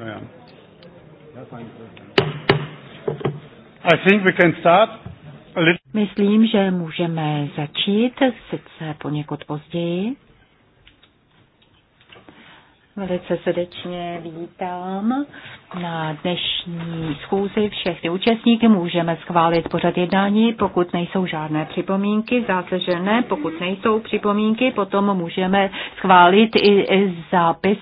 No, yeah. I think we can start a little... Myslím, že můžeme začít, sice poněkud později. Velice srdečně vítám na dnešní schůzi všechny účastníky. Můžeme schválit pořad jednání, pokud nejsou žádné připomínky, zase že ne, pokud nejsou připomínky, potom můžeme schválit i zápis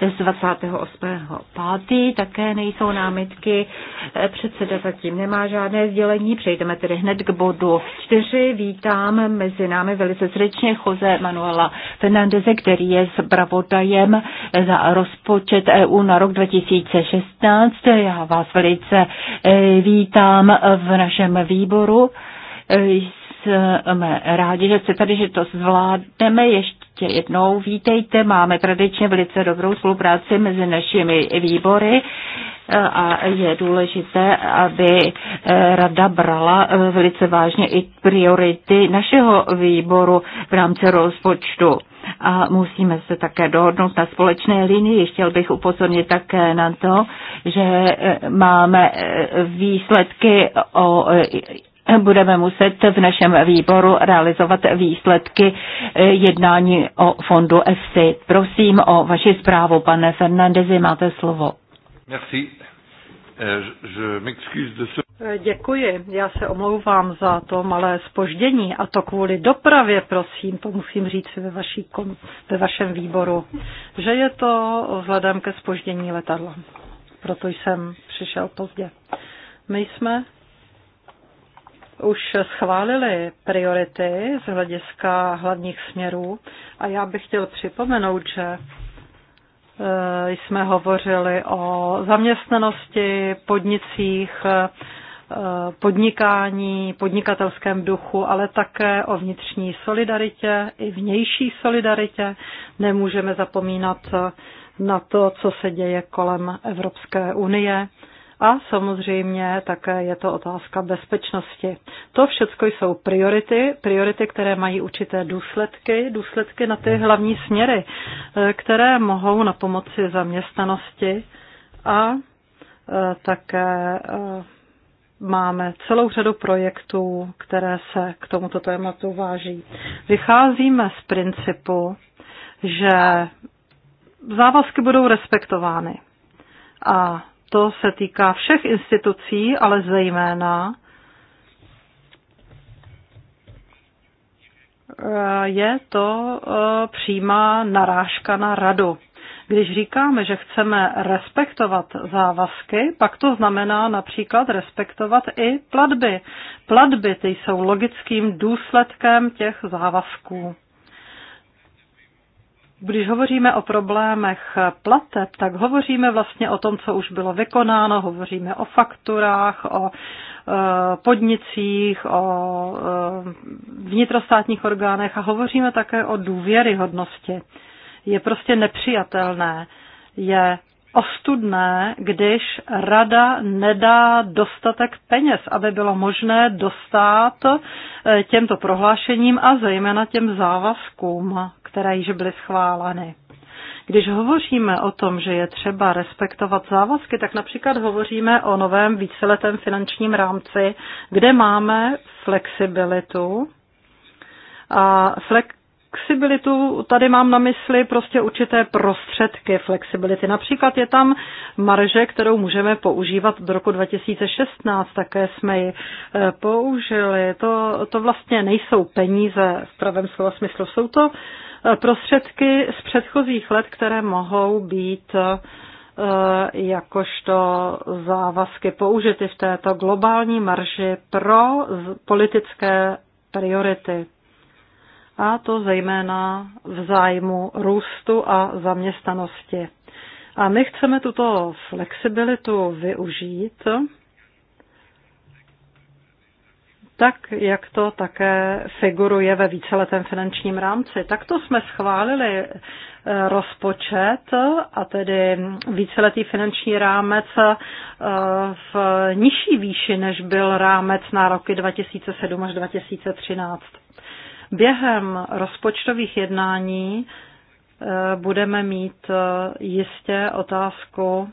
z 28.5. Také nejsou námitky. Eh, předseda zatím nemá žádné sdělení. Přejdeme tedy hned k bodu 4. Vítám mezi námi velice srdečně Jose Manuela Fernandeze, který je zpravodajem eh, za rozpočet EU na rok 2016. Já vás velice eh, vítám v našem výboru jsme rádi, že se tady, že to zvládneme ještě ještě jednou vítejte. Máme tradičně velice dobrou spolupráci mezi našimi výbory eh, a je důležité, aby eh, rada brala eh, velice vážně i priority našeho výboru v rámci rozpočtu. A musíme se také dohodnout na společné linii. Chtěl bych upozornit také na to, že máme výsledky o budeme muset v našem výboru realizovat výsledky eh, jednání o fondu EFSI. Prosím o vaši zprávu, pane Fernandezi, máte slovo. Merci. Eh, eh, děkuji, já se omlouvám za to malé spoždění a to kvůli dopravě, prosím, to musím říct ve, vaší, ve vašem výboru, že je to vzhledem ke spoždění letadla. Proto jsem přišel pozdě. My jsme už schválili priority z hlediska hlavních směrů a já bych chtěl připomenout, že eh, jsme hovořili o zaměstnanosti, podnicích, eh, podnikání, podnikatelském duchu, ale také o vnitřní solidaritě i vnější solidaritě. Nemůžeme zapomínat eh, na to, co se děje kolem Evropské unie a samozřejmě také je to otázka bezpečnosti. To všechno jsou priority, priority, které mají určité důsledky, důsledky na ty hlavní směry, eh, které mohou na pomoci zaměstnanosti a eh, také eh, máme celou řadu projektů, které se k tomuto tématu váží. Vycházíme z principu, že závazky budou respektovány. A to se týká všech institucí, ale zejména eh, je to eh, přímá narážka na radu. Když říkáme, že chceme respektovat závazky, pak to znamená například respektovat i platby. Platby ty jsou logickým důsledkem těch závazků. Když hovoříme o problémech plateb, tak hovoříme vlastně o tom, co už bylo vykonáno, hovoříme o fakturách, o e, podnicích, o e, vnitrostátních orgánech a hovoříme také o důvěryhodnosti. Je prostě nepřijatelné, je ostudné, když rada nedá dostatek peněz, aby bylo možné dostat eh, těmto prohlášením a zejména těm závazkům, které již byly schváleny. Když hovoříme o tom, že je třeba respektovat závazky, tak například hovoříme o novém víceletém finančním rámci, kde máme flexibilitu a flek, flexibilitu, tady mám na mysli prostě určité prostředky flexibility. Například je tam marže, kterou můžeme používat do roku 2016, také jsme ji eh, použili. To, to vlastně nejsou peníze v pravém slova smyslu, jsou to eh, prostředky z předchozích let, které mohou být eh, jakožto závazky použity v této globální marži pro politické priority a to zejména v zájmu růstu a zaměstnanosti. A my chceme tuto flexibilitu využít tak, jak to také figuruje ve víceletém finančním rámci. Takto jsme schválili eh, rozpočet a tedy víceletý finanční rámec eh, v nižší výši, než byl rámec na roky 2007 až 2013. Během rozpočtových jednání eh, budeme mít eh, jistě otázku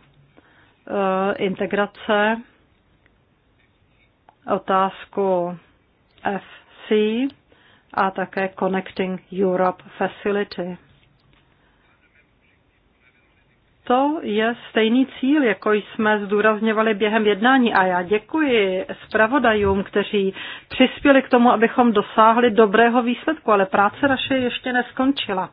eh, integrace, otázku FC a také Connecting Europe Facility to je stejný cíl, jako jsme zdůrazňovali během jednání. A já děkuji zpravodajům, kteří přispěli k tomu, abychom dosáhli dobrého výsledku, ale práce naše ještě neskončila. E,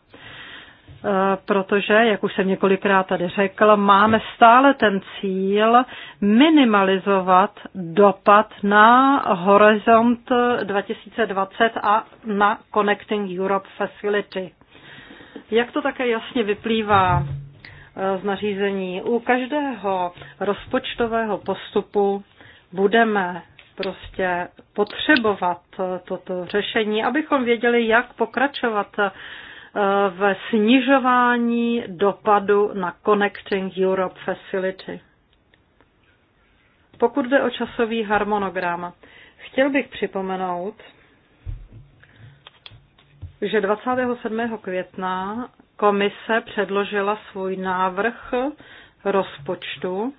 protože, jak už jsem několikrát tady řekl, máme stále ten cíl minimalizovat dopad na horizont 2020 a na Connecting Europe Facility. Jak to také jasně vyplývá z eh, nařízení. U každého rozpočtového postupu budeme prostě potřebovat eh, toto řešení, abychom věděli, jak pokračovat eh, ve snižování dopadu na Connecting Europe Facility. Pokud jde o časový harmonogram, chtěl bych připomenout, že 27. května komise předložila svůj návrh rozpočtu.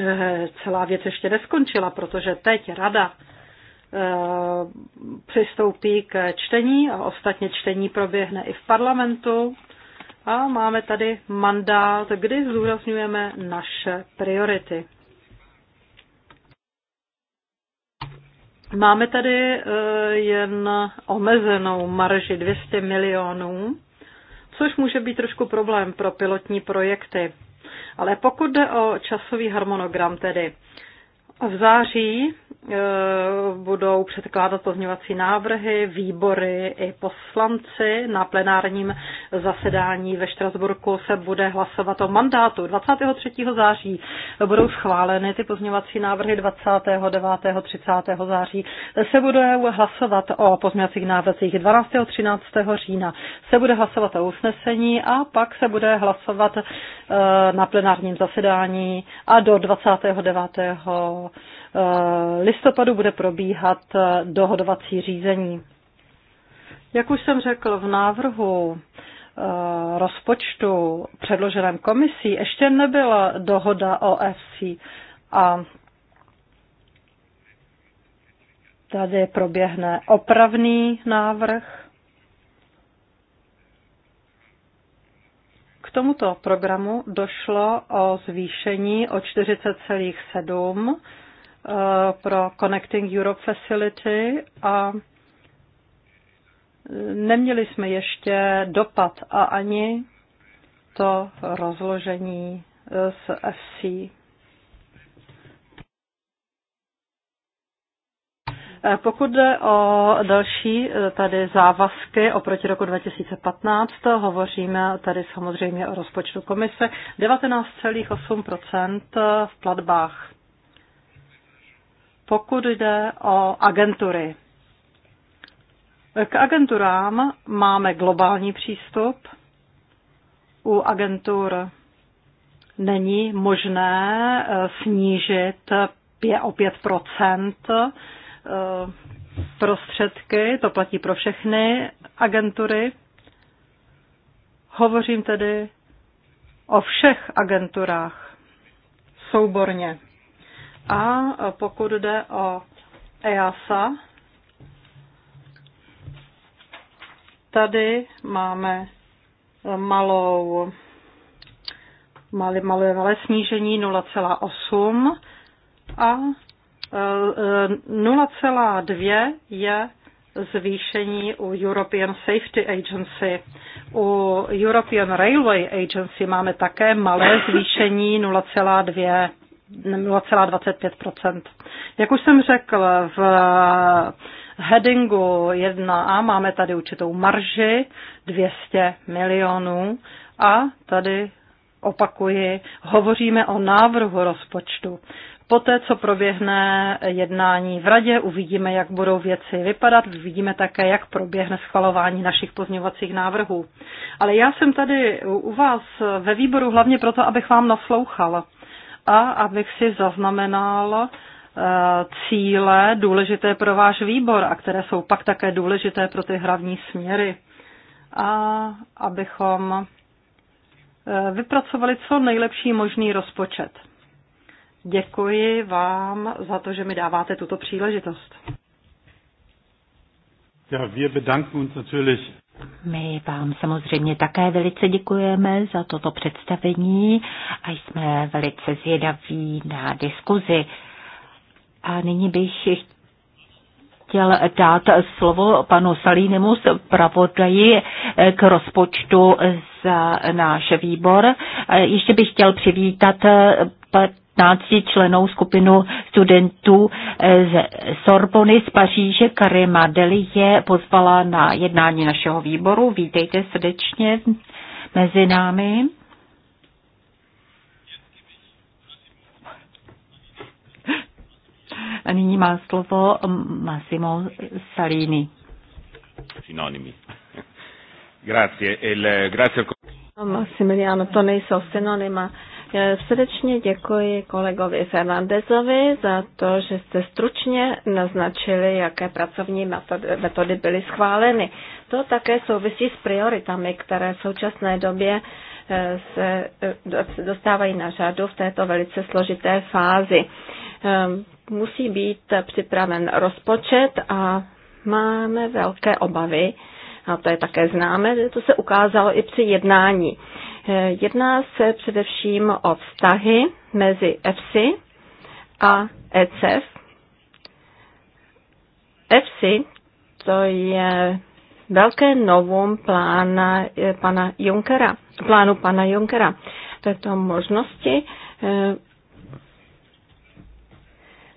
Eh, celá věc ještě neskončila, protože teď rada eh, přistoupí k čtení a ostatně čtení proběhne i v parlamentu. A máme tady mandát, kdy zúraznujeme naše priority. Máme tady eh, jen omezenou marži 200 milionů, což může být trošku problém pro pilotní projekty. Ale pokud jde o časový harmonogram tedy, v září e, budou předkládat pozměňovací návrhy, výbory i poslanci. Na plenárním zasedání ve Štrasburku se bude hlasovat o mandátu. 23. září budou schváleny ty pozměňovací návrhy 29. 30. září. Se bude hlasovat o pozměňovacích návrzích 12. 13. října. Se bude hlasovat o usnesení a pak se bude hlasovat e, na plenárním zasedání a do 29 Eh, listopadu bude probíhat eh, dohodovací řízení. Jak už jsem řekl v návrhu eh, rozpočtu předloženém komisí, ještě nebyla dohoda o FC a tady proběhne opravný návrh. K tomuto programu došlo o zvýšení o Eh, pro Connecting Europe Facility a neměli jsme ještě dopad a ani to rozložení eh, s FC. Eh, pokud jde o další tady závazky oproti roku 2015, hovoříme tady samozřejmě o rozpočtu komise 19,8 v platbách pokud jde o agentury. K agenturám máme globální přístup. U agentur není možné eh, snížit o 5 eh, prostředky, to platí pro všechny agentury. Hovořím tedy o všech agenturách souborně. A pokud jde o EASA, tady máme malou, malé, malé, malé snížení 0,8 a 0,2 e, je zvýšení u European Safety Agency. U European Railway Agency máme také malé zvýšení 0,2. 0,25 Jak už jsem řekl, v headingu 1a máme tady určitou marži 200 milionů a tady opakuji, hovoříme o návrhu rozpočtu. Poté, co proběhne jednání v radě, uvidíme, jak budou věci vypadat, uvidíme také, jak proběhne schvalování našich pozměňovacích návrhů. Ale já jsem tady u vás ve výboru hlavně proto, abych vám naslouchala a abych si zaznamenal eh, cíle důležité pro váš výbor a které jsou pak také důležité pro ty hlavní směry. A abychom eh, vypracovali co nejlepší možný rozpočet. Děkuji vám za to, že mi dáváte tuto příležitost. Ja, wir bedanken uns natürlich. My vám samozřejmě také velice děkujeme za toto představení a jsme velice zvědaví na diskuzi. A nyní bych chtěl dát slovo panu Salínemu zpravodaji k rozpočtu za náš výbor. Ještě bych chtěl přivítat 15 členou skupinu studentů eh, z Sorbony z Paříže. Karima Deli je pozvala na jednání našeho výboru. Vítejte srdečně mezi námi. A nyní má slovo Massimo Salini. Synonymy. Grazie. E il, grazie. No, Massimiliano, to nejsou synonyma. E, srdečně děkuji kolegovi Fernandezovi za to, že jste stručně naznačili, jaké pracovní metody byly schváleny. To také souvisí s prioritami, které v současné době e, e, se dostávají na řadu v této velice složité fázi. Musí být připraven rozpočet a máme velké obavy, a to je také známe, to se ukázalo i při jednání Jedná se především o vztahy mezi EFSI a ECF. EFSI to je velké novum plána eh, pana Junkera, plánu pana Junkera. Této možnosti eh,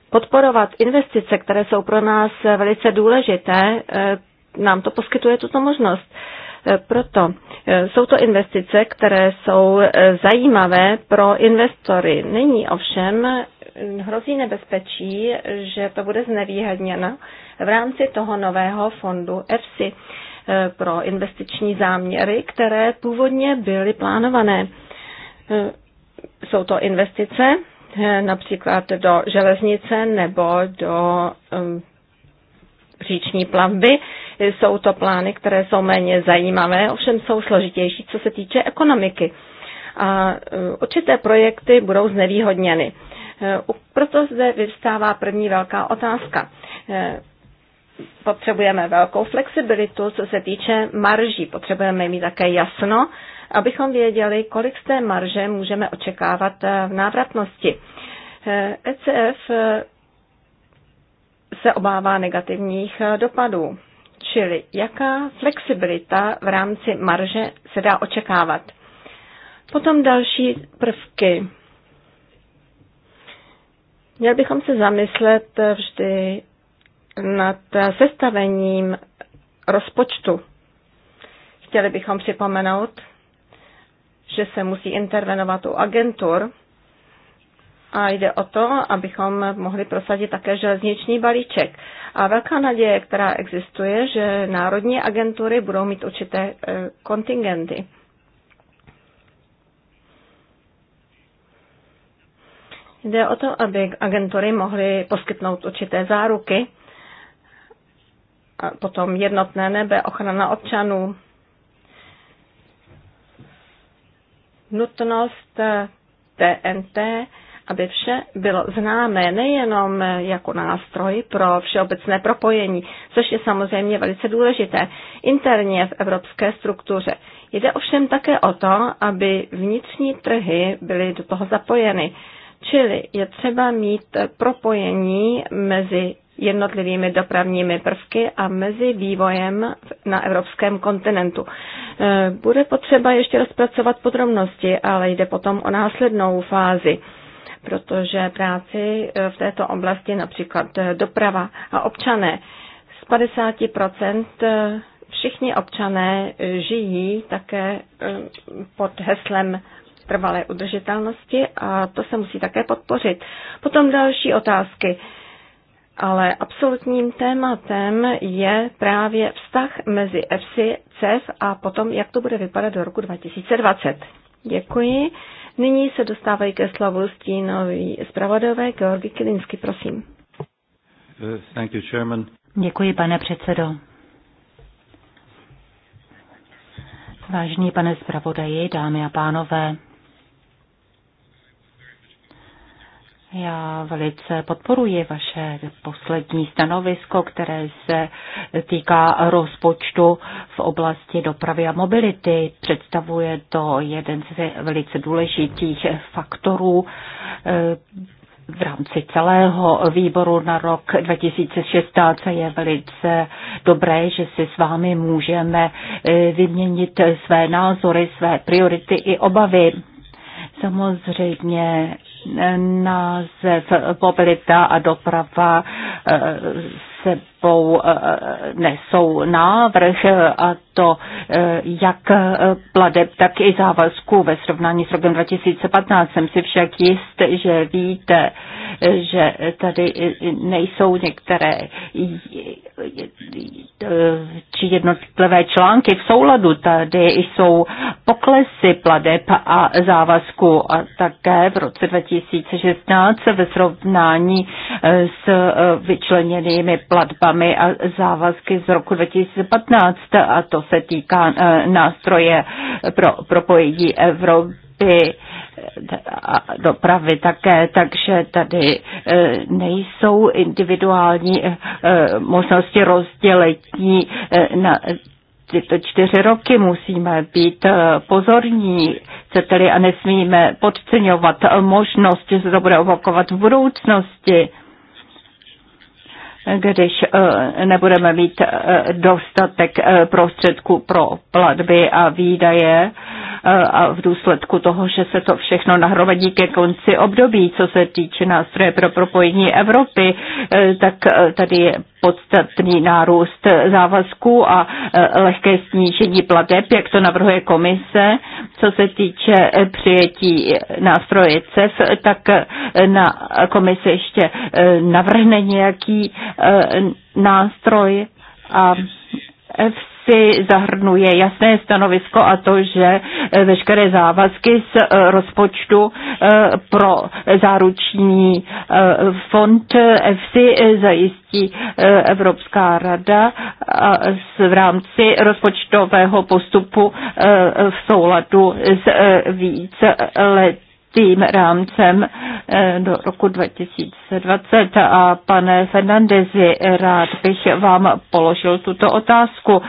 podporovat investice, které jsou pro nás velice důležité, eh, nám to poskytuje tuto možnost. Proto eh, jsou to investice, které jsou eh, zajímavé pro investory. Není ovšem eh, hrozí nebezpečí, že to bude znevýhodněno v rámci toho nového fondu EFSI pro investiční záměry, které původně byly plánované. Jsou to investice například do železnice nebo do říční plavby. Jsou to plány, které jsou méně zajímavé, ovšem jsou složitější, co se týče ekonomiky. A e, určité projekty budou znevýhodněny. E, proto zde vyvstává první velká otázka. E, potřebujeme velkou flexibilitu, co se týče marží. Potřebujeme mít také jasno, abychom věděli, kolik z té marže můžeme očekávat v návratnosti. ECF se obává negativních eh, dopadů. Čili jaká flexibilita v rámci marže se dá očekávat. Potom další prvky. Měli bychom se zamyslet eh, vždy nad eh, sestavením rozpočtu. Chtěli bychom připomenout, že se musí intervenovat u agentur, a jde o to, abychom mohli prosadit také železniční balíček. A velká naděje, která existuje, že národní agentury budou mít určité e, kontingenty. Jde o to, aby agentury mohly poskytnout určité záruky, a potom jednotné nebe, ochrana občanů, nutnost TNT, e, aby vše bylo známé nejenom jako nástroj pro všeobecné propojení, což je samozřejmě velice důležité interně v evropské struktuře. Jde ovšem také o to, aby vnitřní trhy byly do toho zapojeny. Čili je třeba mít propojení mezi jednotlivými dopravními prvky a mezi vývojem na evropském kontinentu. E, bude potřeba ještě rozpracovat podrobnosti, ale jde potom o následnou fázi protože práci eh, v této oblasti, například eh, doprava a občané, z 50% eh, všichni občané žijí také pod heslem trvalé udržitelnosti a to se musí také podpořit. Potom další otázky. Ale absolutním tématem je právě vztah mezi EFSI, CEF a potom, jak to bude vypadat do roku 2020. Děkuji. Nyní se dostávají ke slovu stínoví zpravodové Georgi Kilinsky, prosím. Thank you, Chairman. Děkuji, pane předsedo. Vážný pane zpravodaji, dámy a pánové, Já velice podporuji vaše poslední stanovisko, které se týká rozpočtu v oblasti dopravy a mobility. Představuje to jeden z velice důležitých faktorů eh, v rámci celého výboru na rok 2016 je velice dobré, že si s vámi můžeme eh, vyměnit své názory, své priority i obavy. Samozřejmě název mobilita a doprava eh, sebou eh, nesou návrh a to eh, jak pladeb, tak i závazků ve srovnání s rokem 2015. Jsem si však jist, že víte, že tady nejsou některé či jednotlivé články v souladu. Tady jsou poklesy pladeb a závazků a také v roce 2016 ve srovnání s vyčleněnými platbami a závazky z roku 2015 a to se týká e, nástroje pro propojení Evropy e, a dopravy také, takže tady e, nejsou individuální možnosti rozdělení na tyto čtyři roky musíme být pozorní, chcete-li, a nesmíme podceňovat možnost, že se to bude opakovat v budoucnosti když eh, nebudeme mít eh, dostatek eh, prostředků pro platby a výdaje, Eh, a v důsledku toho, že se to všechno nahromadí ke konci období, co se týče nástroje pro propojení Evropy, eh, tak eh, tady je podstatný nárůst závazků a lehké snížení plateb, jak to navrhuje komise. Co se týče přijetí nástroje CEF, tak na komise ještě navrhne nějaký nástroj a si zahrnuje jasné stanovisko a to, že eh, veškeré závazky z eh, rozpočtu eh, pro záruční fond EFSI zajistí Evropská rada v rámci rozpočtového postupu v souladu s více letým rámcem Eh, do roku 2020. A pane Fernandezi, rád bych vám položil tuto otázku.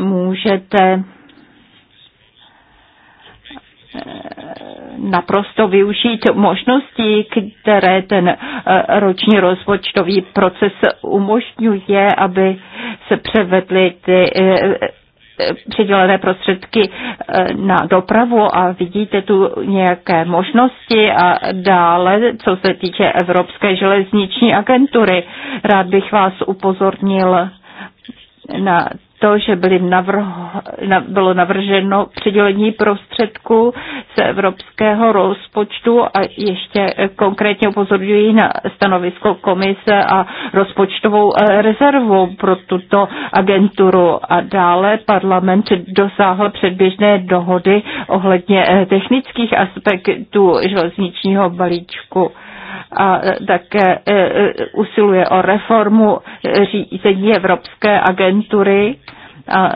Můžete eh, naprosto využít možnosti, které ten eh, roční rozpočtový proces umožňuje, aby se převedly ty přidělené prostředky eh, na dopravu a vidíte tu nějaké možnosti a dále, co se týče Evropské železniční agentury. Rád bych vás upozornil na to, že byly navrho, bylo navrženo přidělení prostředků z evropského rozpočtu a ještě konkrétně upozorňuji na stanovisko komise a rozpočtovou eh, rezervu pro tuto agenturu. A dále parlament dosáhl předběžné dohody ohledně eh, technických aspektů železničního balíčku a e, také e, e, usiluje o reformu řízení Evropské agentury. A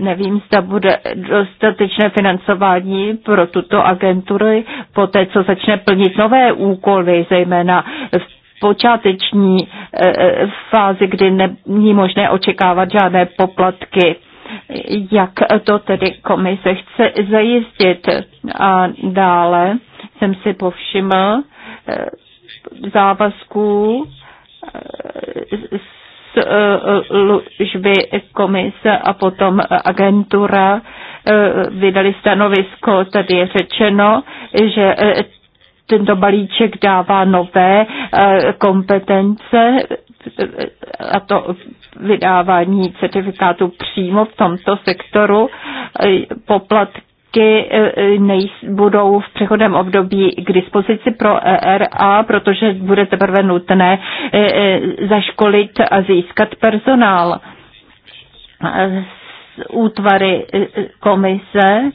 nevím, zda bude dostatečné financování pro tuto agenturu po té, co začne plnit nové úkoly, zejména v počáteční fázi, kdy není možné očekávat žádné poplatky. Jak to tedy komise chce zajistit? A dále jsem si povšiml, závazků eh, služby eh, komise a potom agentura eh, vydali stanovisko. Tady je řečeno, že tento balíček dává nové kompetence a to vydávání certifikátu přímo v tomto sektoru poplatky vždy eh, eh, nejs, budou v přechodem období k dispozici pro ERA, protože bude teprve nutné eh, zaškolit a získat personál z útvary komise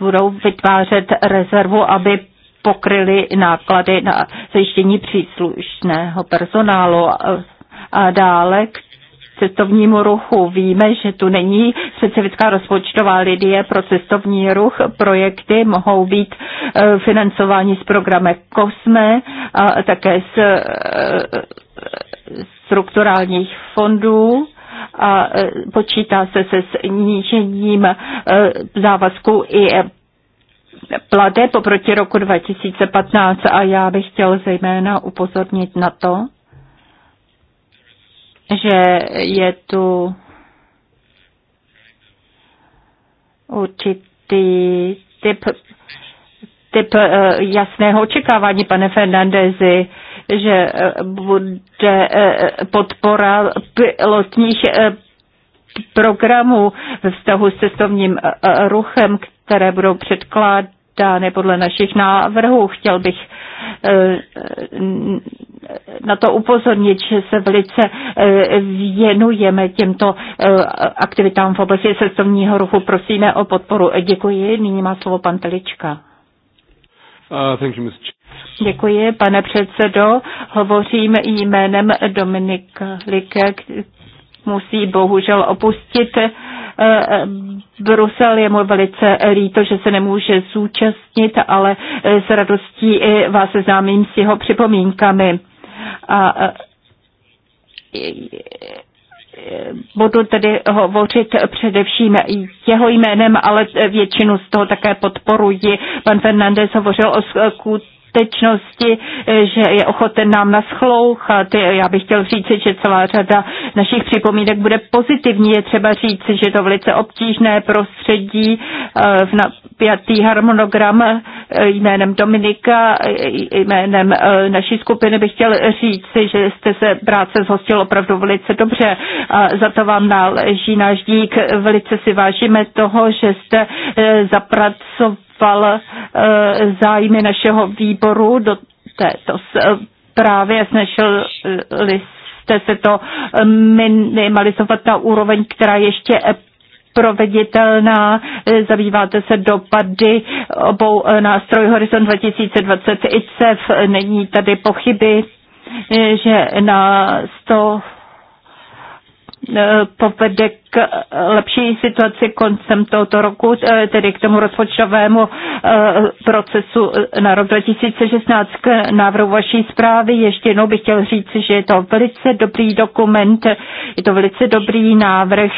budou vytvářet rezervu, aby pokryly náklady na zajištění příslušného personálu. A dále k cestovnímu ruchu. Víme, že tu není specifická rozpočtová lidie pro cestovní ruch. Projekty mohou být eh, financování z programe COSME a také z eh, strukturálních fondů a eh, počítá se se snížením závazku i plateb oproti roku 2015 a já bych chtěl zejména upozornit na to, že je tu určitý typ, typ eh, jasného očekávání, pane Fernandezi, že eh, bude eh, podpora pilotních programů ve vztahu s cestovním ruchem, které budou předkládány podle našich návrhů. Chtěl bych na to upozornit, že se velice e, věnujeme těmto e, aktivitám v oblasti cestovního ruchu. Prosíme o podporu. Děkuji. Nyní má slovo pan Telička. Uh, Děkuji, pane předsedo. Hovořím jménem Dominika Like, musí bohužel opustit e, Brusel. Je mu velice líto, že se nemůže zúčastnit, ale s radostí vás seznámím s jeho připomínkami. A budu tedy hovořit především jeho jménem, ale většinu z toho také podporuji. Pan Fernandez hovořil o skutečnosti, eh, že je ochoten nám naschlouchat. Eh, Já bych chtěl říct, že celá řada našich připomínek bude pozitivní. Je třeba říct, že je to velice obtížné prostředí eh, v napjatý harmonogram jménem Dominika, jménem naší skupiny bych chtěl říct, že jste se práce zhostil opravdu velice dobře a za to vám náleží náš dík. Velice si vážíme toho, že jste zapracoval uh, zájmy našeho výboru do této zprávy eh, a snažili jste se to eh, minimalizovat na úroveň, která ještě proveditelná. Zabýváte se dopady obou nástrojů Horizon 2020 ICEF. Není tady pochyby, že na 100. E, povede k e, lepší situaci koncem tohoto roku, e, tedy k tomu rozpočtovému procesu na rok 2016 k návrhu vaší zprávy. Ještě jednou bych chtěl říct, že je to velice dobrý dokument, je to velice dobrý návrh,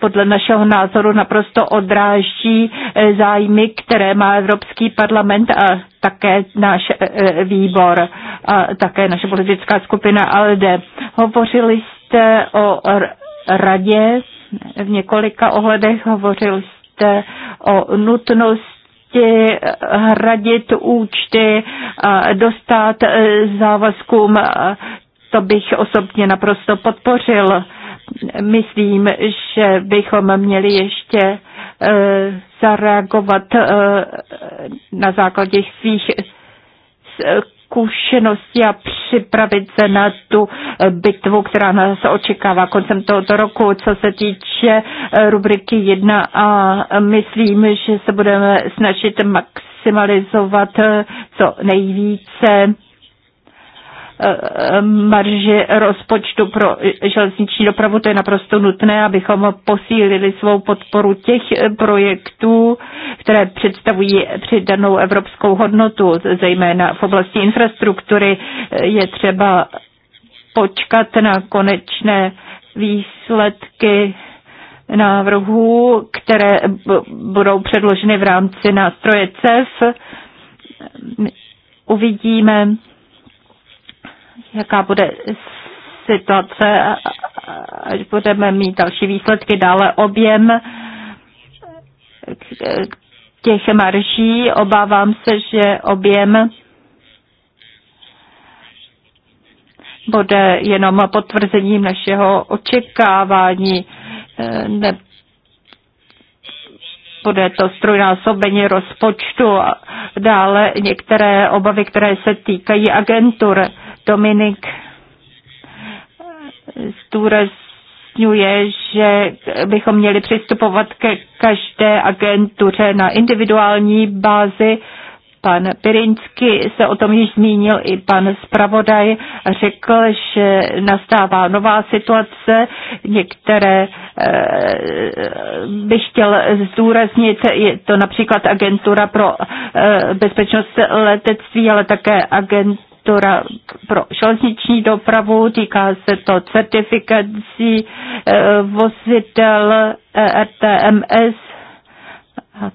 podle našeho názoru naprosto odráží zájmy, které má Evropský parlament a také náš výbor a také naše politická skupina ALDE. Hovořili jste jste o radě v několika ohledech, hovořil jste o nutnosti hradit účty, dostat závazkům. To bych osobně naprosto podpořil. Myslím, že bychom měli ještě eh, zareagovat eh, na základě svých zkušenosti a připravit se na tu eh, bitvu, která nás očekává koncem tohoto roku. Co se týče eh, rubriky 1 a myslím, že se budeme snažit maximalizovat eh, co nejvíce marži rozpočtu pro železniční dopravu. To je naprosto nutné, abychom posílili svou podporu těch projektů, které představují přidanou evropskou hodnotu, zejména v oblasti infrastruktury. Je třeba počkat na konečné výsledky návrhů, které budou předloženy v rámci nástroje CEF. Uvidíme, jaká bude situace, až budeme mít další výsledky, dále objem těch marží. Obávám se, že objem bude jenom potvrzením našeho očekávání. Ne, bude to strojnásobení rozpočtu a dále některé obavy, které se týkají agentur. Dominik zdůrazňuje, že bychom měli přistupovat ke každé agentuře na individuální bázi. Pan Pirinsky se o tom již zmínil i pan zpravodaj. Řekl, že nastává nová situace. Některé eh, bych chtěl zdůraznit, je to například agentura pro eh, bezpečnost letectví, ale také agentura infrastruktura pro železniční dopravu, týká se to certifikací eh, vozidel eh, RTMS,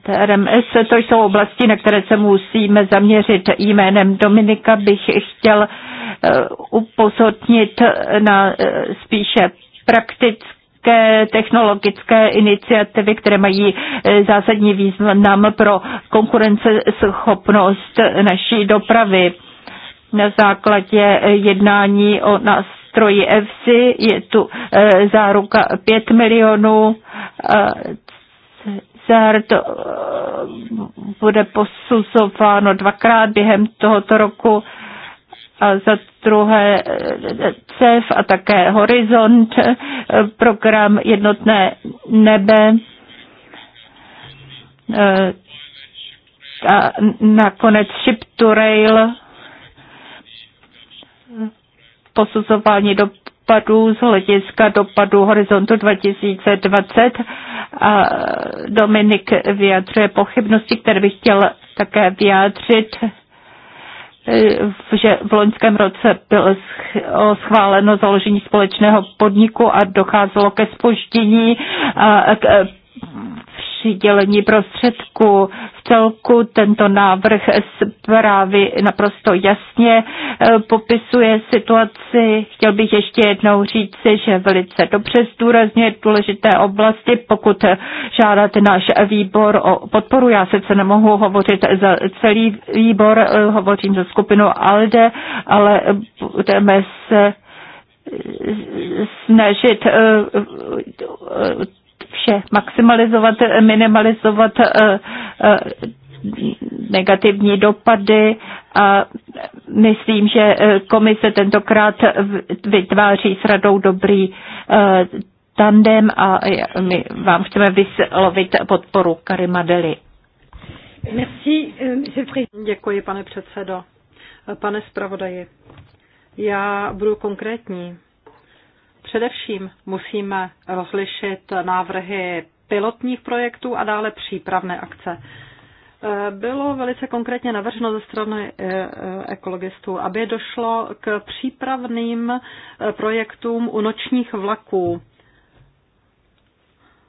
TRMS, to jsou oblasti, na které se musíme zaměřit. Jménem Dominika bych chtěl eh, upozornit na spíše praktické technologické iniciativy, které mají zásadní význam pro konkurenceschopnost naší dopravy na základě eh, jednání o nástroji EFSI. Je tu eh, záruka 5 milionů. Eh, CERT bude posuzováno dvakrát během tohoto roku a za druhé CEF a také Horizont, program Jednotné nebe a nakonec Ship to Rail posuzování dopadů z hlediska dopadů Horizontu 2020 a Dominik vyjadřuje pochybnosti, které bych chtěl také vyjádřit že v loňském roce bylo schváleno založení společného podniku a docházelo ke spoždění a k přidělení prostředků. V celku tento návrh zprávy naprosto jasně eh, popisuje situaci. Chtěl bych ještě jednou říci, že velice dobře zdůrazňuje důležité oblasti. Pokud žádáte náš výbor o podporu, já sice nemohu hovořit za celý výbor, eh, hovořím za skupinu ALDE, ale budeme se snažit eh, vše maximalizovat, minimalizovat eh, eh, negativní dopady a myslím, že eh, komise tentokrát vytváří s radou dobrý tandem a my vám chceme vyslovit podporu Karimadeli. Merci, Děkuji, pane předsedo. Pane zpravodaji, já budu konkrétní. Především musíme rozlišit návrhy pilotních projektů a dále přípravné akce. Eh, bylo velice konkrétně navrženo ze strany eh, eh, ekologistů, aby došlo k přípravným projektům u nočních vlaků.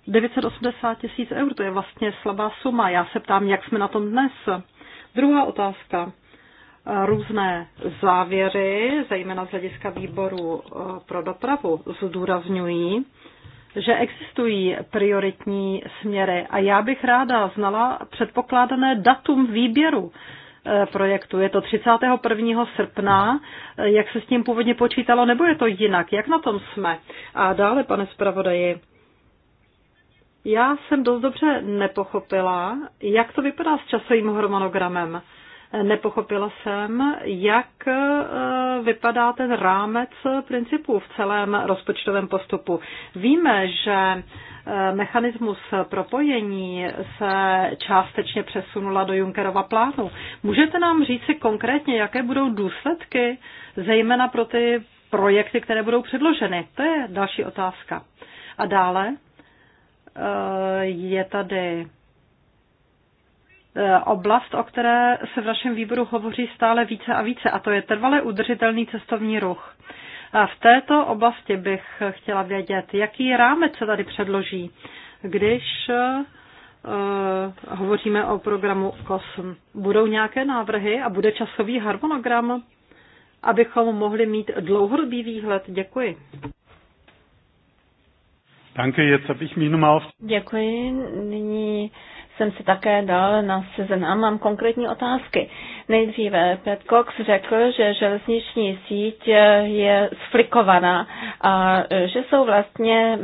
980 tisíc eur, to je vlastně slabá suma. Já se ptám, jak jsme na tom dnes. Druhá otázka. Eh, různé závěry, zejména z hlediska výboru eh, pro dopravu, zdůrazňují, že existují prioritní směry a já bych ráda znala předpokládané datum výběru eh, projektu. Je to 31. srpna, jak se s tím původně počítalo, nebo je to jinak? Jak na tom jsme? A dále, pane zpravodaji, já jsem dost dobře nepochopila, jak to vypadá s časovým harmonogramem. Nepochopila jsem, jak eh, vypadá ten rámec principů v celém rozpočtovém postupu. Víme, že eh, mechanismus propojení se částečně přesunula do Junckerova plánu. Můžete nám říci konkrétně, jaké budou důsledky, zejména pro ty projekty, které budou předloženy? To je další otázka. A dále eh, je tady E, oblast, o které se v našem výboru hovoří stále více a více, a to je trvale udržitelný cestovní ruch. A v této oblasti bych chtěla vědět, jaký rámec se tady předloží, když uh, hovoříme o programu COSM. Budou nějaké návrhy a bude časový harmonogram, abychom mohli mít dlouhodobý výhled. Děkuji. Danke, jetzt habe ich mich Děkuji. Nyní jsem si také dal na seznam. Mám konkrétní otázky. Nejdříve Pat Cox řekl, že železniční síť je sflikovaná a že jsou vlastně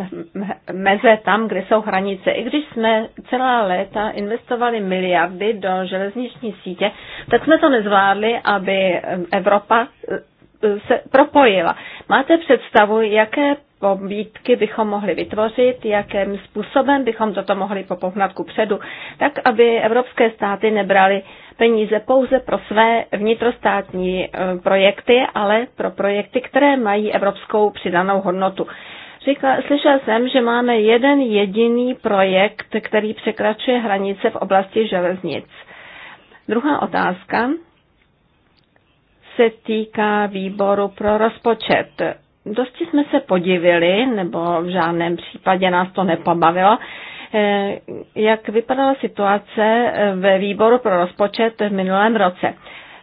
meze tam, kde jsou hranice. I když jsme celá léta investovali miliardy do železniční sítě, tak jsme to nezvládli, aby Evropa se propojila. Máte představu, jaké pobídky bychom mohli vytvořit, jakým způsobem bychom toto mohli popohnat ku předu, tak aby evropské státy nebrali peníze pouze pro své vnitrostátní e, projekty, ale pro projekty, které mají evropskou přidanou hodnotu. Říkala, slyšel jsem, že máme jeden jediný projekt, který překračuje hranice v oblasti železnic. Druhá otázka se týká výboru pro rozpočet dosti jsme se podivili, nebo v žádném případě nás to nepobavilo, eh, jak vypadala situace eh, ve výboru pro rozpočet v minulém roce.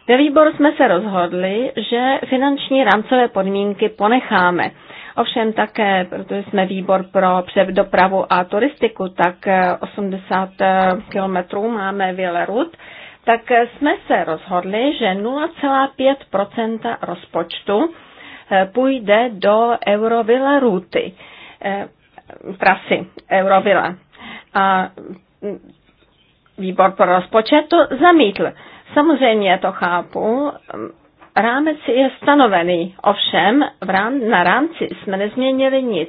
Ve výboru jsme se rozhodli, že finanční rámcové podmínky ponecháme. Ovšem také, protože jsme výbor pro dopravu a turistiku, tak 80 eh, kilometrů máme Villerud, tak jsme se rozhodli, že 0,5 rozpočtu Eh, půjde do Eurovilla ruty, eh, trasy Eurovilla. A mm, výbor pro rozpočet to zamítl. Samozřejmě to chápu, rámec je stanovený, ovšem v rám, na rámci jsme nezměnili nic.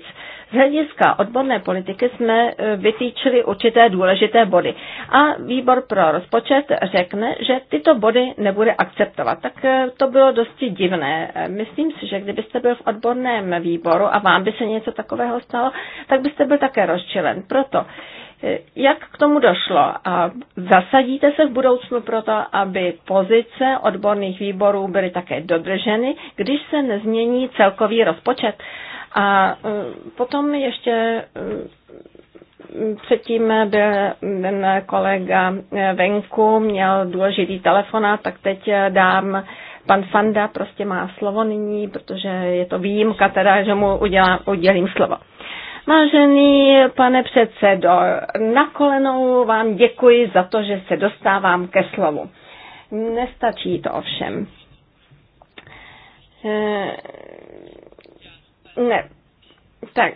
Z hlediska odborné politiky jsme e, vytýčili určité důležité body. A výbor pro rozpočet řekne, že tyto body nebude akceptovat. Tak e, to bylo dosti divné. Myslím si, že kdybyste byl v odborném výboru a vám by se něco takového stalo, tak byste byl také rozčilen. Proto e, jak k tomu došlo? A zasadíte se v budoucnu proto, aby pozice odborných výborů byly také dodrženy, když se nezmění celkový rozpočet? A e, potom ještě e, předtím byl ten kolega e, venku, měl důležitý telefonát, tak teď dám pan Fanda prostě má slovo nyní, protože je to výjimka teda, že mu udělám, udělím slovo. Vážený pane předsedo, na kolenou vám děkuji za to, že se dostávám ke slovu. Nestačí to ovšem. Ne. Tak,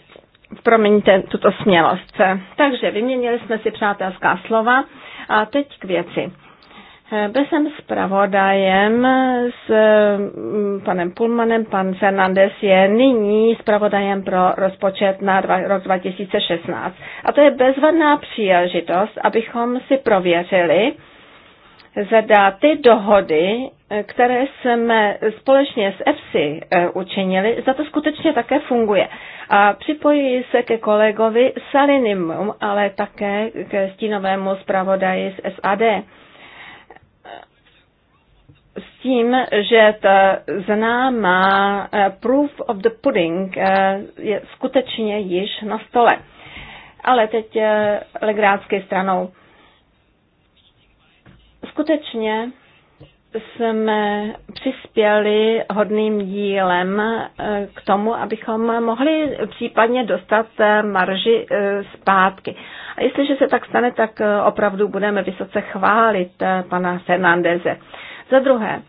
promiňte tuto smělost. Takže vyměnili jsme si přátelská slova a teď k věci. Byl jsem pravodajem, s mm, panem Pulmanem, pan Fernandez je nyní zpravodajem pro rozpočet na dva, rok 2016. A to je bezvadná příležitost, abychom si prověřili, zda ty dohody, které jsme společně s EFSI eh, učinili, za to skutečně také funguje. A připojuji se ke kolegovi Salinimu, ale také ke stínovému zpravodaji z SAD. S tím, že ta známá eh, proof of the pudding eh, je skutečně již na stole. Ale teď legrácky stranou Skutečně jsme přispěli hodným dílem eh, k tomu, abychom mohli případně dostat eh, marži eh, zpátky. A jestliže se tak stane, tak opravdu budeme vysoce chválit pana Fernandeze. Za druhé,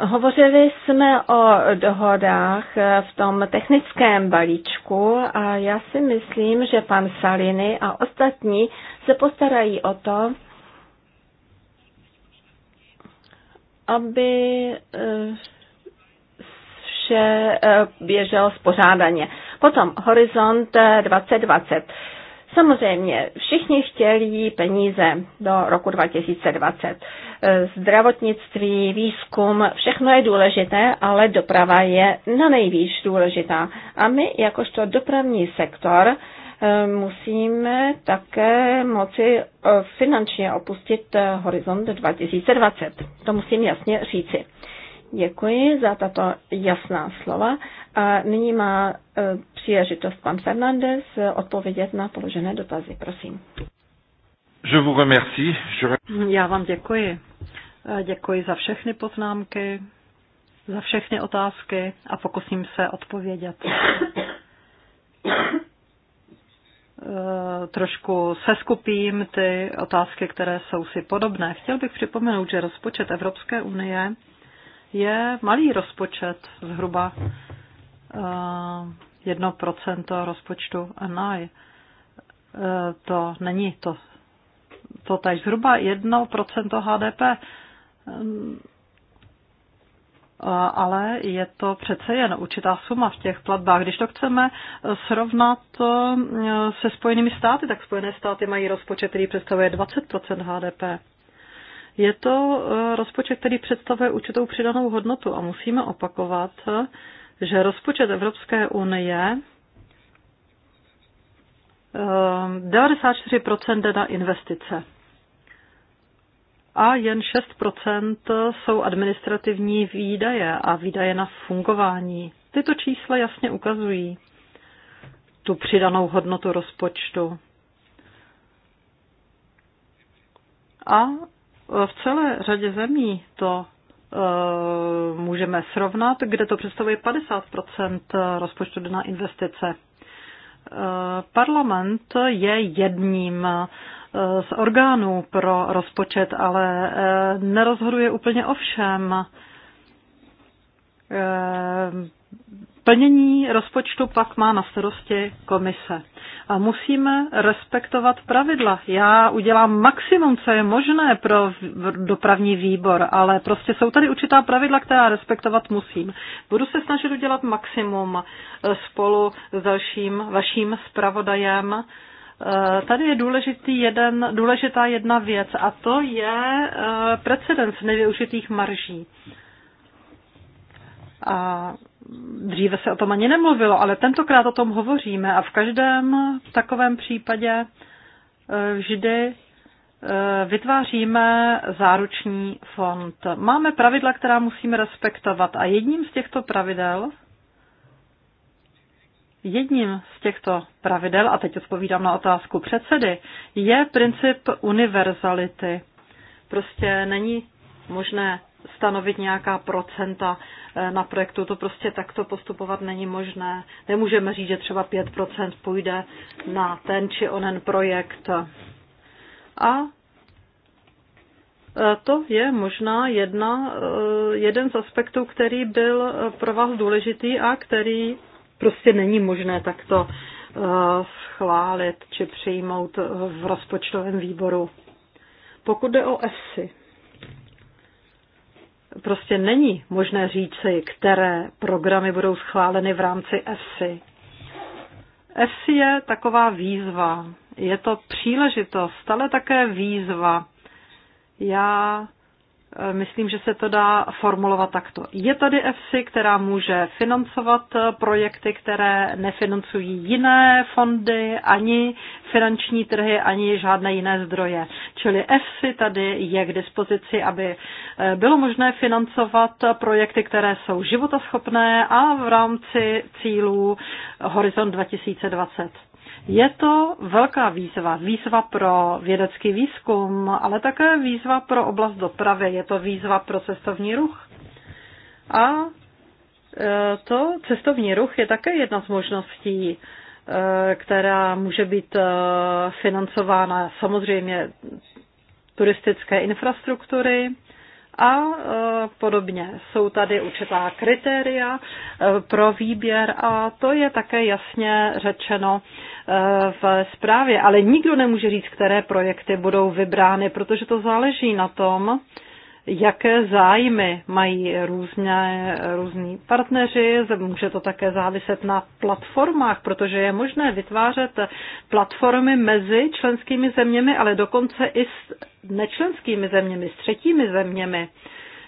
Hovořili jsme o dohodách v tom technickém balíčku a já si myslím, že pan Saliny a ostatní se postarají o to, aby eh, vše eh, běželo spořádaně. Potom Horizont 2020. Eh, Samozřejmě, všichni chtěli peníze do roku 2020. Zdravotnictví, výzkum, všechno je důležité, ale doprava je na nejvýš důležitá. A my, jakožto dopravní sektor, musíme také moci eh, finančně opustit eh, horizont 2020. To musím jasně říci. Děkuji za tato jasná slova. A nyní má eh, příležitost pan Fernandez odpovědět na položené dotazy. Prosím. Je vous remercie. Je... Já vám děkuji. Děkuji za všechny poznámky, za všechny otázky a pokusím se odpovědět. Eh, trošku seskupím ty otázky, které jsou si podobné. Chtěl bych připomenout, že rozpočet Evropské unie je malý rozpočet, zhruba 1% eh, rozpočtu NI. Eh, to není to, to tak zhruba 1% HDP ale je to přece jen určitá suma v těch platbách. Když to chceme srovnat e, se Spojenými státy, tak Spojené státy mají rozpočet, který představuje 20 HDP. Je to e, rozpočet, který představuje určitou přidanou hodnotu a musíme opakovat, že rozpočet Evropské unie 94% e, jde na investice a jen 6% jsou administrativní výdaje a výdaje na fungování. Tyto čísla jasně ukazují tu přidanou hodnotu rozpočtu. A v celé řadě zemí to e, můžeme srovnat, kde to představuje 50 rozpočtu na investice. E, parlament je jedním Eh, z orgánů pro rozpočet, ale eh, nerozhoduje úplně o všem. Eh, plnění rozpočtu pak má na starosti komise. A musíme respektovat pravidla. Já udělám maximum, co je možné pro dopravní výbor, ale prostě jsou tady určitá pravidla, která respektovat musím. Budu se snažit udělat maximum spolu s dalším vaším zpravodajem Eh, tady je důležitý jeden, důležitá jedna věc a to je eh, precedens nevyužitých marží. A dříve se o tom ani nemluvilo, ale tentokrát o tom hovoříme a v každém takovém případě eh, vždy vytváříme záruční fond. Máme pravidla, která musíme respektovat a jedním z těchto pravidel Jedním z těchto pravidel, a teď odpovídám na otázku předsedy, je princip univerzality. Prostě není možné stanovit nějaká procenta eh, na projektu. To prostě takto postupovat není možné. Nemůžeme říct, že třeba 5% půjde na ten či onen projekt. A eh, to je možná jedna, eh, jeden z aspektů, který byl pro vás důležitý a který prostě není možné takto eh, schválit či přijmout v rozpočtovém výboru. Pokud jde o EFSI, prostě není možné říci, které programy budou schváleny v rámci EFSI. EFSI je taková výzva, je to příležitost, ale také výzva. Já Myslím, že se to dá formulovat takto. Je tady EFSI, která může financovat eh, projekty, které nefinancují jiné fondy, ani finanční trhy, ani žádné jiné zdroje. Čili EFSI tady je k dispozici, aby eh, bylo možné financovat projekty, které jsou životaschopné a v rámci cílů Horizon 2020. Je to velká výzva, výzva pro vědecký výzkum, ale také výzva pro oblast dopravy, je to výzva pro cestovní ruch. A e, to cestovní ruch je také jedna z možností, e, která může být e, financována samozřejmě turistické infrastruktury, a e, podobně. Jsou tady určitá kritéria e, pro výběr a to je také jasně řečeno e, v zprávě. Ale nikdo nemůže říct, které projekty budou vybrány, protože to záleží na tom, jaké zájmy mají různé, různí partneři. Může to také záviset na platformách, protože je možné vytvářet platformy mezi členskými zeměmi, ale dokonce i s nečlenskými zeměmi, s třetími zeměmi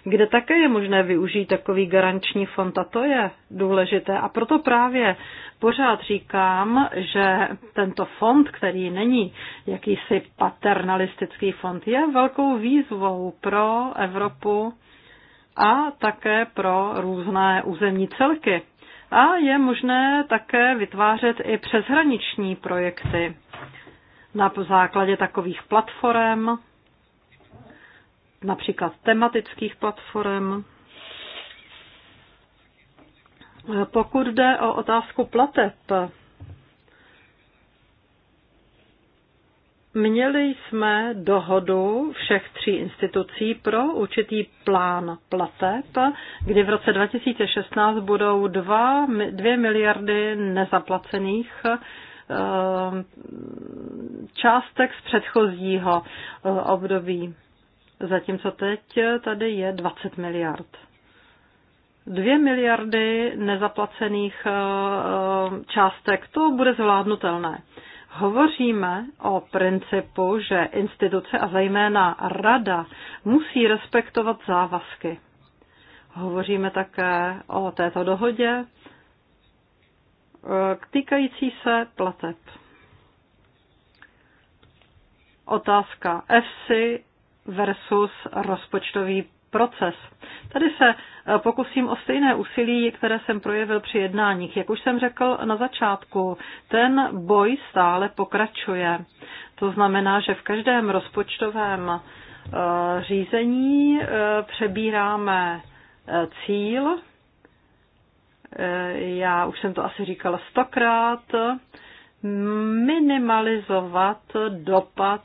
kde také je možné využít takový garanční fond a to je důležité. A proto právě pořád říkám, že tento fond, který není jakýsi paternalistický fond, je velkou výzvou pro Evropu a také pro různé územní celky. A je možné také vytvářet i přeshraniční projekty na základě takových platform, například tematických platform. Pokud jde o otázku plateb, Měli jsme dohodu všech tří institucí pro určitý plán plateb, kdy v roce 2016 budou 2, 2 miliardy nezaplacených eh, částek z předchozího eh, období. Zatímco teď tady je 20 miliard. dvě miliardy nezaplacených eh, eh, částek, to bude zvládnutelné. Hovoříme o principu, že instituce a zejména rada musí respektovat závazky. Hovoříme také o této dohodě eh, týkající se plateb. Otázka EFSI versus rozpočtový proces. Tady se eh, pokusím o stejné úsilí, které jsem projevil při jednáních. Jak už jsem řekl na začátku, ten boj stále pokračuje. To znamená, že v každém rozpočtovém eh, řízení eh, přebíráme cíl. Já už jsem to asi říkala stokrát minimalizovat dopad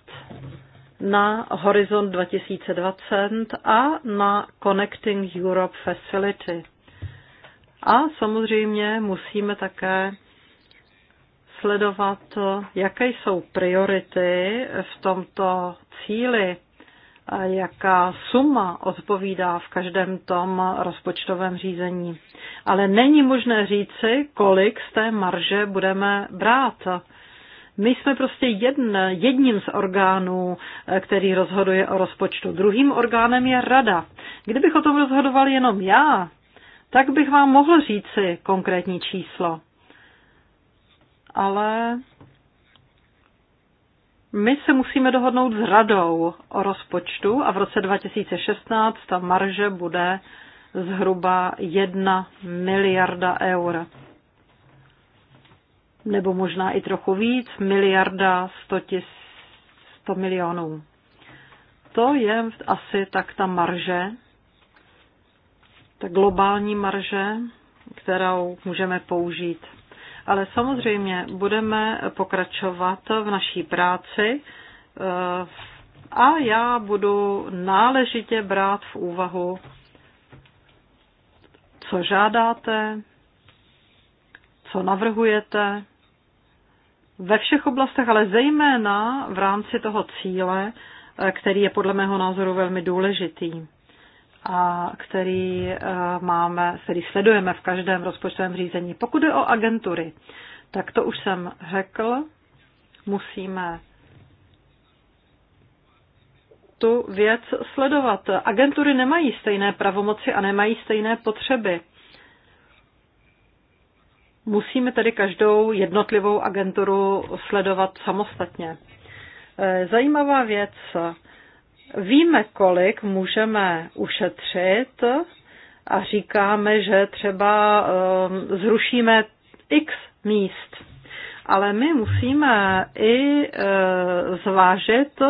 na Horizon 2020 a na Connecting Europe Facility. A samozřejmě musíme také sledovat, jaké jsou priority v tomto cíli, jaká suma odpovídá v každém tom rozpočtovém řízení. Ale není možné říci, kolik z té marže budeme brát my jsme prostě jedn, jedním z orgánů, eh, který rozhoduje o rozpočtu. Druhým orgánem je rada. Kdybych o tom rozhodoval jenom já, tak bych vám mohl říci konkrétní číslo. Ale my se musíme dohodnout s radou o rozpočtu a v roce 2016 ta marže bude zhruba 1 miliarda eur nebo možná i trochu víc, miliarda 100, tis, 100 milionů. To je asi tak ta marže, ta globální marže, kterou můžeme použít. Ale samozřejmě budeme pokračovat v naší práci eh, a já budu náležitě brát v úvahu, co žádáte, co navrhujete ve všech oblastech, ale zejména v rámci toho cíle, eh, který je podle mého názoru velmi důležitý a který eh, máme, který sledujeme v každém rozpočtovém řízení. Pokud je o agentury, tak to už jsem řekl, musíme tu věc sledovat. Agentury nemají stejné pravomoci a nemají stejné potřeby. Musíme tedy každou jednotlivou agenturu sledovat samostatně. E, zajímavá věc. Víme, kolik můžeme ušetřit a říkáme, že třeba e, zrušíme x míst. Ale my musíme i e, zvážit,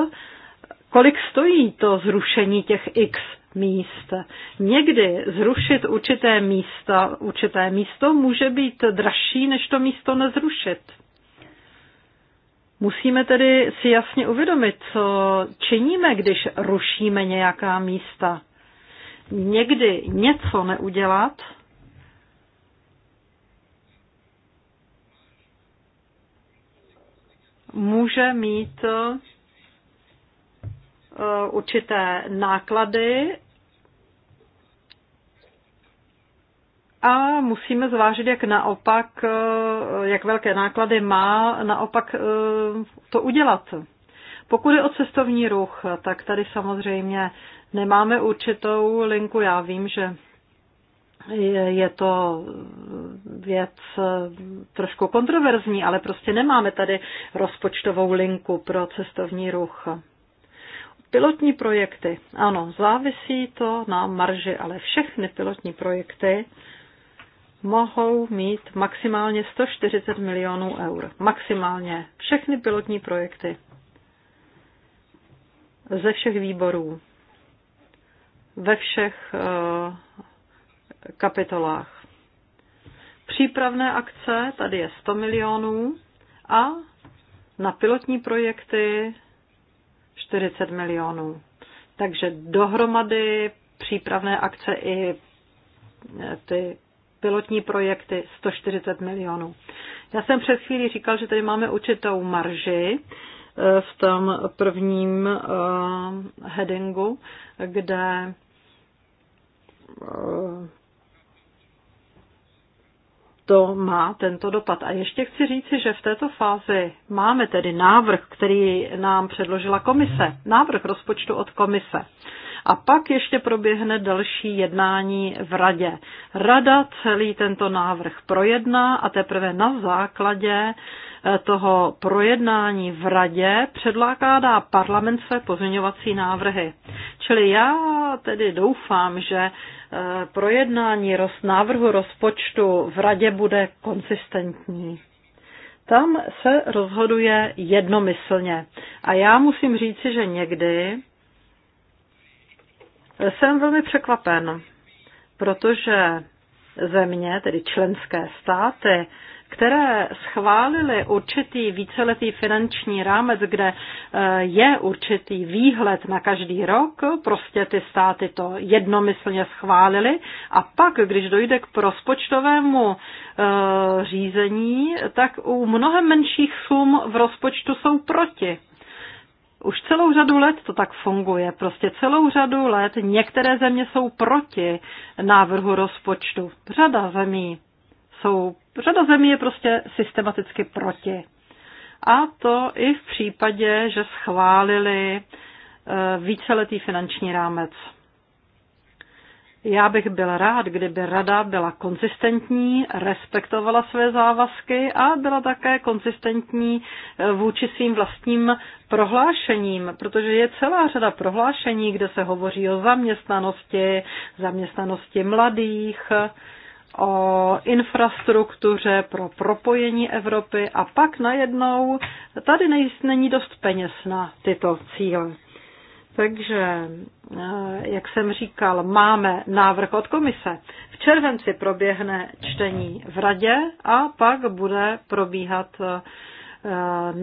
kolik stojí to zrušení těch x míst. Někdy zrušit určité místa, určité místo může být dražší, než to místo nezrušit. Musíme tedy si jasně uvědomit, co činíme, když rušíme nějaká místa. Někdy něco neudělat, může mít eh, určité náklady A musíme zvážit, jak naopak, eh, jak velké náklady má naopak eh, to udělat. Pokud je o cestovní ruch, tak tady samozřejmě nemáme určitou linku. Já vím, že je to věc eh, trošku kontroverzní, ale prostě nemáme tady rozpočtovou linku pro cestovní ruch. Pilotní projekty. Ano, závisí to na marži, ale všechny pilotní projekty mohou mít maximálně 140 milionů eur. Maximálně všechny pilotní projekty ze všech výborů, ve všech eh, kapitolách. Přípravné akce, tady je 100 milionů a na pilotní projekty 40 milionů. Takže dohromady přípravné akce i eh, ty pilotní projekty 140 milionů. Já jsem před chvílí říkal, že tady máme určitou marži eh, v tom prvním eh, headingu, kde eh, to má tento dopad. A ještě chci říci, že v této fázi máme tedy návrh, který nám předložila komise, návrh rozpočtu od komise. A pak ještě proběhne další jednání v radě. Rada celý tento návrh projedná a teprve na základě eh, toho projednání v radě předlákádá parlament své pozměňovací návrhy. Čili já tedy doufám, že eh, projednání roz, návrhu rozpočtu v radě bude konsistentní. Tam se rozhoduje jednomyslně. A já musím říci, že někdy jsem velmi překvapen, protože země, tedy členské státy, které schválily určitý víceletý finanční rámec, kde eh, je určitý výhled na každý rok, prostě ty státy to jednomyslně schválili a pak, když dojde k rozpočtovému eh, řízení, tak u mnohem menších sum v rozpočtu jsou proti už celou řadu let to tak funguje. Prostě celou řadu let některé země jsou proti návrhu rozpočtu. Řada zemí jsou, řada zemí je prostě systematicky proti. A to i v případě, že schválili eh, víceletý finanční rámec. Já bych byl rád, kdyby rada byla konzistentní, respektovala své závazky a byla také konzistentní eh, vůči svým vlastním prohlášením, protože je celá řada prohlášení, kde se hovoří o zaměstnanosti, zaměstnanosti mladých, o infrastruktuře pro propojení Evropy a pak najednou tady není dost peněz na tyto cíle. Takže, eh, jak jsem říkal, máme návrh od komise. V červenci proběhne čtení v radě a pak bude probíhat eh,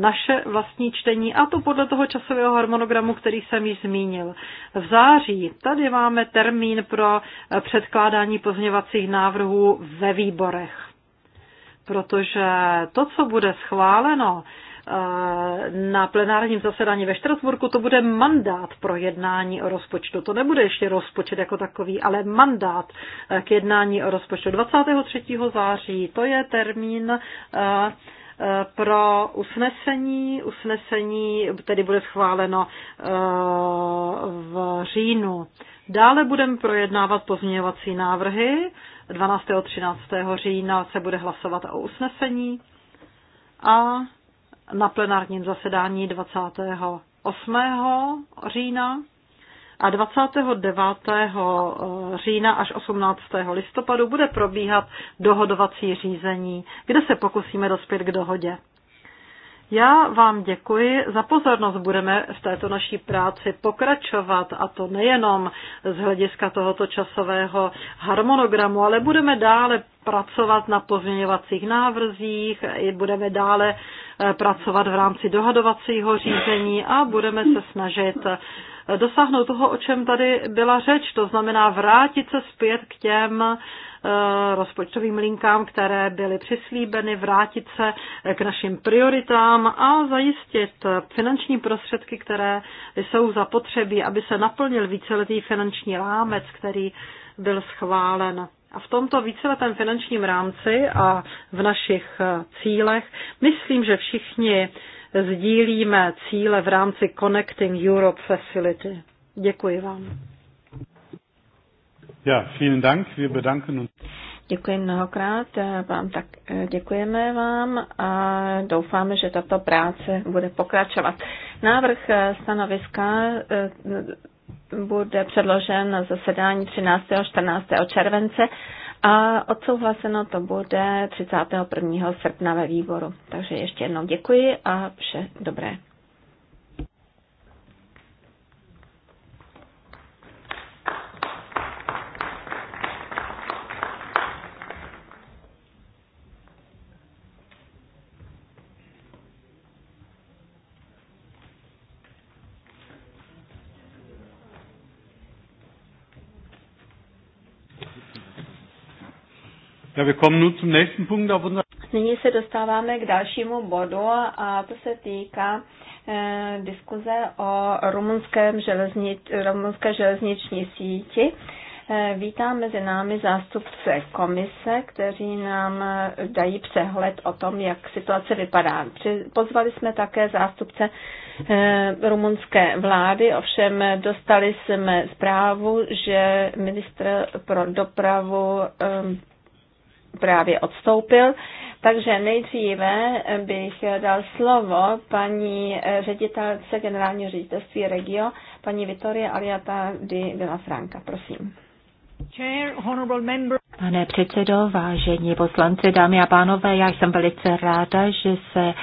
naše vlastní čtení, a to podle toho časového harmonogramu, který jsem již zmínil. V září tady máme termín pro eh, předkládání pozměvacích návrhů ve výborech, protože to, co bude schváleno, na plenárním zasedání ve Štrasburku to bude mandát pro jednání o rozpočtu. To nebude ještě rozpočet jako takový, ale mandát eh, k jednání o rozpočtu. 23. září, to je termín eh, eh, pro usnesení. Usnesení tedy bude schváleno v říjnu. Dále budeme projednávat pozměňovací návrhy. 12. a 13. října se bude hlasovat o usnesení a na plenárním zasedání 28. října a 29. Eh, října až 18. listopadu bude probíhat dohodovací řízení, kde se pokusíme dospět k dohodě. Já vám děkuji za pozornost. Budeme v této naší práci pokračovat a to nejenom z hlediska tohoto časového harmonogramu, ale budeme dále pracovat na pozměňovacích návrzích, budeme dále eh, pracovat v rámci dohadovacího řízení a budeme se snažit eh, dosáhnout toho, o čem tady byla řeč, to znamená vrátit se zpět k těm Eh, rozpočtovým linkám, které byly přislíbeny, vrátit se k našim prioritám a zajistit finanční prostředky, které jsou zapotřebí, aby se naplnil víceletý finanční rámec, který byl schválen. A v tomto víceletém finančním rámci a v našich eh, cílech myslím, že všichni sdílíme cíle v rámci Connecting Europe Facility. Děkuji vám. Ja, vielen Dank. Wir bedanken uns. Děkuji mnohokrát, eh, vám tak eh, děkujeme vám a doufáme, že tato práce bude pokračovat. Návrh eh, stanoviska bude předložen na zasedání 13. a 14. července a odsouhlaseno to bude 31. srpna ve výboru. Takže ještě jednou děkuji a vše dobré. Nyní se dostáváme k dalšímu bodu a to se týká eh, diskuze o rumunském železnič, rumunské železniční síti. Eh, vítám mezi námi zástupce komise, kteří nám eh, dají přehled o tom, jak situace vypadá. Pozvali jsme také zástupce eh, rumunské vlády, ovšem eh, dostali jsme zprávu, že ministr pro dopravu eh, právě odstoupil. Takže nejdříve bych dal slovo paní eh, ředitelce generálního ředitelství Regio, paní Vitorie Aliata di Franca, Prosím. Chair, honorable member. Pane předsedo, vážení poslanci, dámy a pánové, já jsem velice ráda, že se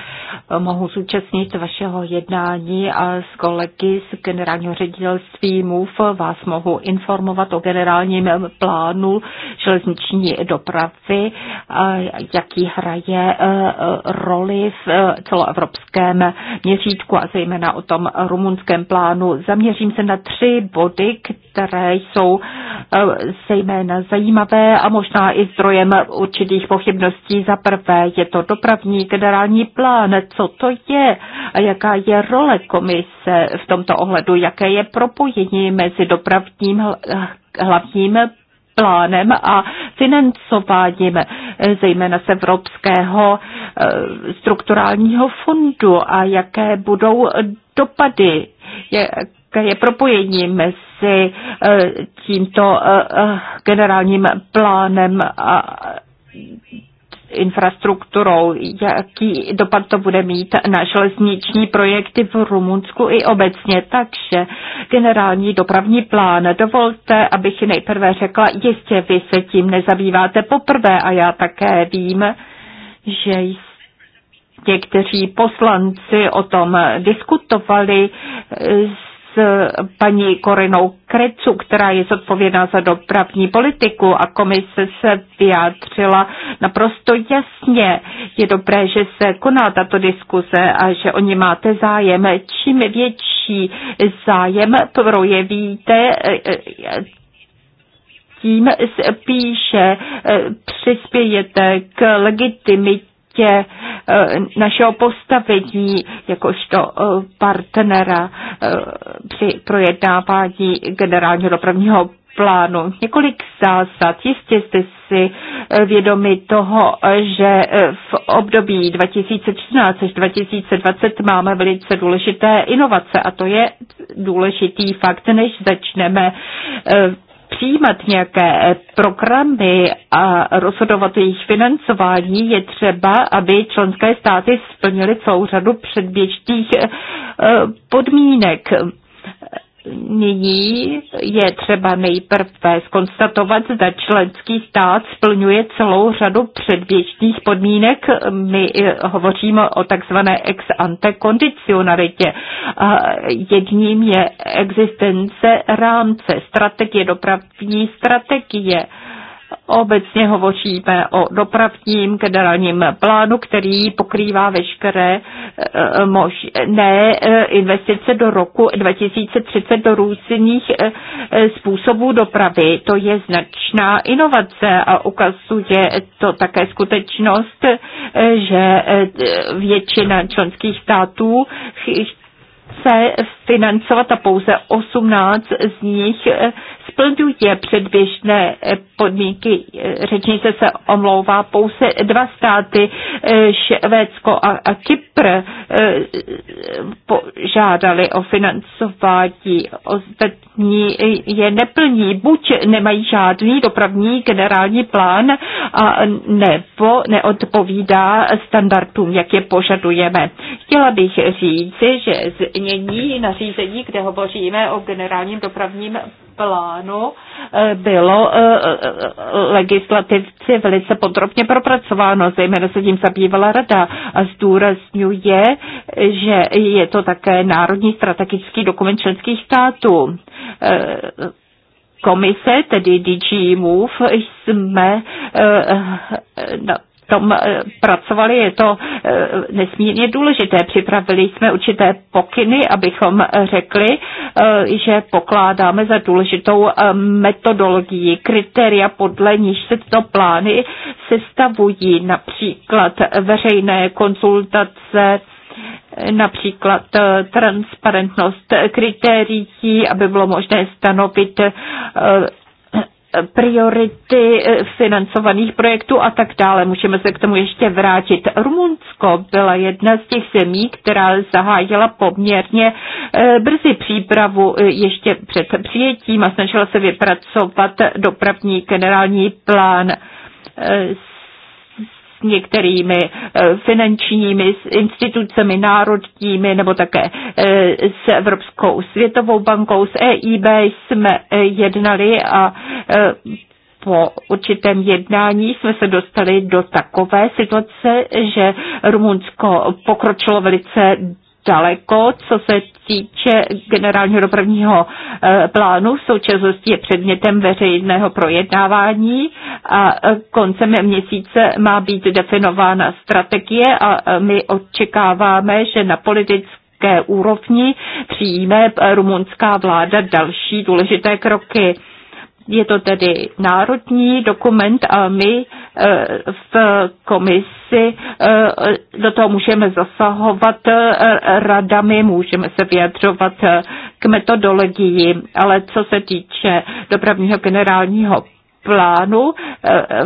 mohu zúčastnit vašeho jednání a s kolegy z generálního ředitelství MUF vás mohu informovat o generálním plánu železniční dopravy, jaký hraje e, roli v e, celoevropském měřítku a zejména o tom rumunském plánu. Zaměřím se na tři body, které jsou e, zejména zajímavé a možná i zdrojem určitých pochybností. Za prvé je to dopravní generální plán, co to je a jaká je role komise v tomto ohledu, jaké je propojení mezi dopravním hlavním plánem a financováním, zejména z Evropského eh, strukturálního fondu a jaké budou dopady, jak je propojení mezi eh, tímto eh, eh, generálním plánem a infrastrukturou, jaký dopad to bude mít na železniční projekty v Rumunsku i obecně. Takže generální dopravní plán. Dovolte, abych nejprve řekla, jistě vy se tím nezabýváte poprvé a já také vím, že někteří poslanci o tom diskutovali s paní Korinou Krecu, která je zodpovědná za dopravní politiku a komise se vyjádřila naprosto jasně. Je dobré, že se koná tato diskuze a že o ní máte zájem. Čím větší zájem projevíte, tím spíše přispějete k legitimitě základě eh, našeho postavení jakožto eh, partnera eh, při projednávání generálního dopravního plánu. Několik zásad. Jistě jste si vědomi toho, že v období 2016 až 2020 máme velice důležité inovace a to je důležitý fakt, než začneme přijímat nějaké programy a rozhodovat o jejich financování, je třeba, aby členské státy splnily celou řadu předběžných eh, podmínek nyní je třeba nejprve skonstatovat, zda členský stát splňuje celou řadu předběžných podmínek. My eh, hovoříme o takzvané ex ante kondicionalitě. Jedním je existence rámce, strategie, dopravní strategie Obecně hovoříme o dopravním generálním plánu, který pokrývá veškeré eh, možné eh, investice do roku 2030 do různých eh, způsobů dopravy. To je značná inovace a ukazuje to také skutečnost, že většina členských států se financovat a pouze 18 z nich splňuje předběžné podmínky. Řečnice se omlouvá pouze dva státy, Švédsko a Kypr, eh, požádali o financování. Ostatní je neplní, buď nemají žádný dopravní generální plán, a nebo neodpovídá standardům, jak je požadujeme. Chtěla bych říct, že znění nařízení, kde hovoříme o generálním dopravním plánu, eh, bylo eh, eh, legislativci velice podrobně propracováno, zejména se tím zabývala rada a zdůrazňuje, že je to také národní strategický dokument členských států komise, tedy DG Move, jsme na tom eh, pracovali. Je to eh, nesmírně důležité. Připravili jsme určité pokyny, abychom řekli, eh, že pokládáme za důležitou metodologii, kritéria podle níž se tyto plány sestavují, například veřejné konzultace, například transparentnost kritérií, aby bylo možné stanovit priority eh, financovaných projektů a tak dále. Můžeme se k tomu ještě vrátit. Rumunsko byla jedna z těch zemí, která zahájila poměrně eh, brzy přípravu eh, ještě před přijetím a snažila se vypracovat dopravní generální plán s některými eh, finančními institucemi národními nebo také eh, s Evropskou světovou bankou, s EIB jsme eh, jednali a po určitém jednání jsme se dostali do takové situace, že Rumunsko pokročilo velice daleko, co se týče generálního dopravního eh, plánu. V současnosti je předmětem veřejného projednávání a eh, koncem měsíce má být definována strategie a eh, my očekáváme, že na politické úrovni přijme rumunská vláda další důležité kroky. Je to tedy národní dokument a my eh, v komisi eh, do toho můžeme zasahovat eh, radami, můžeme se vyjadřovat k metodologii, ale co se týče dopravního generálního plánu eh,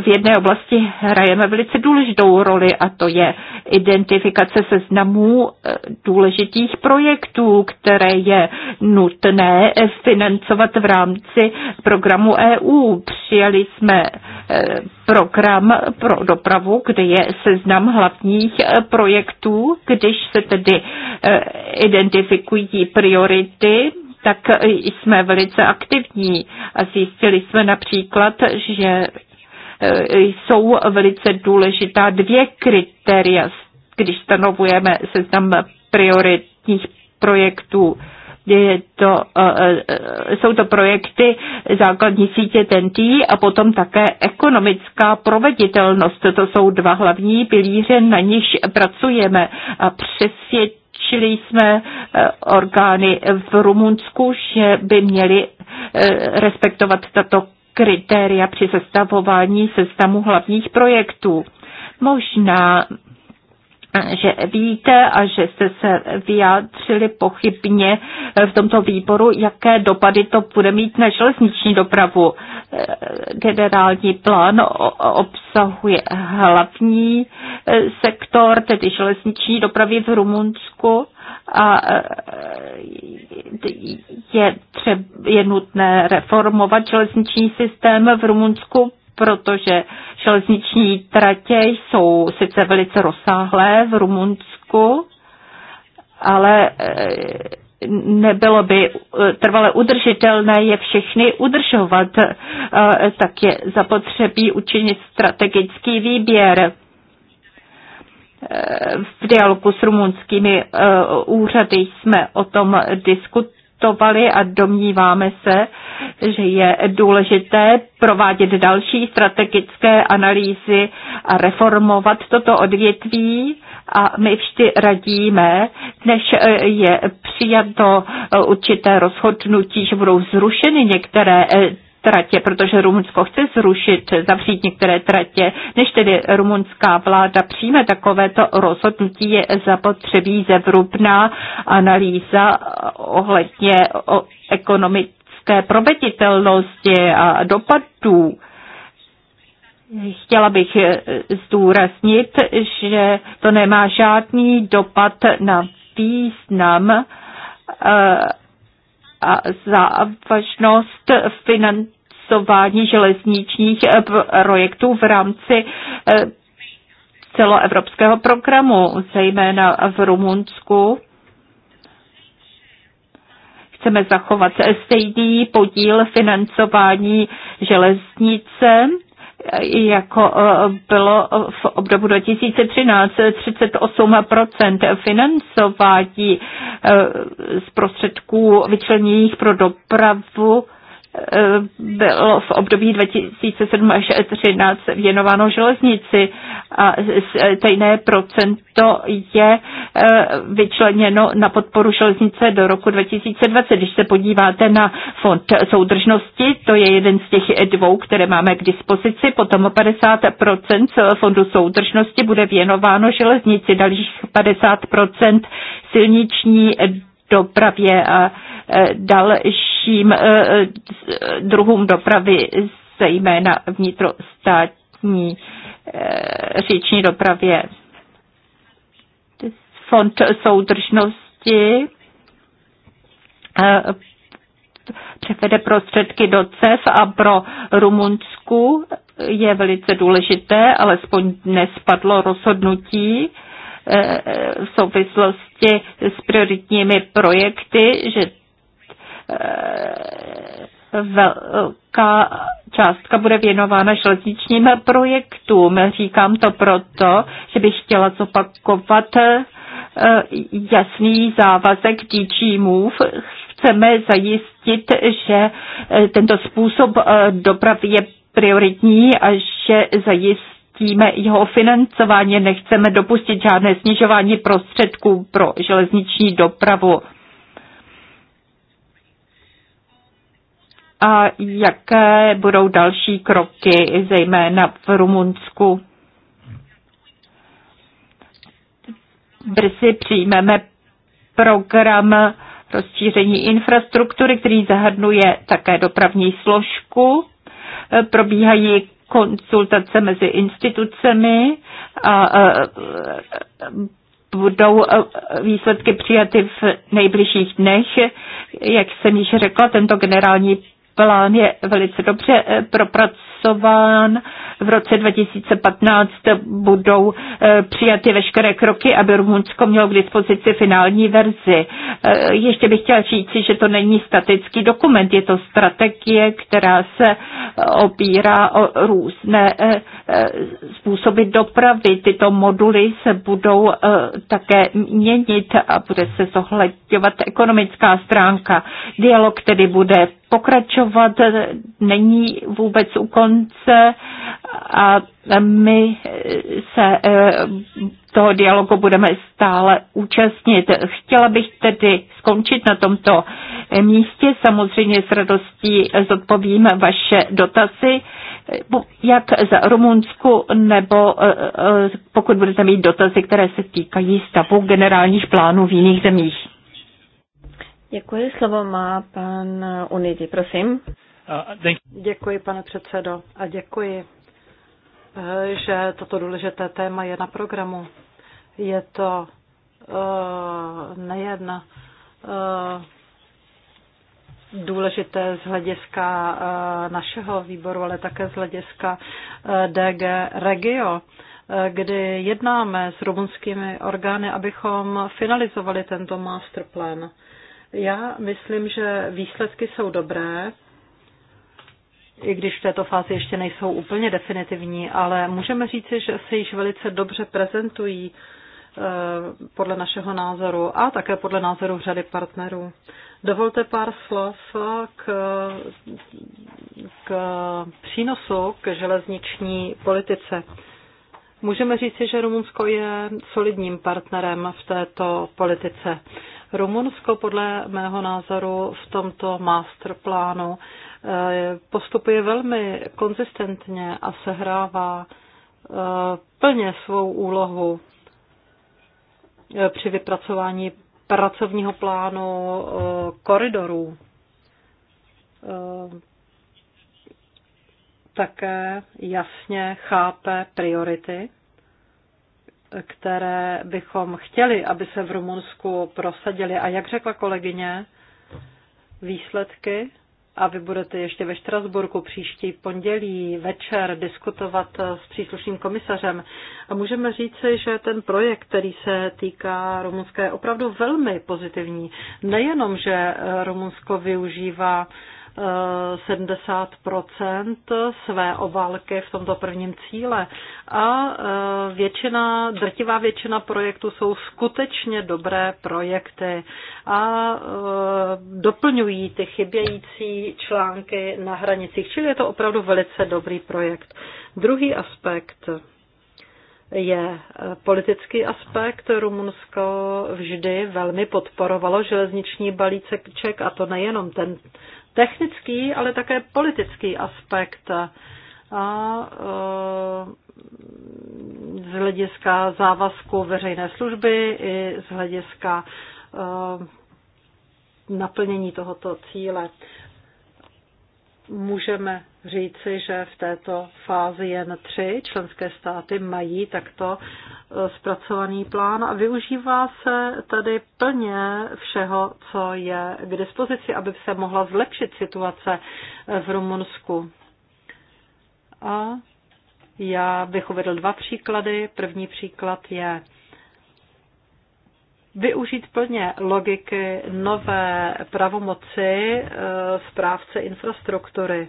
v jedné oblasti hrajeme velice důležitou roli a to je identifikace seznamů eh, důležitých projektů, které je nutné financovat v rámci programu EU. Přijali jsme eh, program pro dopravu, kde je seznam hlavních projektů, když se tedy identifikují priority tak jsme velice aktivní a zjistili jsme například, že e, jsou velice důležitá dvě kritéria, když stanovujeme seznam prioritních projektů. Je to, e, e, jsou to projekty základní sítě TNT a potom také ekonomická proveditelnost. To jsou dva hlavní pilíře, na nichž pracujeme a přesvědčíme doporučili jsme eh, orgány v Rumunsku, že by měli eh, respektovat tato kritéria při sestavování seznamu hlavních projektů. Možná že víte a že jste se vyjádřili pochybně v tomto výboru, jaké dopady to bude mít na železniční dopravu. Generální plán obsahuje hlavní eh, sektor, tedy železniční dopravy v Rumunsku a eh, je, třeba, je nutné reformovat železniční systém v Rumunsku protože železniční tratě jsou sice velice rozsáhlé v Rumunsku, ale e, nebylo by e, trvale udržitelné je všechny udržovat, e, tak je zapotřebí učinit strategický výběr v dialogu s rumunskými úřady jsme o tom diskutovali diskutovali a domníváme se, že je důležité provádět další strategické analýzy a reformovat toto odvětví a my vždy radíme, než eh, je přijato eh, určité rozhodnutí, že budou zrušeny některé eh, tratě, protože Rumunsko chce zrušit, zavřít některé tratě. Než tedy rumunská vláda přijme takovéto rozhodnutí, je zapotřebí zevrubná analýza ohledně o ekonomické proveditelnosti a dopadů. Chtěla bych zdůraznit, že to nemá žádný dopad na význam eh, a závažnost financování železničních eh, projektů v rámci eh, celoevropského programu, zejména v Rumunsku. Chceme zachovat stejný podíl financování železnice jako eh, bylo v období 2013 38% financování eh, z prostředků vyčleněných pro dopravu Eh, bylo v období 2007 až 2013 věnováno železnici a stejné procento je eh, vyčleněno na podporu železnice do roku 2020. Když se podíváte na fond soudržnosti, to je jeden z těch dvou, které máme k dispozici, potom 50% fondu soudržnosti bude věnováno železnici, dalších 50% silniční dopravě a eh, další dalším eh, eh, druhům dopravy, zejména vnitrostátní eh, říční dopravě. Fond soudržnosti převede prostředky do CEF a pro Rumunsku je velice důležité, alespoň nespadlo rozhodnutí v souvislosti s prioritními projekty, že velká částka bude věnována železničním projektům. Říkám to proto, že bych chtěla zopakovat eh, jasný závazek DG Move. Chceme zajistit, že eh, tento způsob eh, dopravy je prioritní a že zajistí zajistíme jeho financování, nechceme dopustit žádné snižování prostředků pro železniční dopravu. a jaké budou další kroky, zejména v Rumunsku. Brzy přijmeme program rozšíření infrastruktury, který zahrnuje také dopravní složku. Probíhají konsultace mezi institucemi a budou výsledky přijaty v nejbližších dnech. Jak jsem již řekla, tento generální plán je velice dobře eh, propracován. V roce 2015 budou eh, přijaty veškeré kroky, aby Rumunsko mělo k dispozici finální verzi. Eh, ještě bych chtěla říci, že to není statický dokument, je to strategie, která se opírá o různé způsoby dopravy. Tyto moduly se budou také měnit a bude se zohledňovat ekonomická stránka. Dialog tedy bude pokračovat, není vůbec u konce a my se eh, toho dialogu budeme stále účastnit. Chtěla bych tedy skončit na tomto místě. Samozřejmě s radostí zodpovím vaše dotazy, jak za Rumunsku, nebo eh, eh, pokud budete mít dotazy, které se týkají stavu generálních plánů v jiných zemích. Děkuji. Slovo má pan Unidi, prosím. Uh, děkuji, pane předsedo, a děkuji, eh, že toto důležité téma je na programu. Je to uh, nejen uh, důležité z hlediska našeho výboru, ale také z hlediska DG Regio, kdy jednáme s rumunskými orgány, abychom finalizovali tento masterplan. Já myslím, že výsledky jsou dobré, i když v této fázi ještě nejsou úplně definitivní, ale můžeme říci, že se již velice dobře prezentují eh, podle našeho názoru a také podle názoru řady partnerů. Dovolte pár slov k, k přínosu k železniční politice. Můžeme říci, že Rumunsko je solidním partnerem v této politice. Rumunsko podle mého názoru v tomto masterplánu eh, postupuje velmi konzistentně a sehrává eh, plně svou úlohu eh, při vypracování pracovního plánu koridorů. Také jasně chápe priority které bychom chtěli, aby se v Rumunsku prosadily. A jak řekla kolegyně, výsledky a vy budete ještě ve Štrasburku příští pondělí večer diskutovat s příslušným komisařem. A můžeme říci, že ten projekt, který se týká Rumunska, je opravdu velmi pozitivní. Nejenom, že Rumunsko využívá 70 své obálky v tomto prvním cíle. A e, většina, drtivá většina projektů jsou skutečně dobré projekty a e, doplňují ty chybějící články na hranicích, čili je to opravdu velice dobrý projekt. Druhý aspekt je e, politický aspekt. Rumunsko vždy velmi podporovalo železniční balíček a to nejenom ten technický, ale také politický aspekt a e, z hlediska závazku veřejné služby i z hlediska e, naplnění tohoto cíle můžeme říci, že v této fázi jen tři členské státy mají takto eh, zpracovaný plán a využívá se tady plně všeho, co je k dispozici, aby se mohla zlepšit situace eh, v Rumunsku. A já bych uvedl dva příklady. První příklad je využít plně logiky nové pravomoci e, správce infrastruktury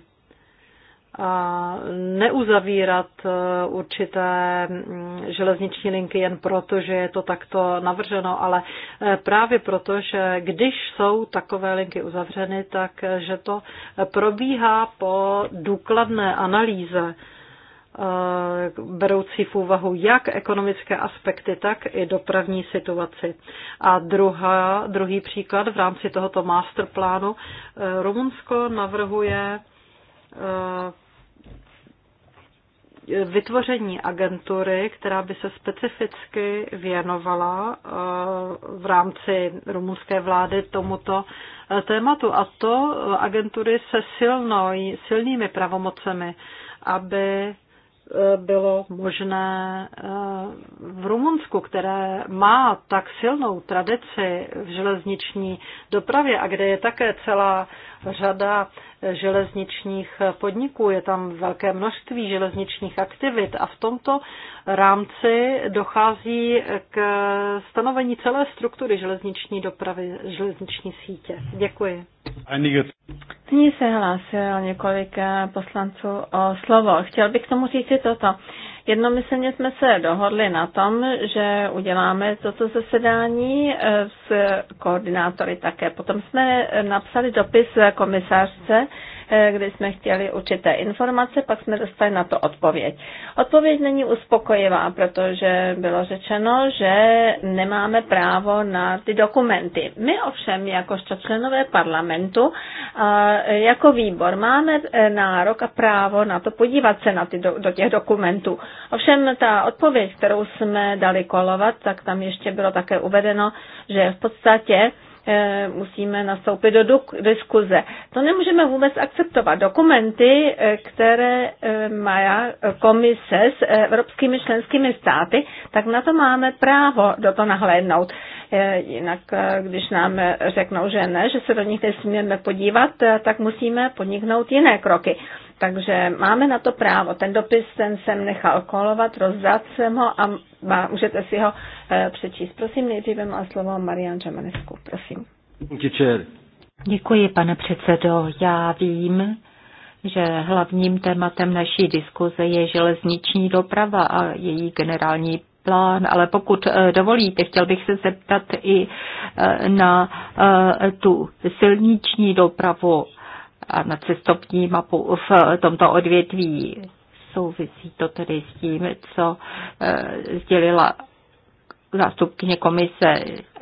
a neuzavírat e, určité mm, železniční linky jen proto, že je to takto navrženo, ale e, právě proto, že když jsou takové linky uzavřeny, tak že to probíhá po důkladné analýze Eh, beroucí v úvahu jak ekonomické aspekty, tak i dopravní situaci. A druhá, druhý příklad v rámci tohoto masterplánu. Eh, Rumunsko navrhuje eh, vytvoření agentury, která by se specificky věnovala v rámci rumunské vlády tomuto tématu. A to agentury se silnou, silnými pravomocemi, aby bylo možné eh, v Rumunsku, které má tak silnou tradici v železniční dopravě a kde je také celá řada eh, železničních eh, podniků, je tam velké množství železničních aktivit a v tomto rámci dochází k stanovení celé struktury železniční dopravy, železniční sítě. Děkuji. Nyní se hlásil několik eh, poslanců o slovo. Chtěl bych tomu říct toto. Jednomyslně jsme se dohodli na tom, že uděláme toto zasedání eh, s koordinátory také. Potom jsme eh, napsali dopis eh, komisářce, Eh, kdy jsme chtěli určité informace, pak jsme dostali na to odpověď. Odpověď není uspokojivá, protože bylo řečeno, že nemáme právo na ty dokumenty. My ovšem, jakožto členové parlamentu, jako výbor, máme eh, nárok a právo na to podívat se na ty do, do těch dokumentů. Ovšem ta odpověď, kterou jsme dali kolovat, tak tam ještě bylo také uvedeno, že v podstatě Eh, musíme nastoupit do diskuze. To nemůžeme vůbec akceptovat. Dokumenty, eh, které eh, má komise s evropskými členskými státy, tak na to máme právo do to nahlédnout. Jinak, když nám řeknou, že ne, že se do nich nesmíme podívat, tak musíme podniknout jiné kroky. Takže máme na to právo. Ten dopis ten jsem nechal kolovat, rozdát jsem ho a má, můžete si ho e, přečíst. Prosím, nejdříve má slovo Marian Žemanesku. Prosím. Děkuji, pane předsedo. Já vím, že hlavním tématem naší diskuze je železniční doprava a její generální plán, ale pokud eh, dovolíte, chtěl bych se zeptat i eh, na tu silniční dopravu a na cestovní mapu v tomto odvětví. Souvisí to tedy s tím, co eh, sdělila zástupkyně komise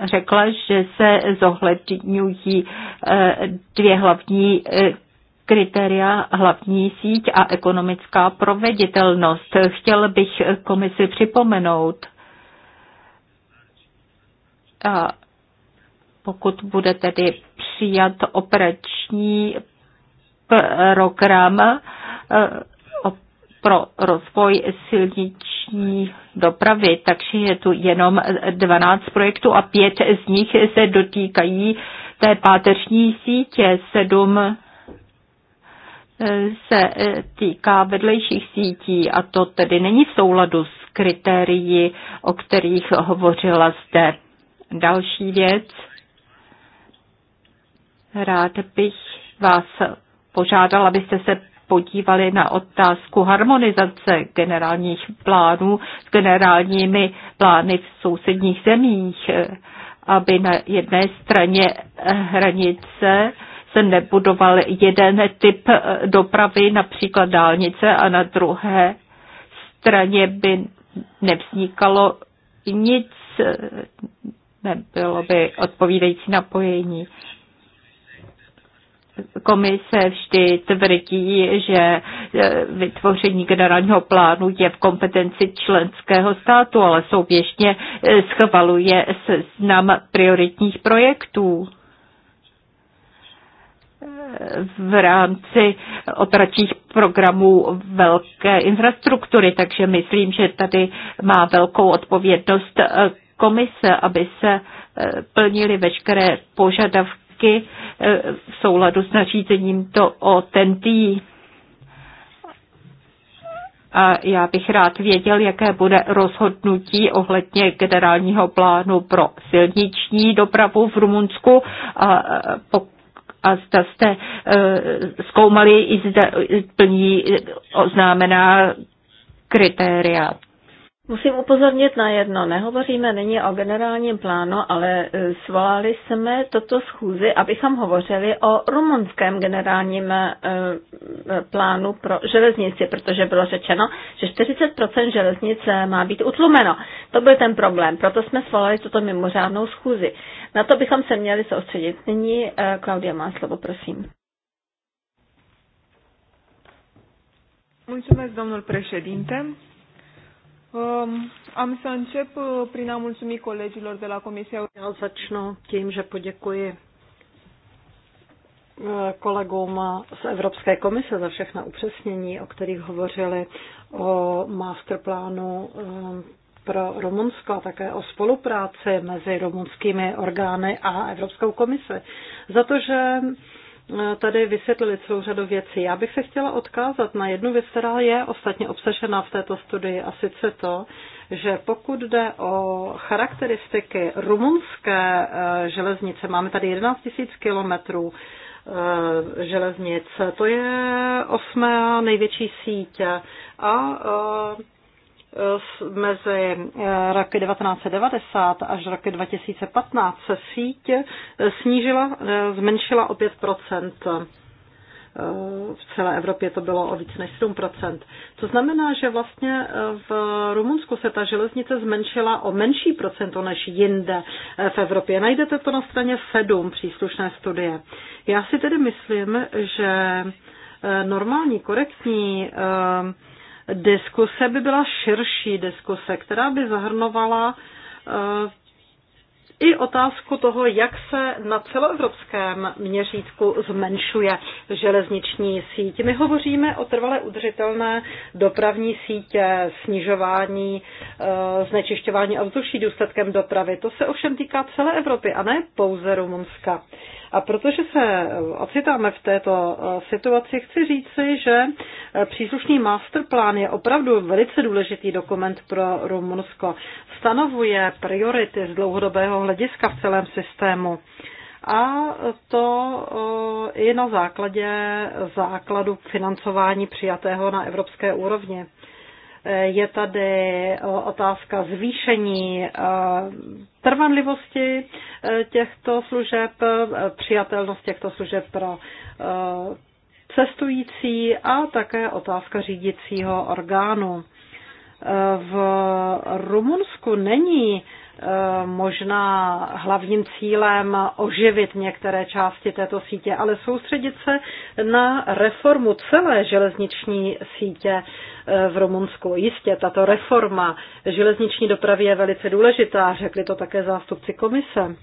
řekla, že se zohledňují eh, dvě hlavní eh, kritéria, hlavní síť a ekonomická proveditelnost. Chtěl bych komisi připomenout, a pokud bude tedy přijat operační program eh, pro rozvoj silniční dopravy, takže je tu jenom 12 projektů a pět z nich se dotýkají té páteřní sítě, sedm eh, se eh, týká vedlejších sítí a to tedy není v souladu s kritérií, o kterých hovořila zde. Další věc. Rád bych vás požádal, abyste se podívali na otázku harmonizace generálních plánů s generálními plány v sousedních zemích, eh, aby na jedné straně hranice se nebudoval jeden typ eh, dopravy, například dálnice, a na druhé straně by nevznikalo nic, eh, nebylo by odpovídající napojení komise vždy tvrdí, že e, vytvoření generálního plánu je v kompetenci členského státu, ale souběžně e, schvaluje seznam prioritních projektů v rámci operačních programů velké infrastruktury, takže myslím, že tady má velkou odpovědnost e, komise, aby se plnili veškeré požadavky prostředky eh, v souladu s nařízením to o tý A já bych rád věděl, jaké bude rozhodnutí ohledně generálního plánu pro silniční dopravu v Rumunsku a a, a zda jste e, zkoumali, zda plní oznámená kritéria. Musím upozornit na jedno. Nehovoříme nyní o generálním plánu, ale e, svolali jsme toto schůzi, abychom hovořili o rumunském generálním e, e, plánu pro železnici, protože bylo řečeno, že 40% železnice má být utlumeno. To byl ten problém, proto jsme svolali tuto mimořádnou schůzi. Na to bychom se měli soustředit. Nyní Klaudia má slovo, prosím. Mulțumesc, domnul președinte. Um, am să încep uh, prin a mulțumi colegilor de la Comisia Europeană. Já začnu tím, že poděkuji uh, kolegům z Evropské komise za všechna upřesnění, o kterých hovořili o masterplánu um, pro Rumunsko a také o spolupráci mezi rumunskými orgány a Evropskou komise. Za to, že tady vysvětlili celou řadu věcí. Já bych se chtěla odkázat na jednu věc, která je ostatně obsažena v této studii, a sice to, že pokud jde o charakteristiky rumunské eh, železnice, máme tady 11 000 kilometrů eh, železnic, to je osmá největší sítě. a eh, mezi eh, roky 1990 až roky 2015 se síť eh, snížila, eh, zmenšila o 5 v celé Evropě to bylo o víc než 7 To znamená, že vlastně v Rumunsku se ta železnice zmenšila o menší procento než jinde v Evropě. Najdete to na straně 7 příslušné studie. Já si tedy myslím, že normální, korektní diskuse by byla širší diskuse, která by zahrnovala eh, i otázku toho, jak se na celoevropském měřítku zmenšuje železniční síť. My hovoříme o trvale udržitelné dopravní sítě, snižování e, znečišťování ovzduší důsledkem dopravy. To se ovšem týká celé Evropy a ne pouze Rumunska. A protože se ocitáme v této e, situaci, chci říci, že e, příslušný masterplán je opravdu velice důležitý dokument pro Rumunsko. Stanovuje priority z dlouhodobého hlediska hlediska v celém systému. A to eh, i na základě základu financování přijatého na evropské úrovni. Eh, je tady eh, otázka zvýšení trvanlivosti těchto služeb, přijatelnost těchto služeb pro cestující a také otázka řídicího orgánu. V Rumunsku není Eh, možná hlavním cílem oživit některé části této sítě, ale soustředit se na reformu celé železniční sítě eh, v Rumunsku. Jistě, tato reforma železniční dopravy je velice důležitá, řekli to také zástupci komise.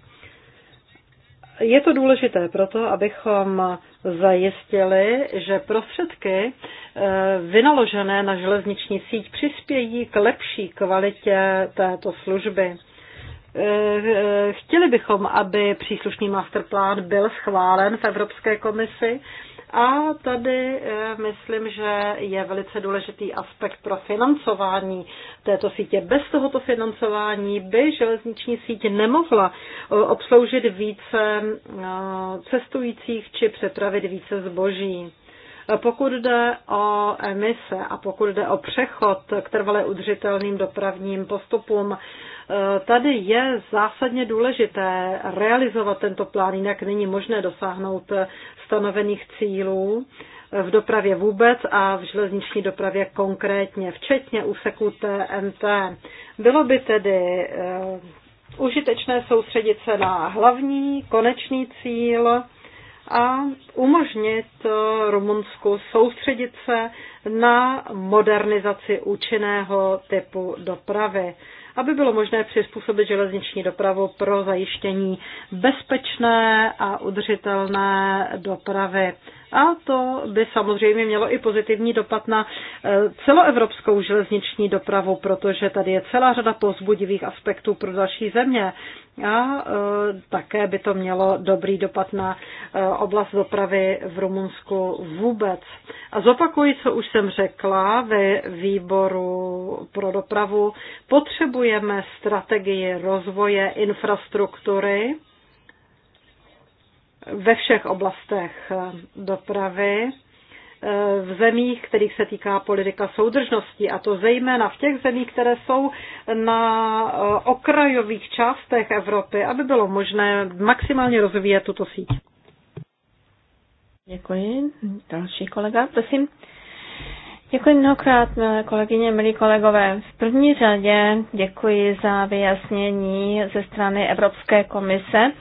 Je to důležité proto, abychom zajistili, že prostředky eh, vynaložené na železniční síť přispějí k lepší kvalitě této služby. Eh, chtěli bychom, aby příslušný masterplán byl schválen v Evropské komisi a tady eh, myslím, že je velice důležitý aspekt pro financování této sítě. Bez tohoto financování by železniční síť nemohla eh, obsloužit více cestujících či přepravit více zboží. Pokud jde o emise a pokud jde o přechod k trvale udržitelným dopravním postupům, Eh, tady je zásadně důležité realizovat tento plán, jinak není možné dosáhnout eh, stanovených cílů eh, v dopravě vůbec a v železniční dopravě konkrétně, včetně úseků TNT. Bylo by tedy užitečné soustředit se na hlavní, konečný cíl a umožnit Rumunsku soustředit se na modernizaci účinného typu dopravy aby bylo možné přizpůsobit železniční dopravu pro zajištění bezpečné a udržitelné dopravy. A to by samozřejmě mělo i pozitivní dopad na eh, celoevropskou železniční dopravu, protože tady je celá řada pozbudivých aspektů pro další země. A eh, také by to mělo dobrý dopad na eh, oblast dopravy v Rumunsku vůbec. A zopakuji, co už jsem řekla ve výboru pro dopravu. Potřebujeme strategii rozvoje infrastruktury ve všech oblastech eh, dopravy eh, v zemích, kterých se týká politika soudržnosti, a to zejména v těch zemích, které jsou na eh, okrajových částech Evropy, aby bylo možné maximálně rozvíjet tuto síť. Děkuji. Další kolega, prosím. Děkuji mnohokrát, milé kolegyně, milí kolegové. V první řadě děkuji za vyjasnění ze strany Evropské komise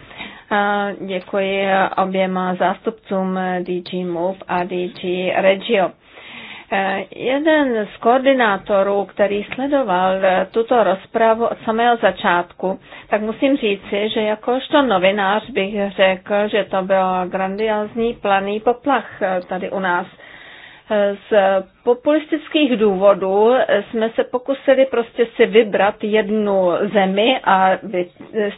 Děkuji oběma zástupcům DG Move a DG Regio. E, jeden z koordinátorů, který sledoval tuto rozpravu od samého začátku, tak musím říci, že jakožto novinář bych řekl, že to byl grandiozní planý poplach tady u nás. Z populistických důvodů jsme se pokusili prostě si vybrat jednu zemi a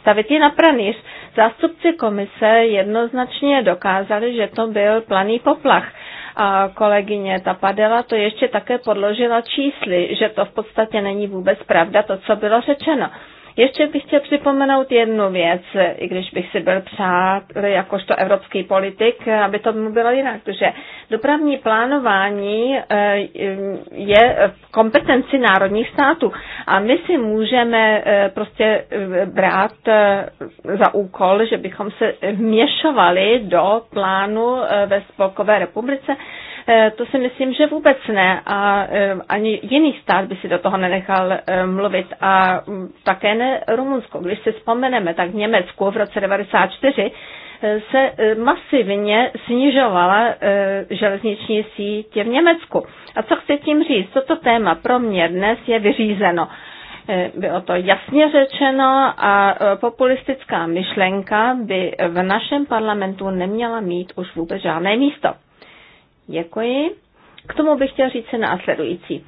stavit ji na pranýř. Zástupci komise jednoznačně dokázali, že to byl planý poplach. A kolegyně Tapadela to ještě také podložila čísly, že to v podstatě není vůbec pravda, to, co bylo řečeno. Ještě bych chtěl připomenout jednu věc, i když bych si byl přát, jakožto evropský politik, aby to bylo jinak, protože dopravní plánování eh, je v kompetenci národních států a my si můžeme eh, prostě eh, brát za úkol, že bychom se měšovali do plánu ve Spolkové republice, Eh, to si myslím, že vůbec ne a eh, ani jiný stát by si do toho nenechal eh, mluvit a mm, také ne Rumunsko. Když si vzpomeneme, tak v Německu v roce 1994 se masivně snižovala železniční síť v Německu. A co chci tím říct? Toto téma pro mě dnes je vyřízeno. Bylo to jasně řečeno a populistická myšlenka by v našem parlamentu neměla mít už vůbec žádné místo. Děkuji. K tomu bych chtěl říct se následující.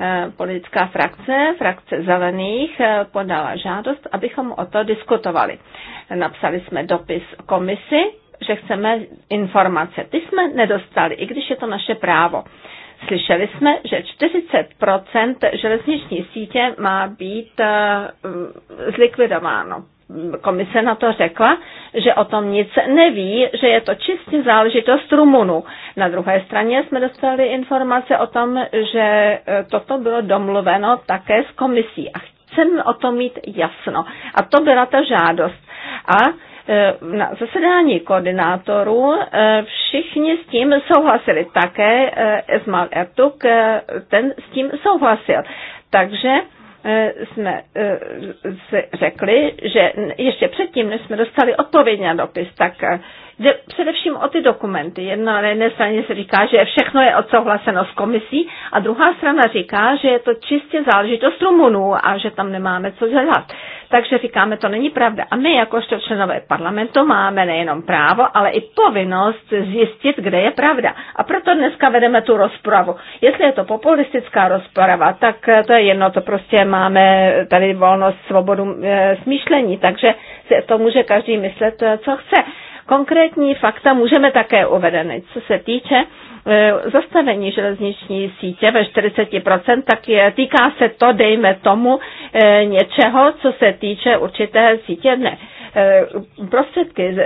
Eh, politická frakce, frakce zelených, eh, podala žádost, abychom o to diskutovali. Napsali jsme dopis komisi, že chceme informace. Ty jsme nedostali, i když je to naše právo. Slyšeli jsme, že 40 železniční sítě má být eh, zlikvidováno komise na to řekla, že o tom nic neví, že je to čistě záležitost Rumunů. Na druhé straně jsme dostali informace o tom, že e, toto bylo domluveno také s komisí a chceme o tom mít jasno. A to byla ta žádost. A e, na zasedání koordinátorů e, všichni s tím souhlasili. Také Esmal Ertuk ten s tím souhlasil. Takže Eh, jsme eh, řekli, že ještě předtím, než jsme dostali odpověď na dopis, tak eh, jde především o ty dokumenty. Jedna na jedné straně se říká, že všechno je odsouhlaseno s komisí a druhá strana říká, že je to čistě záležitost Rumunů a že tam nemáme co dělat. Takže říkáme, to není pravda. A my jakožto členové parlamentu máme nejenom právo, ale i povinnost zjistit, kde je pravda. A proto dneska vedeme tu rozpravu. Jestli je to populistická rozprava, tak eh, to je jedno, to prostě máme tady volnost, svobodu e, smýšlení, takže to může každý myslet, eh, co chce. Konkrétní fakta můžeme také uvedeny. Co se týče eh, zastavení železniční sítě ve 40%, tak je, týká se to, dejme tomu, eh, něčeho, co se týče určité sítě. Ne. Eh, prostředky z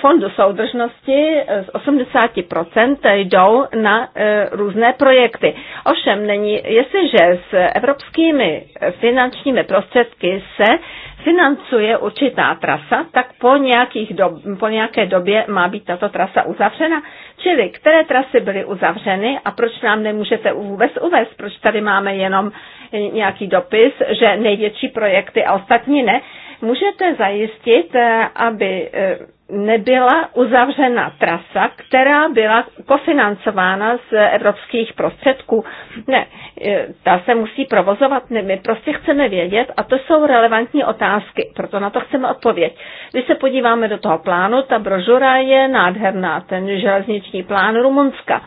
fondu soudržnosti z 80% jdou na různé projekty. Ovšem, není, jestliže s evropskými finančními prostředky se financuje určitá trasa, tak po, nějakých dob, po nějaké době má být tato trasa uzavřena. Čili které trasy byly uzavřeny a proč nám nemůžete vůbec uvést, proč tady máme jenom nějaký dopis, že největší projekty a ostatní ne, Můžete zajistit, eh, aby eh, nebyla uzavřena trasa, která byla kofinancována z evropských prostředků. Ne, eh, ta se musí provozovat, ne, my prostě chceme vědět a to jsou relevantní otázky, proto na to chceme odpověď. Když se podíváme do toho plánu, ta brožura je nádherná, ten železniční plán Rumunska,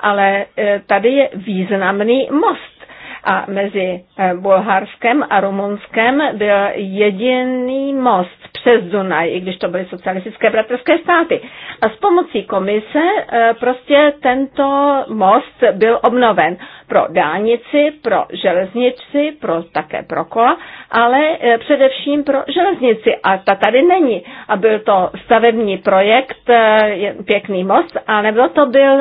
ale tady je významný most a mezi eh, Bulharskem a Rumunskem byl jediný most přes Dunaj, i když to byly socialistické bratrské státy. A s pomocí komise eh, prostě tento most byl obnoven pro dálnici, pro železnici, pro, také pro kola, ale eh, především pro železnici. A ta tady není. A byl to stavební projekt, pěkný most, ale to byl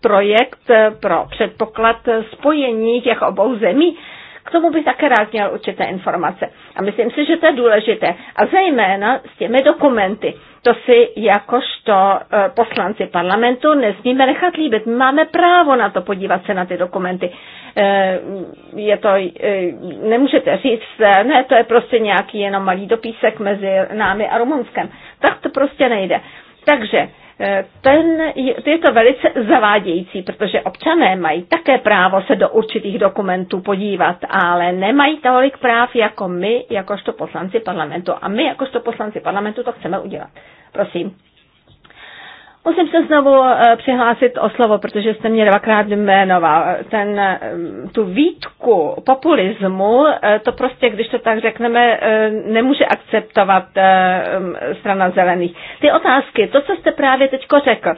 projekt eh, pro předpoklad spojení těch obou zemí. K tomu bych také rád měl určité informace. A myslím si, že to je důležité. A zejména s těmi dokumenty. To si jakožto eh, poslanci parlamentu nesmíme nechat líbit. My máme právo na to podívat se na ty dokumenty. Eh, je to, nemůžete říct, ne, to je prostě nějaký jenom malý dopísek mezi námi a Rumunskem. Tak to prostě nejde. Takže Eh, ten, je to velice zavádějící, protože občané mají také právo se do určitých dokumentů podívat, ale nemají tolik práv jako my, jakožto poslanci parlamentu. A my, jakožto poslanci parlamentu, to chceme udělat. Prosím. Musím se znovu eh, přihlásit o slovo, protože jste mě dvakrát jmenoval. Ten, eh, tu výtku populismu, eh, to prostě, když to tak řekneme, nemůže akceptovat strana zelených. Ty otázky, to, co jste právě teď řekl,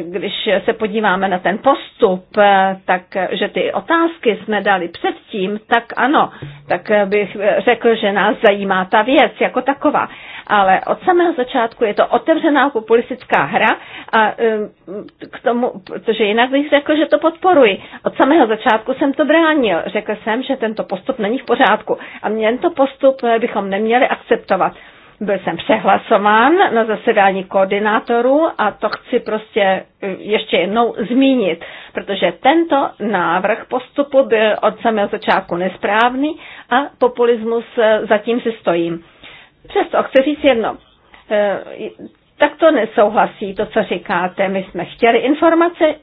když se podíváme na ten postup, tak, že ty otázky jsme dali předtím, tak ano, tak bych řekl, že nás zajímá ta věc jako taková. Ale od samého začátku je to otevřená populistická hra, a k tomu, protože jinak bych řekl, že to podporuji. Od samého začátku jsem to bránil. Řekl jsem, že tento postup není v pořádku. A tento postup eh, bychom neměli akceptovat byl jsem přehlasován na zasedání koordinátorů a to chci prostě eh, ještě jednou zmínit, protože tento návrh postupu byl od samého začátku nesprávný a populismus eh, zatím si stojím. Přesto chci říct jedno tak to nesouhlasí, to, co říkáte. My jsme chtěli informace,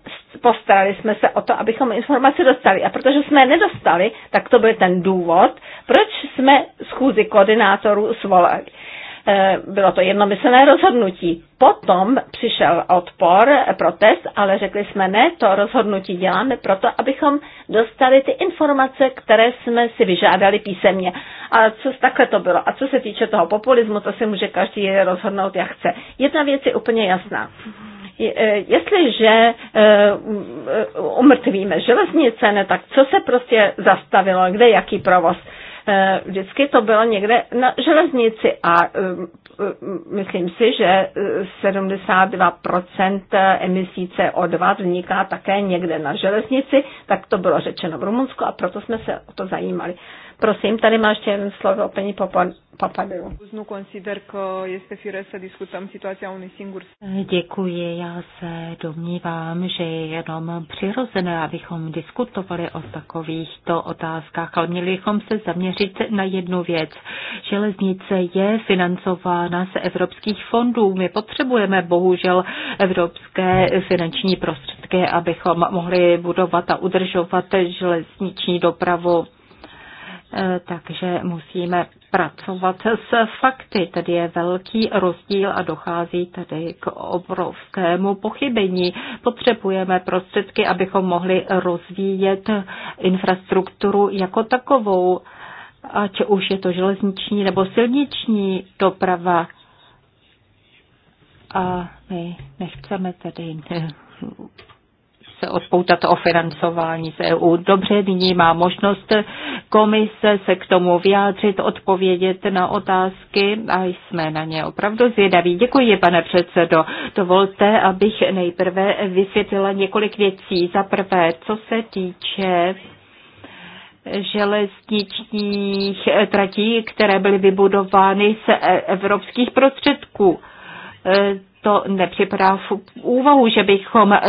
postarali jsme se o to, abychom informace dostali. A protože jsme je nedostali, tak to byl ten důvod, proč jsme schůzi koordinátorů svolali. Eh, bylo to jednomyslné rozhodnutí. Potom přišel odpor, protest, ale řekli jsme ne, to rozhodnutí děláme proto, abychom dostali ty informace, které jsme si vyžádali písemně. A co, takhle to bylo. A co se týče toho populismu, to si může každý rozhodnout, jak chce. Jedna věc je úplně jasná e, jestliže e, umrtvíme železnice, ne, tak co se prostě zastavilo, kde jaký provoz. E, vždycky to bylo někde na železnici a myslím si, že 72% emisí CO2 vzniká také někde na železnici, tak to bylo řečeno v Rumunsku a proto jsme se o to zajímali. Prosím, tady máš ještě jedno slovo, paní Papadilu. Děkuji, já se domnívám, že je jenom přirozené, abychom diskutovali o takovýchto otázkách, ale měli bychom se zaměřit na jednu věc. Železnice je financována z evropských fondů. My potřebujeme bohužel evropské finanční prostředky, abychom mohli budovat a udržovat železniční dopravu Eh, takže musíme pracovat s fakty. Tady je velký rozdíl a dochází tady k obrovskému pochybení. Potřebujeme prostředky, abychom mohli rozvíjet infrastrukturu jako takovou, ať už je to železniční nebo silniční doprava. A my nechceme tedy se odpoutat o financování z EU. Dobře, nyní má možnost komise se k tomu vyjádřit, odpovědět na otázky a jsme na ně opravdu zvědaví. Děkuji, pane předsedo. Dovolte, abych nejprve vysvětlila několik věcí. Za prvé, co se týče železničních tratí, které byly vybudovány z e- evropských prostředků to nepřipadá v úvahu, že bychom eh,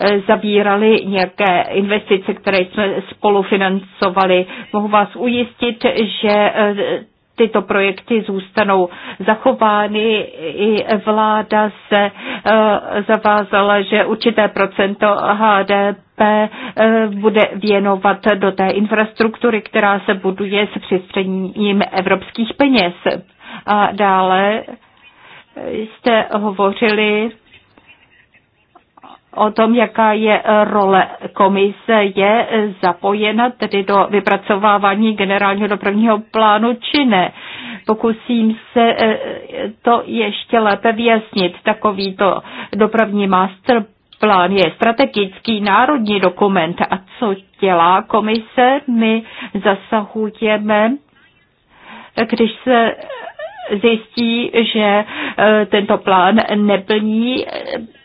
eh, zabírali nějaké investice, které jsme spolufinancovali. Mohu vás ujistit, že eh, tyto projekty zůstanou zachovány. I vláda se zavázala, že určité procento HDP bude věnovat do té infrastruktury, která se buduje s přistřením evropských peněz. A dále jste hovořili o tom, jaká je role komise, je zapojena tedy do vypracovávání generálního dopravního plánu či ne. Pokusím se eh, to ještě lépe vyjasnit. Takovýto dopravní master plán je strategický národní dokument a co dělá komise, my zasahujeme když se zjistí, že eh, tento plán neplní eh,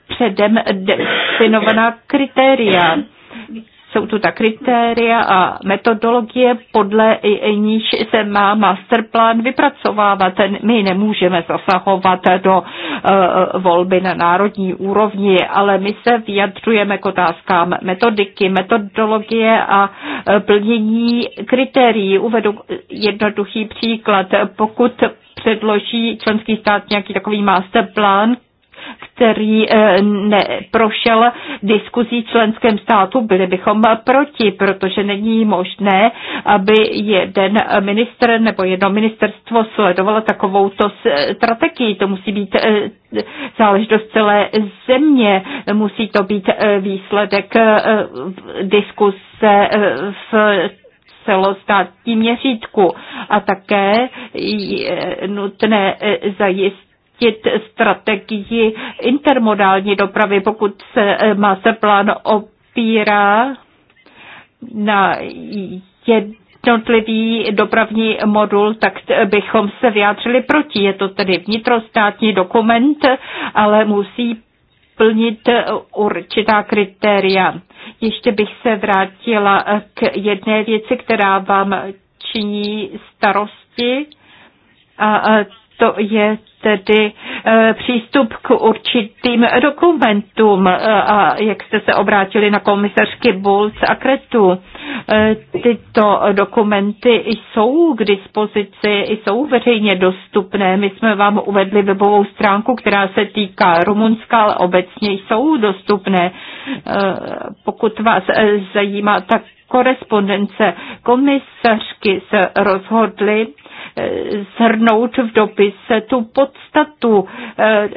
předem definovaná kritéria. Jsou tu ta kritéria a metodologie, podle níž se má masterplán vypracovávat. My nemůžeme zasahovat do eh, volby na národní úrovni, ale my se vyjadřujeme k otázkám metodiky, metodologie a plnění kritérií. Uvedu jednoduchý příklad. Pokud předloží členský stát nějaký takový masterplan, který eh, neprošel diskuzí členském státu, byli bychom proti, protože není možné, aby jeden minister nebo jedno ministerstvo sledovalo takovouto strategii. To musí být eh, záležitost celé země, musí to být eh, výsledek diskuse v celostátní měřítku a také je nutné eh, zajistit strategii intermodální dopravy, pokud se eh, plán opírá na jednotlivý dopravní modul, tak eh, bychom se vyjádřili proti. Je to tedy vnitrostátní dokument, ale musí plnit určitá kritéria. Ještě bych se vrátila eh, k jedné věci, která vám činí starosti. A eh, to je tedy e, přístup k určitým dokumentům e, a jak jste se obrátili na komisařky Bulc a Kretu. E, tyto dokumenty jsou k dispozici, jsou veřejně dostupné. My jsme vám uvedli webovou stránku, která se týká Rumunska, ale obecně jsou dostupné. Pokud vás zajímá, tak korespondence komisařky se rozhodly, shrnout v dopise tu podstatu eh,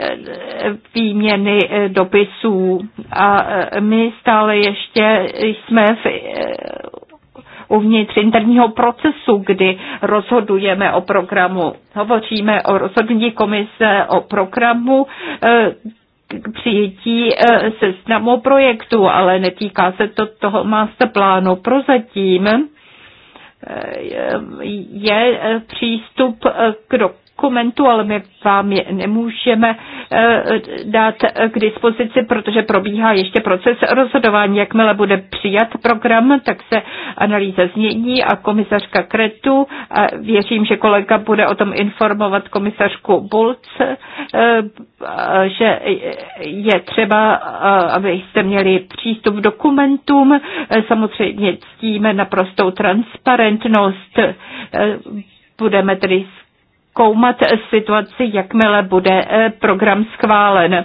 výměny eh, dopisů. A eh, my stále ještě jsme v uvnitř interního procesu, kdy rozhodujeme o programu. Hovoříme o rozhodnutí komise o programu k přijetí seznamu projektu, ale netýká se to toho masterplánu. Prozatím Eh, je eh, přístup eh, k dokumentu dokumentu, ale my vám je nemůžeme eh, dát k dispozici, protože probíhá ještě proces rozhodování. Jakmile bude přijat program, tak se analýza změní a komisařka Kretu, a věřím, že kolega bude o tom informovat komisařku Bulc, eh, že je třeba, eh, abyste měli přístup k dokumentům. Samozřejmě ctíme naprostou transparentnost. Budeme tedy Koumat situaci, jakmile bude eh, program schválen.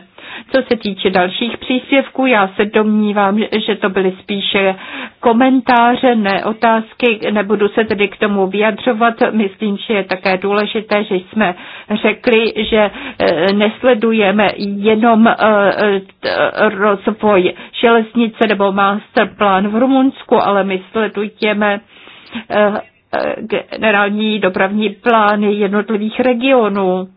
Co se týče dalších příspěvků, já se domnívám, že to byly spíše komentáře, ne otázky, nebudu se tedy k tomu vyjadřovat. Myslím, že je také důležité, že jsme řekli, že eh, nesledujeme jenom eh, rozvoj železnice nebo masterplán v Rumunsku, ale my sledujeme Eh, generální dopravní plány jednotlivých regionů.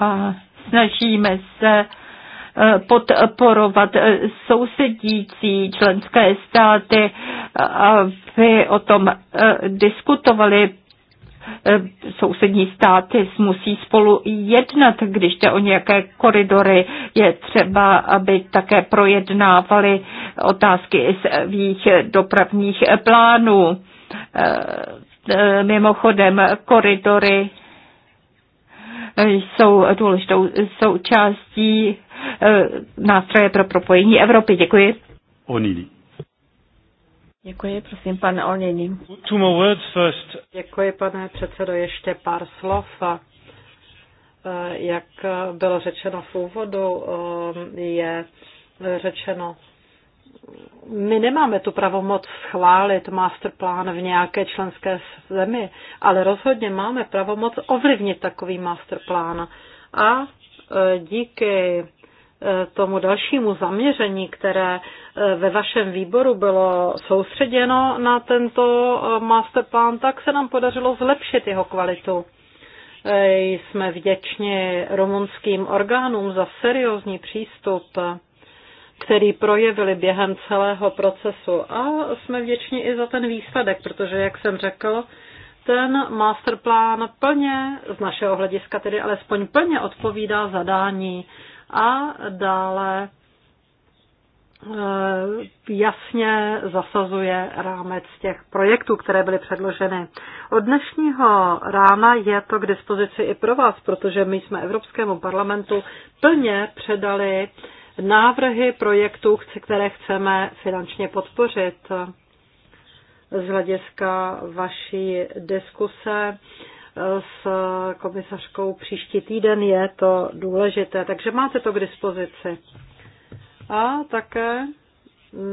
A snažíme se eh, podporovat eh, sousedící členské státy, aby o tom diskutovali, Eh, sousední státy musí spolu jednat, když jde o nějaké koridory. Je třeba, aby také projednávali otázky svých dopravních plánů. Eh, eh, mimochodem, koridory jsou důležitou součástí nástroje pro propojení Evropy. Děkuji. Onili. Děkuji, prosím, pane Olnění. Děkuji, pane předsedo, ještě pár slov. E, jak bylo řečeno v úvodu, e, je řečeno, my nemáme tu pravomoc schválit masterplán v nějaké členské zemi, ale rozhodně máme pravomoc ovlivnit takový masterplán. A e, díky tomu dalšímu zaměření, které ve vašem výboru bylo soustředěno na tento eh, masterplan, tak se nám podařilo zlepšit jeho kvalitu. Eh, jsme vděční rumunským orgánům za seriózní přístup, který projevili během celého procesu. A jsme vděční i za ten výsledek, protože, jak jsem řekl, ten masterplán plně, z našeho hlediska tedy alespoň plně odpovídá zadání a dále Eh, jasně zasazuje rámec těch projektů, které byly předloženy. Od dnešního rána je to k dispozici i pro vás, protože my jsme Evropskému parlamentu plně předali návrhy projektů, které chceme finančně podpořit z hlediska vaší diskuse eh, s komisařkou příští týden je to důležité, takže máte to k dispozici. A také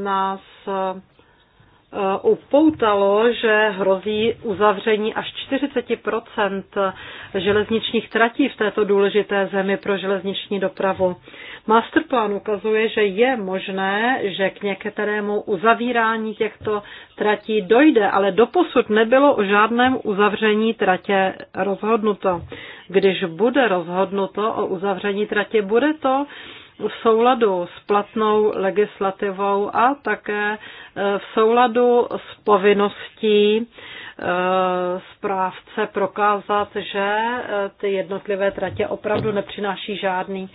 nás eh, eh, upoutalo, že hrozí uzavření až 40 železničních tratí v této důležité zemi pro železniční dopravu. Masterplan ukazuje, že je možné, že k některému uzavírání těchto tratí dojde, ale doposud nebylo o žádném uzavření tratě rozhodnuto. Když bude rozhodnuto o uzavření tratě, bude to uh, v souladu s platnou legislativou a také eh, v souladu s povinností eh, správce prokázat, že eh, ty jednotlivé tratě opravdu nepřináší žádný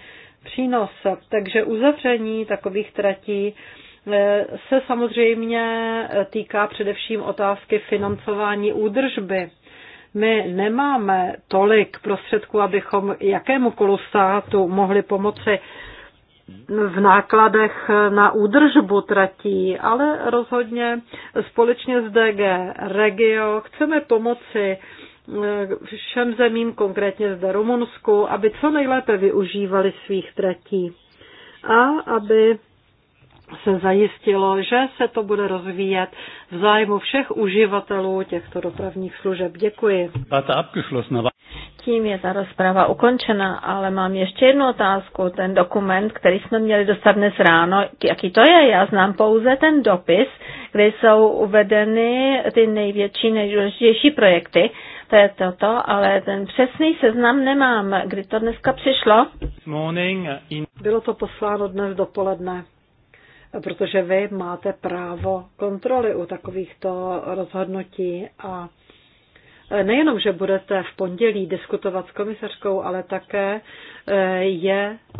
přínos. Takže uzavření takových tratí se samozřejmě týká především otázky financování údržby. My nemáme tolik prostředků, abychom jakémukoliv státu mohli pomoci v nákladech na údržbu tratí, ale rozhodně společně s DG Regio chceme pomoci eh, všem zemím, konkrétně zde Rumunsku, aby co nejlépe využívali svých tratí a aby se zajistilo, že se to bude rozvíjet v zájmu všech uživatelů těchto dopravních služeb. Děkuji. Tím je ta rozprava ukončena, ale mám ještě jednu otázku. Ten dokument, který jsme měli dostat dnes ráno, jaký to je? Já znám pouze ten dopis, kde jsou uvedeny ty největší, nejdůležitější projekty. To je toto, ale ten přesný seznam nemám. Kdy to dneska přišlo? Uh, Bylo to posláno dnes dopoledne protože vy máte právo kontroly u takovýchto rozhodnutí a nejenom, že budete v pondělí diskutovat s komisařkou, ale také eh, je eh,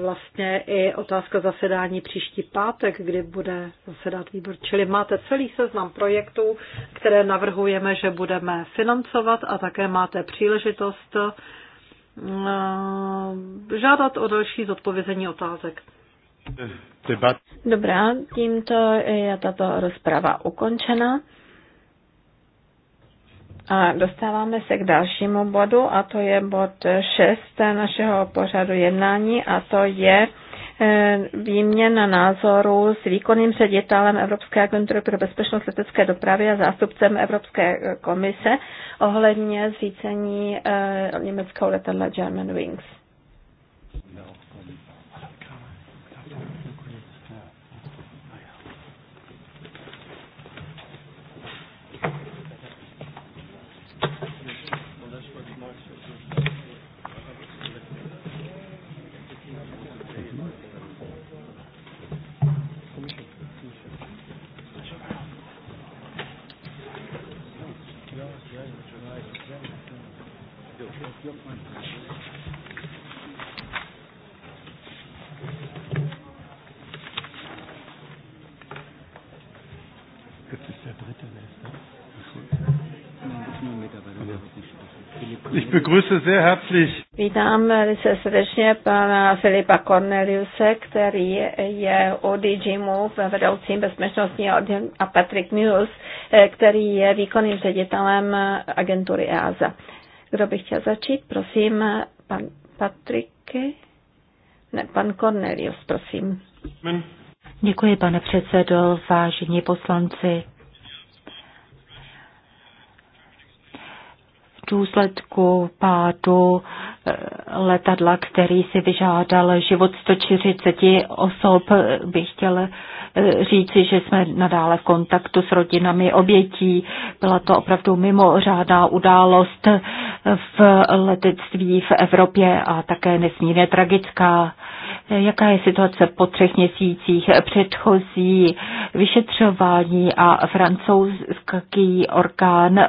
vlastně i otázka zasedání příští pátek, kdy bude zasedat výbor. Čili máte celý seznam projektů, které navrhujeme, že budeme financovat a také máte příležitost eh, žádat o další zodpovězení otázek debat. Dobrá, tímto je tato rozprava ukončena. A dostáváme se k dalšímu bodu, a to je bod 6 našeho pořadu jednání, a to je eh, výměna názoru s výkonným ředitelem Evropské agentury pro bezpečnost letecké dopravy a zástupcem Evropské eh, komise ohledně zřícení eh, německého letadla Germanwings. Ich begrüße sehr herzlich. Vítám velice srdečně pana Filipa Corneliuse, který je u Move vedoucím bezpečnostní a Patrick Mills, eh, který je výkonným ředitelem agentury EASA. Kdo by chtěl začít? Prosím, pan Patrik. Ne, pan Cornelius, prosím. Děkuji, pane předsedo, vážení poslanci. V důsledku pádu letadla, který si vyžádal život 140 osob. Bych chtěl eh, říci, že jsme nadále v kontaktu s rodinami obětí. Byla to opravdu mimořádná událost v letectví v Evropě a také nesmírně tragická. Jaká je situace po třech měsících předchozí vyšetřování a francouzský orgán eh,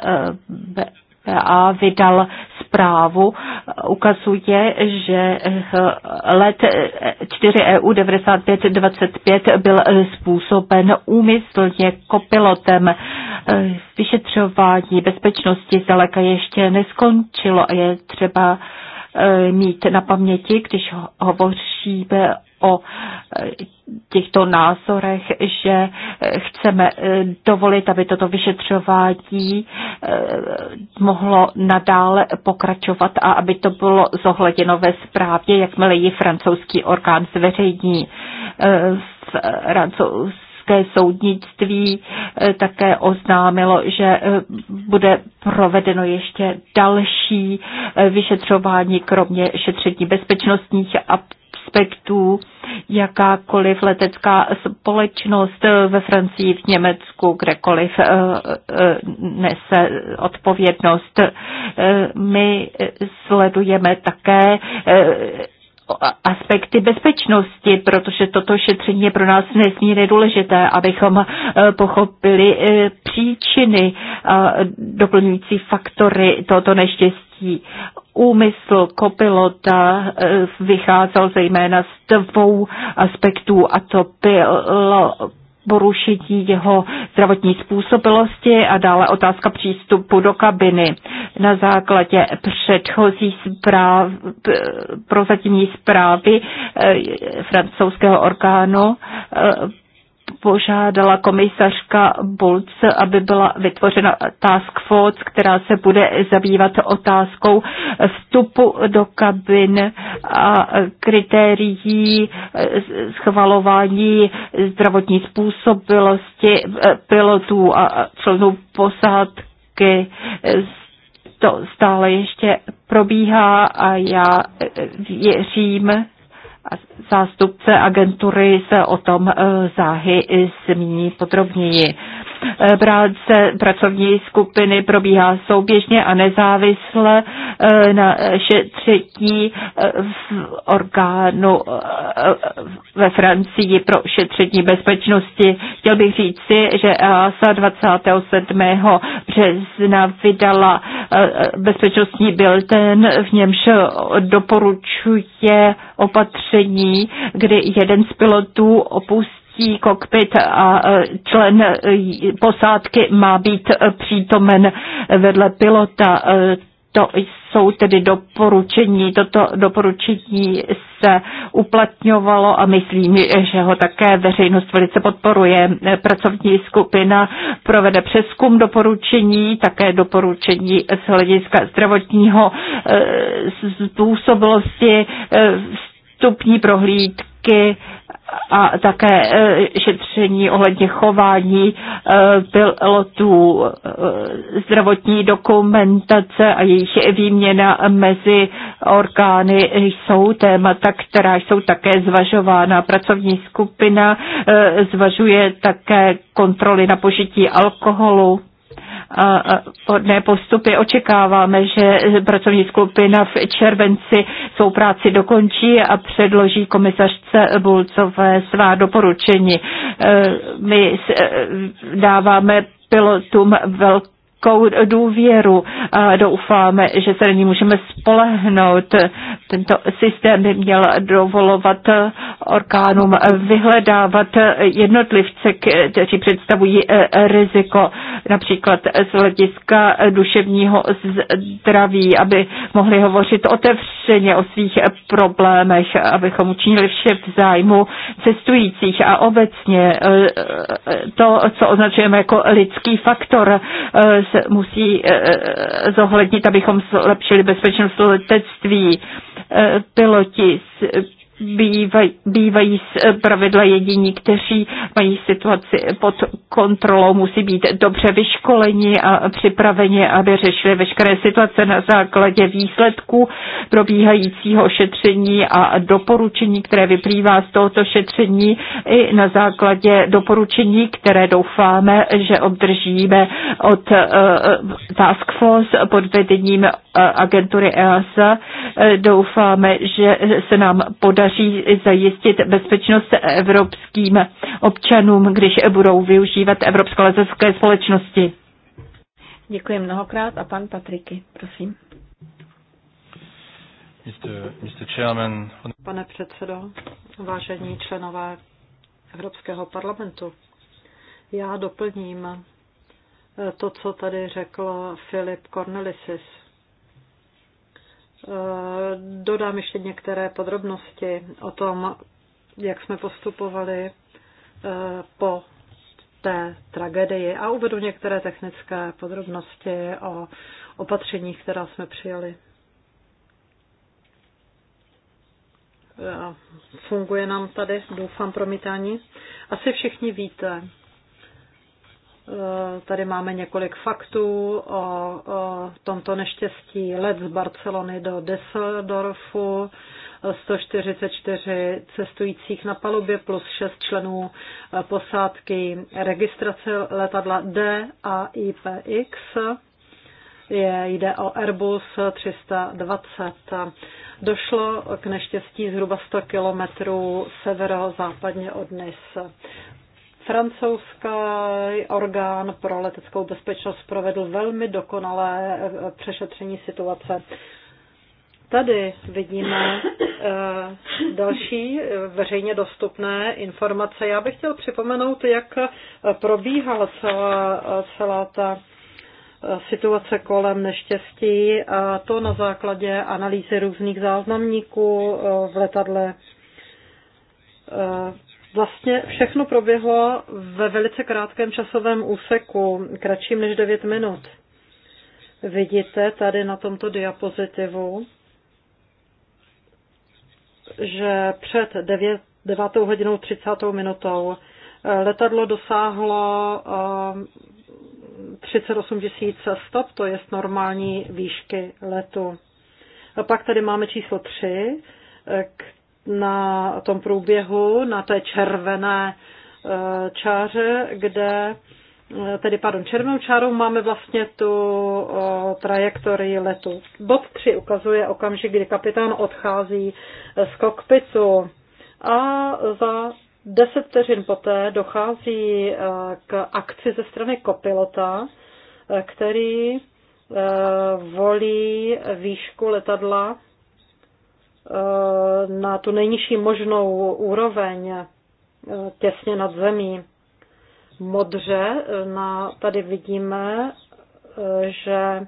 a vydal zprávu, ukazuje, že let 4 EU 9525 byl způsoben úmyslně kopilotem. Vyšetřování bezpečnosti zdaleka ještě neskončilo a je třeba Eh, mít na paměti, když hovoříme o eh, těchto názorech, že eh, chceme dovolit, aby toto vyšetřování mohlo nadále pokračovat a aby to bylo zohleděno ve správě, jakmile ji francouzský orgán zveřejní. Francouz Evropské soudnictví eh, také oznámilo, že eh, bude provedeno ještě další eh, vyšetřování, kromě šetření bezpečnostních a aspektů, jakákoliv letecká společnost ve Francii, v Německu, kdekoliv nese odpovědnost. My sledujeme také aspekty bezpečnosti, protože toto šetření je pro nás nesmírně důležité, abychom eh, pochopili eh, příčiny a doplňující faktory tohoto neštěstí. Úmysl kopilota eh, vycházel zejména z dvou aspektů a to bylo porušití jeho zdravotní způsobilosti a dále otázka přístupu do kabiny. Na základě předchozí zpráv, prozatímní zprávy eh, francouzského orgánu eh, požádala komisařka Bulc, aby byla vytvořena task force, která se bude zabývat otázkou vstupu do kabin a kritérií schvalování zdravotní způsobilosti pilotů a členů posádky to stále ještě probíhá a já věřím, zástupce agentury se o tom eh, záhy zmíní podrobněji práce pracovní skupiny probíhá souběžně a nezávisle eh, na šetření eh, v orgánu eh, ve Francii pro šetření bezpečnosti. Chtěl bych říci, že EASA 27. března vydala bezpečnostní bilten, v němž doporučuje opatření, kdy jeden z pilotů opustí letící kokpit a e, člen e, posádky má být e, přítomen vedle pilota. To jsou tedy doporučení. Toto doporučení se uplatňovalo a myslím, že ho také veřejnost velice podporuje. Pracovní skupina provede přeskum doporučení, také doporučení z hlediska zdravotního způsobilosti vstupní prohlídky výrobky a také e, šetření ohledně chování e, pilotů, e, zdravotní dokumentace a jejich výměna mezi orgány jsou témata, která jsou také zvažována. Pracovní skupina zvažuje také kontroly na požití alkoholu a hodné postupy. Očekáváme, že pracovní skupina v červenci svou práci dokončí a předloží komisařce Bulcové svá doporučení. E, my e, dáváme pilotům velké velikou důvěru a doufáme, že se na ní můžeme spolehnout. Tento systém by měl dovolovat orgánům vyhledávat jednotlivce, kteří představují e, riziko například z hlediska duševního zdraví, aby mohli hovořit otevřeně o svých problémech, abychom učinili vše v zájmu cestujících a obecně e, e, to, co označujeme jako lidský faktor, se musí eh, eh, zohlednit, abychom zlepšili bezpečnost letectví. Eh, piloti, bývají, bývají z eh, pravidla jediní, kteří mají situaci pod kontrolou, musí být dobře vyškoleni a připraveni, aby řešili veškeré situace na základě výsledků probíhajícího šetření a doporučení, které vyplývá z tohoto šetření i na základě doporučení, které doufáme, že obdržíme od eh, eh, Task Force pod vedením agentury EASA. Doufáme, že se nám podaří podaří zajistit bezpečnost evropským občanům, když budou využívat Evropské lezecké společnosti. Děkuji mnohokrát a pan Patriky, prosím. Pane předsedo, vážení členové Evropského parlamentu, já doplním to, co tady řekl Filip Cornelisis. Eh, dodám ještě některé podrobnosti o tom, jak jsme postupovali eh, po té tragédii a uvedu některé technické podrobnosti o opatřeních, která jsme přijali. Eh, funguje nám tady, doufám, promítání. Asi všichni víte, Eh, tady máme několik faktů o, o tomto neštěstí. Let z Barcelony do Düsseldorfu, 144 cestujících na palubě plus 6 členů eh, posádky registrace letadla D a IPX. Je, jde o Airbus 320. Došlo k neštěstí zhruba 100 kilometrů severozápadně od Nice. Francouzský orgán pro leteckou bezpečnost provedl velmi dokonalé eh, přešetření situace. Tady vidíme eh, další eh, veřejně dostupné informace. Já bych chtěl připomenout, jak probíhala celá, celá ta situace kolem neštěstí a to na základě analýzy různých záznamníků v letadle Vlastně všechno proběhlo ve velice krátkém časovém úseku, kratším než 9 minut. Vidíte tady na tomto diapozitivu, že před 9, 9 hodinou 30 minutou eh, letadlo dosáhlo 38 eh, 000 stop, to je normální výšky letu. A pak tady máme číslo 3, na tom průběhu, na té červené e, čáře, kde e, tedy pardon, červenou čárou máme vlastně tu trajektorii letu. Bod 3 ukazuje okamžik, kdy kapitán odchází z kokpitu a za 10 vteřin poté dochází e, k akci ze strany kopilota, který volí výšku letadla na tu nejnižší možnou úroveň eh, těsně nad zemí. Modře eh, na, tady vidíme, eh, že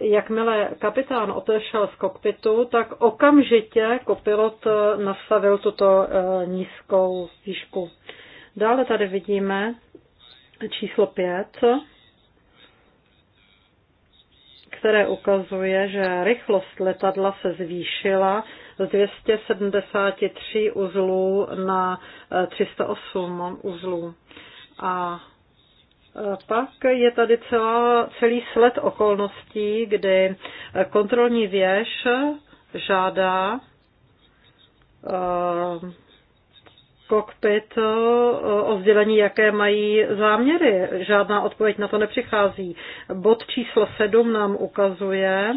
jakmile kapitán otešel z kokpitu, tak okamžitě kopilot nastavil tuto nízkou výšku. Dále tady vidíme číslo 5 které ukazuje, že rychlost letadla se zvýšila z 273 uzlů na 308 eh, uzlů. A eh, pak je tady celá, celý sled okolností, kdy eh, kontrolní věž žádá kokpit eh, o sdělení, jaké mají záměry. Žádná odpověď na to nepřichází. Bod číslo 7 nám ukazuje,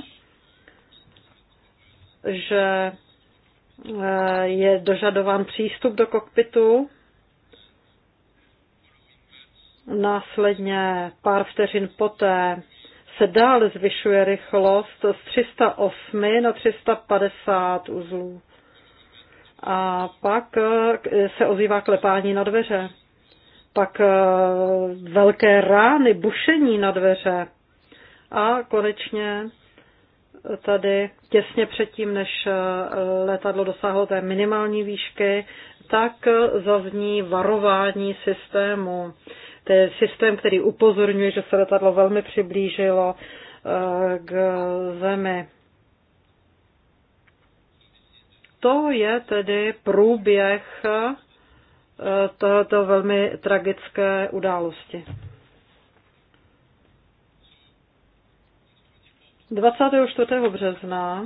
že eh, je dožadován přístup do kokpitu. Následně pár vteřin poté se dál zvyšuje rychlost z 308 na 350 uzlů a pak eh, se ozývá klepání na dveře. Pak eh, velké rány, bušení na dveře. A konečně tady těsně předtím, než eh, letadlo dosáhlo té minimální výšky, tak zazní varování systému. To je systém, který upozorňuje, že se letadlo velmi přiblížilo k zemi to je tedy průběh eh, tohoto velmi tragické události. 24. března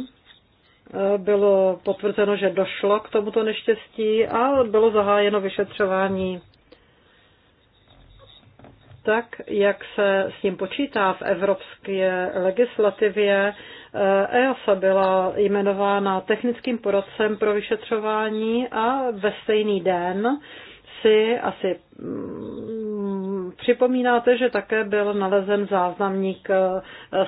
eh, bylo potvrzeno, že došlo k tomuto neštěstí a bylo zahájeno vyšetřování tak, jak se s ním počítá v evropské legislativě, EASA e byla jmenována technickým poradcem pro vyšetřování a ve stejný den si asi mm, připomínáte, že také byl nalezen záznamník e,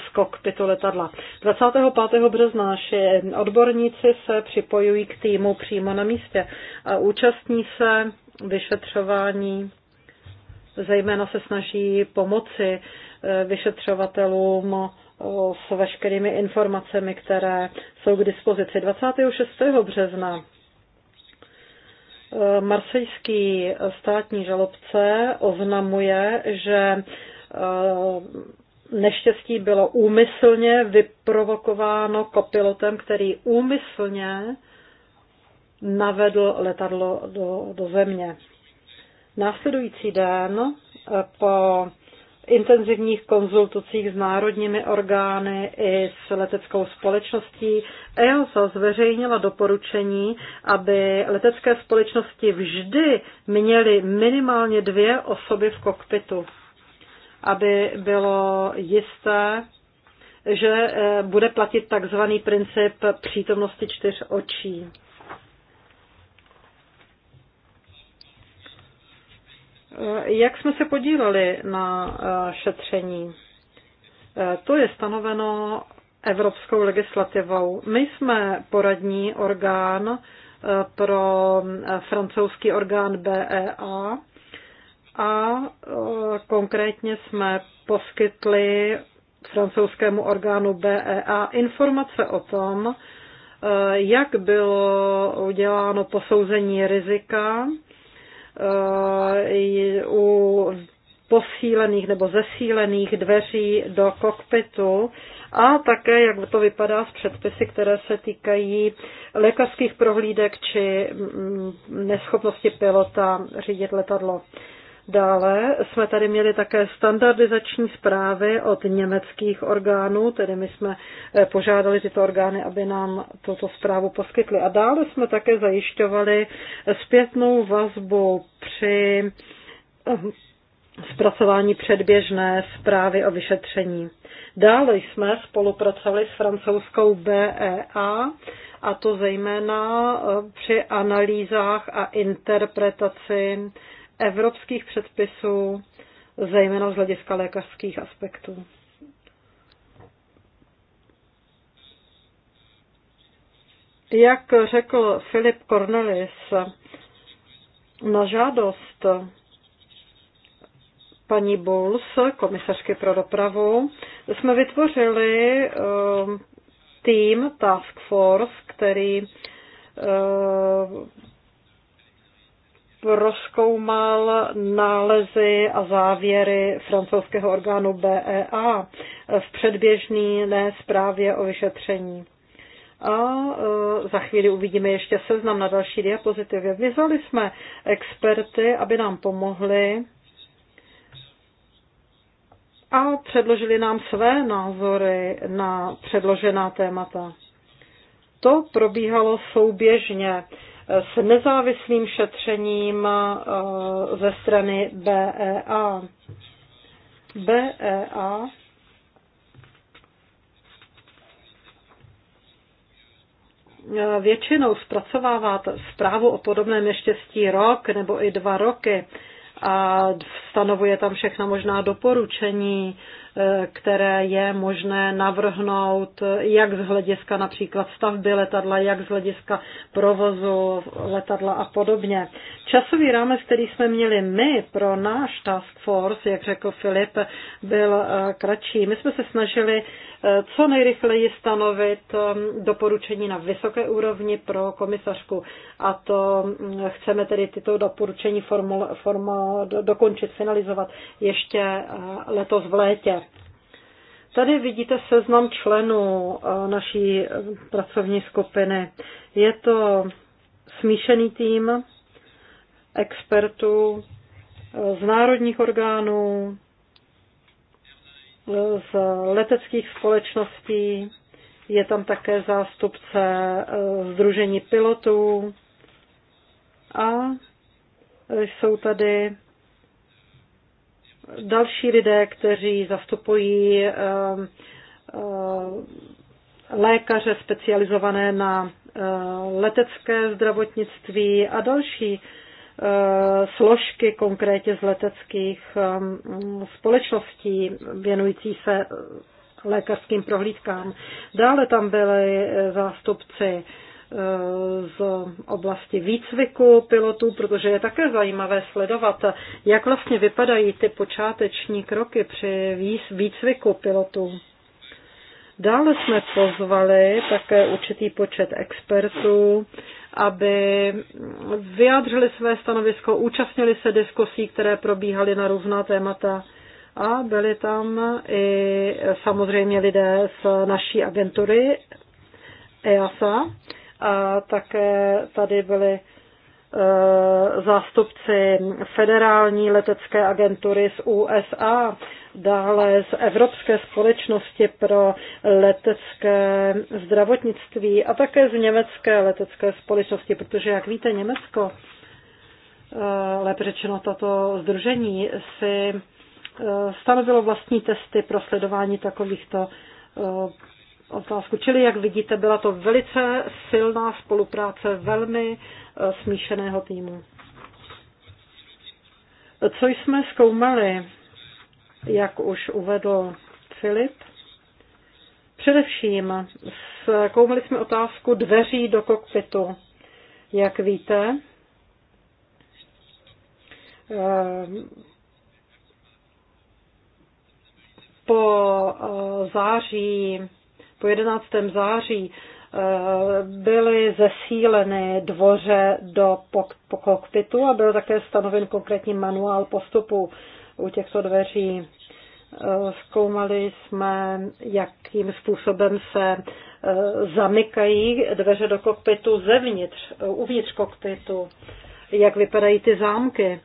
z kokpitu letadla. 25. března naši odborníci se připojují k týmu přímo na místě a účastní se vyšetřování Zejména se snaží pomoci eh, vyšetřovatelům eh, s veškerými informacemi, které jsou k dispozici. 26. března eh, marsejský státní žalobce oznamuje, že neštěstí bylo úmyslně vyprovokováno kopilotem, který úmyslně navedl letadlo do, do země. Následující den eh, po intenzivních konzultacích s národními orgány i s leteckou společností EOSA zveřejnila doporučení, aby letecké společnosti vždy měly minimálně dvě osoby v kokpitu, aby bylo jisté, že eh, bude platit takzvaný princip přítomnosti čtyř očí. Eh, jak jsme se podíleli na eh, šetření? Eh, to je stanoveno evropskou legislativou. My jsme poradní orgán pro francouzský orgán BEA a konkrétně jsme poskytli francouzskému orgánu BEA informace o tom, jak bylo uděláno posouzení rizika Eh, u posílených nebo zesílených dveří do kokpitu a také, jak to vypadá s předpisy, které se týkají lékařských prohlídek či mm, neschopnosti pilota řídit letadlo. Dále jsme tady měli také standardizační zprávy od německých orgánů, tedy my jsme eh, požádali tyto orgány, aby nám tuto zprávu poskytly. A dále jsme také zajišťovali zpětnou vazbu při eh, zpracování předběžné zprávy o vyšetření. Dále jsme spolupracovali s francouzskou BEA, a to zejména eh, při analýzách a interpretaci evropských předpisů, zejména z hlediska lékařských aspektů. Jak řekl Filip Cornelis, na žádost paní Bulls, komisařky pro dopravu, jsme vytvořili eh, tým Task Force, který eh, proskoumal nálezy a závěry francouzského orgánu BEA v ne zprávě o vyšetření. A e, za chvíli uvidíme ještě seznam na další diapozitivě. Vyzvali jsme experty, aby nám pomohli a předložili nám své názory na předložená témata. To probíhalo souběžně s nezávislým šetřením eh, ze strany BEA. BEA většinou zpracovává zprávu o podobném neštěstí rok nebo i dva roky a stanovuje tam všechna možná doporučení, které je možné navrhnout jak z hlediska například stavby letadla, jak z hlediska provozu letadla a podobně. Časový rámec, který jsme měli my pro náš task force, jak řekl Filip, byl eh, kratší. My jsme se snažili co nejrychleji stanovit um, doporučení na vysoké úrovni pro komisařku. A to mm, chceme tedy tyto doporučení formu, formu, dokončit, finalizovat ještě uh, letos v létě. Tady vidíte seznam členů uh, naší uh, pracovní skupiny. Je to smíšený tým expertů z národních orgánů, z leteckých společností, je tam také zástupce e, Združení pilotů a jsou tady další lidé, kteří zastupují e, e, lékaře specializované na letecké zdravotnictví a další Eh, složky, konkrétně z leteckých eh, společností věnující se lékařským prohlídkám. Dále tam byly eh, zástupci z oblasti výcviku pilotů, protože je také zajímavé sledovat, jak vlastně vypadají ty počáteční kroky při výcviku pilotů. Dále jsme pozvali také určitý počet expertů aby vyjádřili své stanovisko, účastnili se diskusí, které probíhaly na různá témata a byli tam i samozřejmě lidé z naší agentury EASA a také tady byli e, zástupci federální letecké agentury z USA dále z Evropské společnosti pro letecké zdravotnictví a také z Německé letecké společnosti, protože, jak víte, Německo, eh, lépe řečeno tato združení, si eh, stanovilo vlastní testy pro sledování takovýchto eh, otázku. Čili, jak vidíte, byla to velice silná spolupráce velmi smíšeného týmu. Co jsme zkoumali jak už uvedl Filip, především zkoumali jsme otázku dveří do kokpitu. Jak víte, eh, po eh, září, po 11. září eh, byly zesíleny dvoře do kokpitu a byl také stanoven konkrétní manuál postupu u těchto dveří. Eh, zkoumali jsme, jakým způsobem se eh, zamykají dveře do kokpitu zevnitř, eh, uvnitř kokpitu, jak vypadají ty zámky.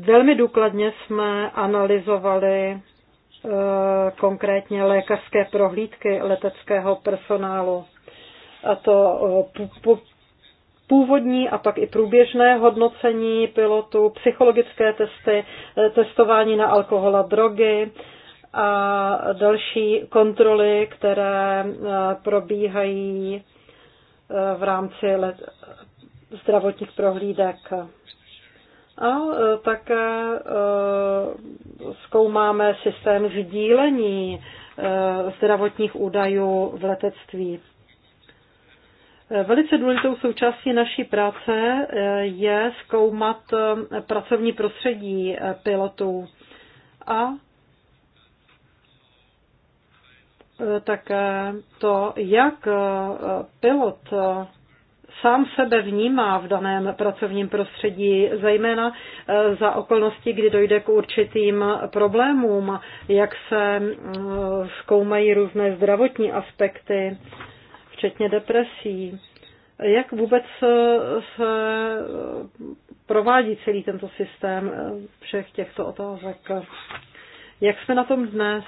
Velmi důkladně jsme analyzovali konkrétně lékařské prohlídky leteckého personálu. A to původní a pak i průběžné hodnocení pilotů, psychologické testy, eh, testování na alkohol a drogy a další kontroly, které eh, probíhají eh, v rámci let, zdravotních prohlídek. A také zkoumáme systém sdílení zdravotních údajů v letectví. Velice důležitou součástí naší práce eh, je zkoumat eh, pracovní prostředí eh, pilotů a také to, jak pilot sám sebe vnímá v daném pracovním prostředí, zejména za okolnosti, kdy dojde k určitým problémům, jak se mm, zkoumají různé zdravotní aspekty včetně depresí. Jak vůbec se provádí celý tento systém všech těchto otázek? Jak jsme na tom dnes?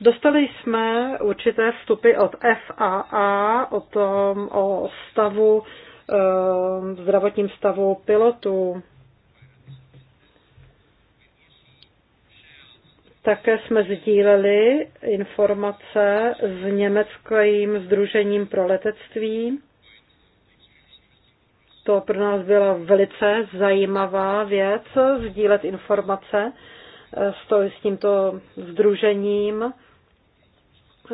Dostali jsme určité vstupy od FAA o tom, o stavu, eh, zdravotním stavu pilotů. Také jsme sdíleli informace s německým združením pro letectví. To pro nás byla velice zajímavá věc, sdílet informace eh, s, to, s tímto združením.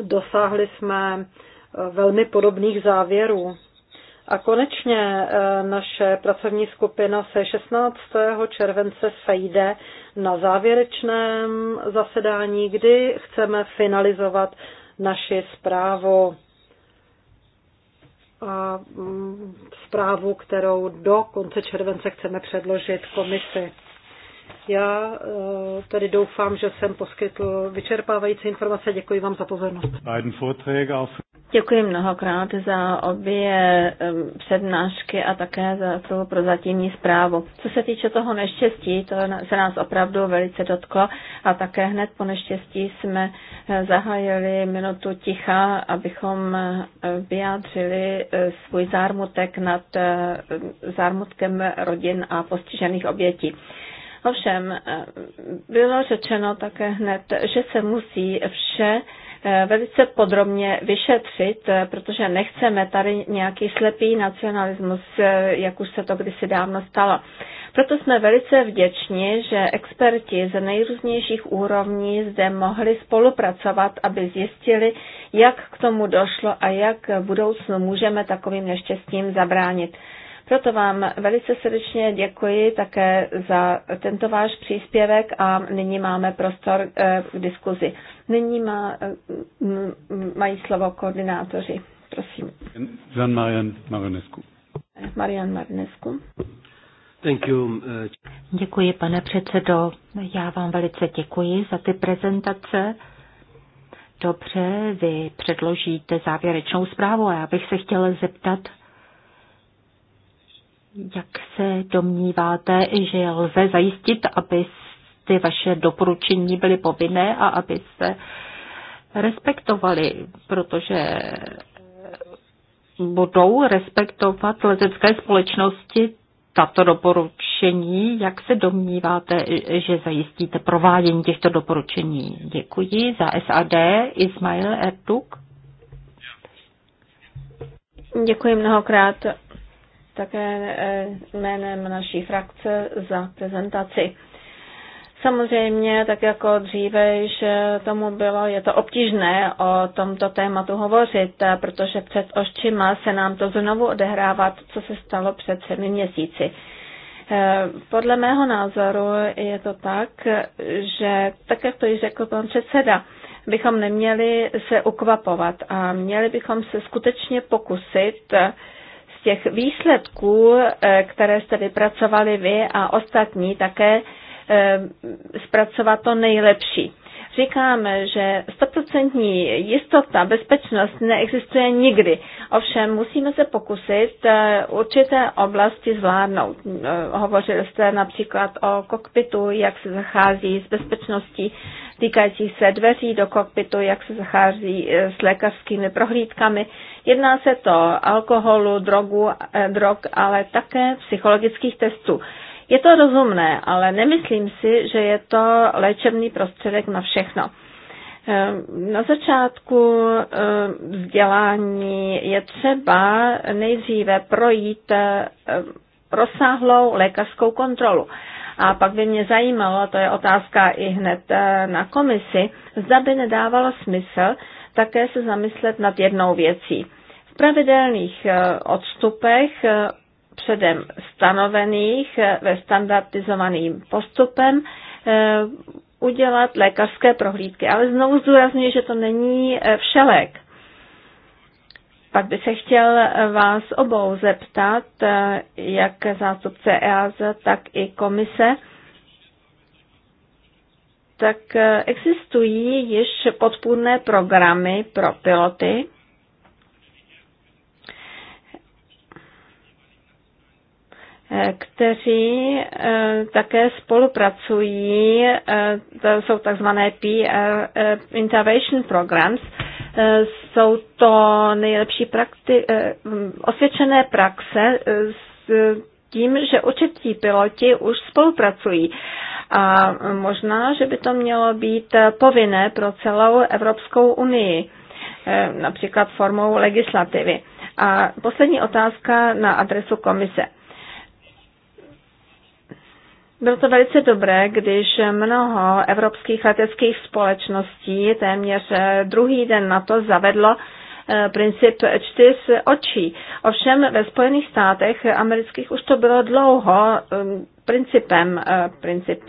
Dosáhli jsme eh, velmi podobných závěrů. A konečně eh, naše pracovní skupina se 16. července sejde na závěrečném zasedání, kdy chceme finalizovat naši zprávu a mm, zprávu, kterou do konce července chceme předložit komisi. Já eh, tady doufám, že jsem poskytl vyčerpávající informace. Děkuji vám za pozornost. Děkuji mnohokrát za obě přednášky a také za tu prozatímní zprávu. Co se týče toho neštěstí, to se nás opravdu velice dotklo a také hned po neštěstí jsme eh, zahájili minutu ticha, abychom eh, vyjádřili svůj zármutek nad zármutkem rodin a postižených obětí. Ovšem, eh, bylo řečeno také hned, že se musí vše eh, velice podrobně vyšetřit, eh, protože nechceme tady nějaký slepý nacionalismus, jak už se to kdysi dávno stalo. Proto jsme velice vděční, že experti ze nejrůznějších úrovní zde mohli spolupracovat, aby zjistili, jak k tomu došlo a jak v budoucnu můžeme takovým neštěstím zabránit. Proto vám velice srdečně děkuji také za tento váš příspěvek a nyní máme prostor eh, k diskuzi. Nyní má, eh, mají slovo koordinátoři. Prosím. Jan Marian Marinescu. Marian Marinescu. Thank you. Eh, děkuji, pane předsedo. Já vám velice děkuji za ty prezentace. Dobře, vy předložíte závěrečnou zprávu a já bych se chtěla zeptat, jak se domníváte, že lze zajistit, aby ty vaše doporučení byly povinné a aby se respektovali, protože budou respektovat letecké společnosti tato doporučení. Jak se domníváte, že zajistíte provádění těchto doporučení? Děkuji za SAD. Ismail Ertuk. Děkuji mnohokrát také eh, jménem naší frakce za prezentaci. Samozřejmě, tak jako dříve, že tomu bylo, je to obtížné o tomto tématu hovořit, eh, protože před očima se nám to znovu odehrává, co se stalo před třemi měsíci. Eh, podle mého názoru je to tak, že tak, jak to již řekl pan předseda, bychom neměli se ukvapovat a měli bychom se skutečně pokusit těch výsledků, eh, které jste vypracovali vy a ostatní, také eh, zpracovat to nejlepší říkáme, že stoprocentní jistota, bezpečnost neexistuje nikdy. Ovšem musíme se pokusit eh, určité oblasti zvládnout. Eh, hovořili jste například o kokpitu, jak se zachází s bezpečností týkající se dveří do kokpitu, jak se zachází eh, s lékařskými prohlídkami. Jedná se to alkoholu, drogu, drog, ale také psychologických testů. Je to rozumné, ale nemyslím si, že je to léčebný prostředek na všechno. Ehm, na začátku ehm, vzdělání je třeba nejdříve projít ehm, rozsáhlou lékařskou kontrolu. A pak by mě zajímalo, to je otázka i hned e, na komisi, zda by nedávalo smysl také se zamyslet nad jednou věcí. V pravidelných e, odstupech e, předem stanovených eh, ve standardizovaným postupem eh, udělat lékařské prohlídky. Ale znovu zdůraznuju, že to není eh, všelek. Pak bych se chtěl vás obou zeptat, jak zástupce EAS, tak i komise, tak existují již podpůrné programy pro piloty, Eh, kteří eh, také spolupracují, eh, to jsou takzvané PR Intervention Programs, jsou to nejlepší prakti- mm, osvědčené praxe s tím, že určití piloti už spolupracují. A možná, že by to mělo být povinné pro celou Evropskou unii, například formou legislativy. A poslední otázka na adresu komise. Bylo to velice dobré, když mnoho evropských leteckých společností téměř eh, druhý den na to zavedlo eh, princip čtyř očí. Ovšem ve Spojených státech amerických už to bylo dlouho eh, principem, princip,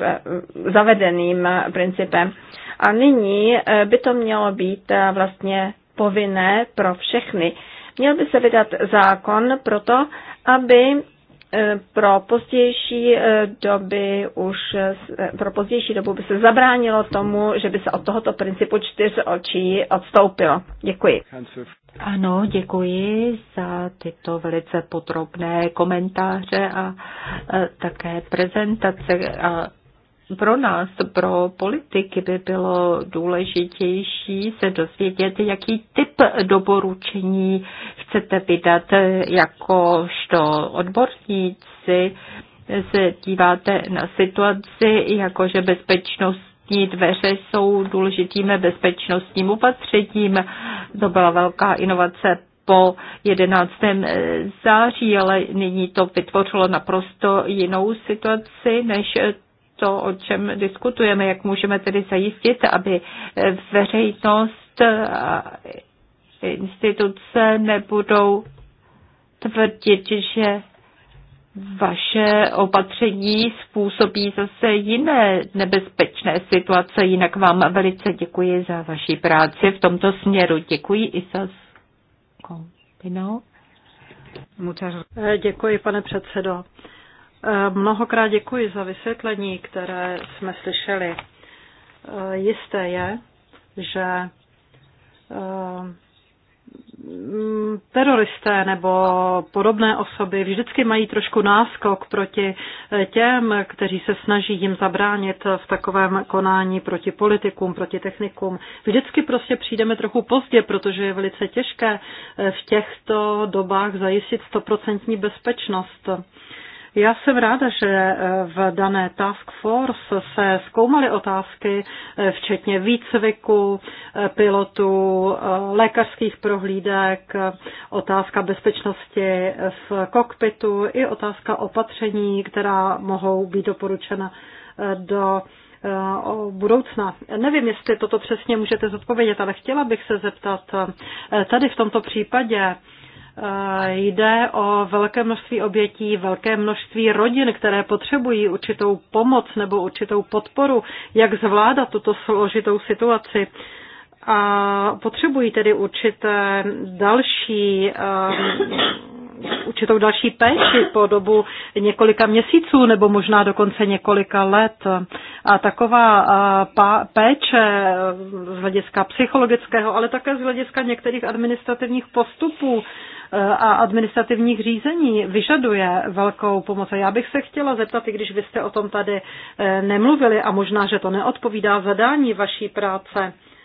zavedeným principem. A nyní by to mělo být vlastně povinné pro všechny. Měl by se vydat zákon pro to, aby E, pro pozdější e, doby už, pro pozdější dobu by se zabránilo tomu, že by se od tohoto principu čtyř očí odstoupilo. Děkuji. Ano, děkuji za tyto velice podrobné komentáře a e, také prezentace. A pro nás, pro politiky, by bylo důležitější se dozvědět, jaký typ doporučení chcete vydat jakožto odborníci. Se díváte na situaci, jakože bezpečnost dveře jsou důležitým bezpečnostním opatřením. To byla velká inovace po 11. září, ale nyní to vytvořilo naprosto jinou situaci než to, o čem diskutujeme, jak můžeme tedy zajistit, aby veřejnost a instituce nebudou tvrdit, že vaše opatření způsobí zase jiné nebezpečné situace. Jinak vám velice děkuji za vaši práci v tomto směru. Děkuji i za kombinou. Děkuji, pane předsedo. Eh, mnohokrát děkuji za vysvětlení, které jsme slyšeli. Eh, jisté je, že eh, teroristé nebo podobné osoby vždycky mají trošku náskok proti těm, kteří se snaží jim zabránit v takovém konání proti politikům, proti technikům. Vždycky prostě přijdeme trochu pozdě, protože je velice těžké v těchto dobách zajistit stoprocentní bezpečnost. Já jsem ráda, že eh, v dané task force se zkoumaly otázky, eh, včetně výcviku eh, pilotů, lékařských prohlídek, otázka bezpečnosti v kokpitu i otázka opatření, která mohou být doporučena do budoucna. Nevím, jestli toto přesně můžete zodpovědět, ale chtěla bych se zeptat tady v tomto případě, Eh, jde o velké množství obětí, velké množství rodin, které potřebují určitou pomoc nebo určitou podporu, jak zvládat tuto složitou situaci. A potřebují tedy určité další, eh, určitou další péči po dobu několika měsíců nebo možná dokonce několika let. A taková eh, péče z hlediska psychologického, ale také z hlediska některých administrativních postupů, Eh, a administrativních řízení vyžaduje velkou pomoc. A já bych se chtěla zeptat, i když vy jste o tom tady eh, nemluvili a možná, že to neodpovídá zadání vaší práce, eh,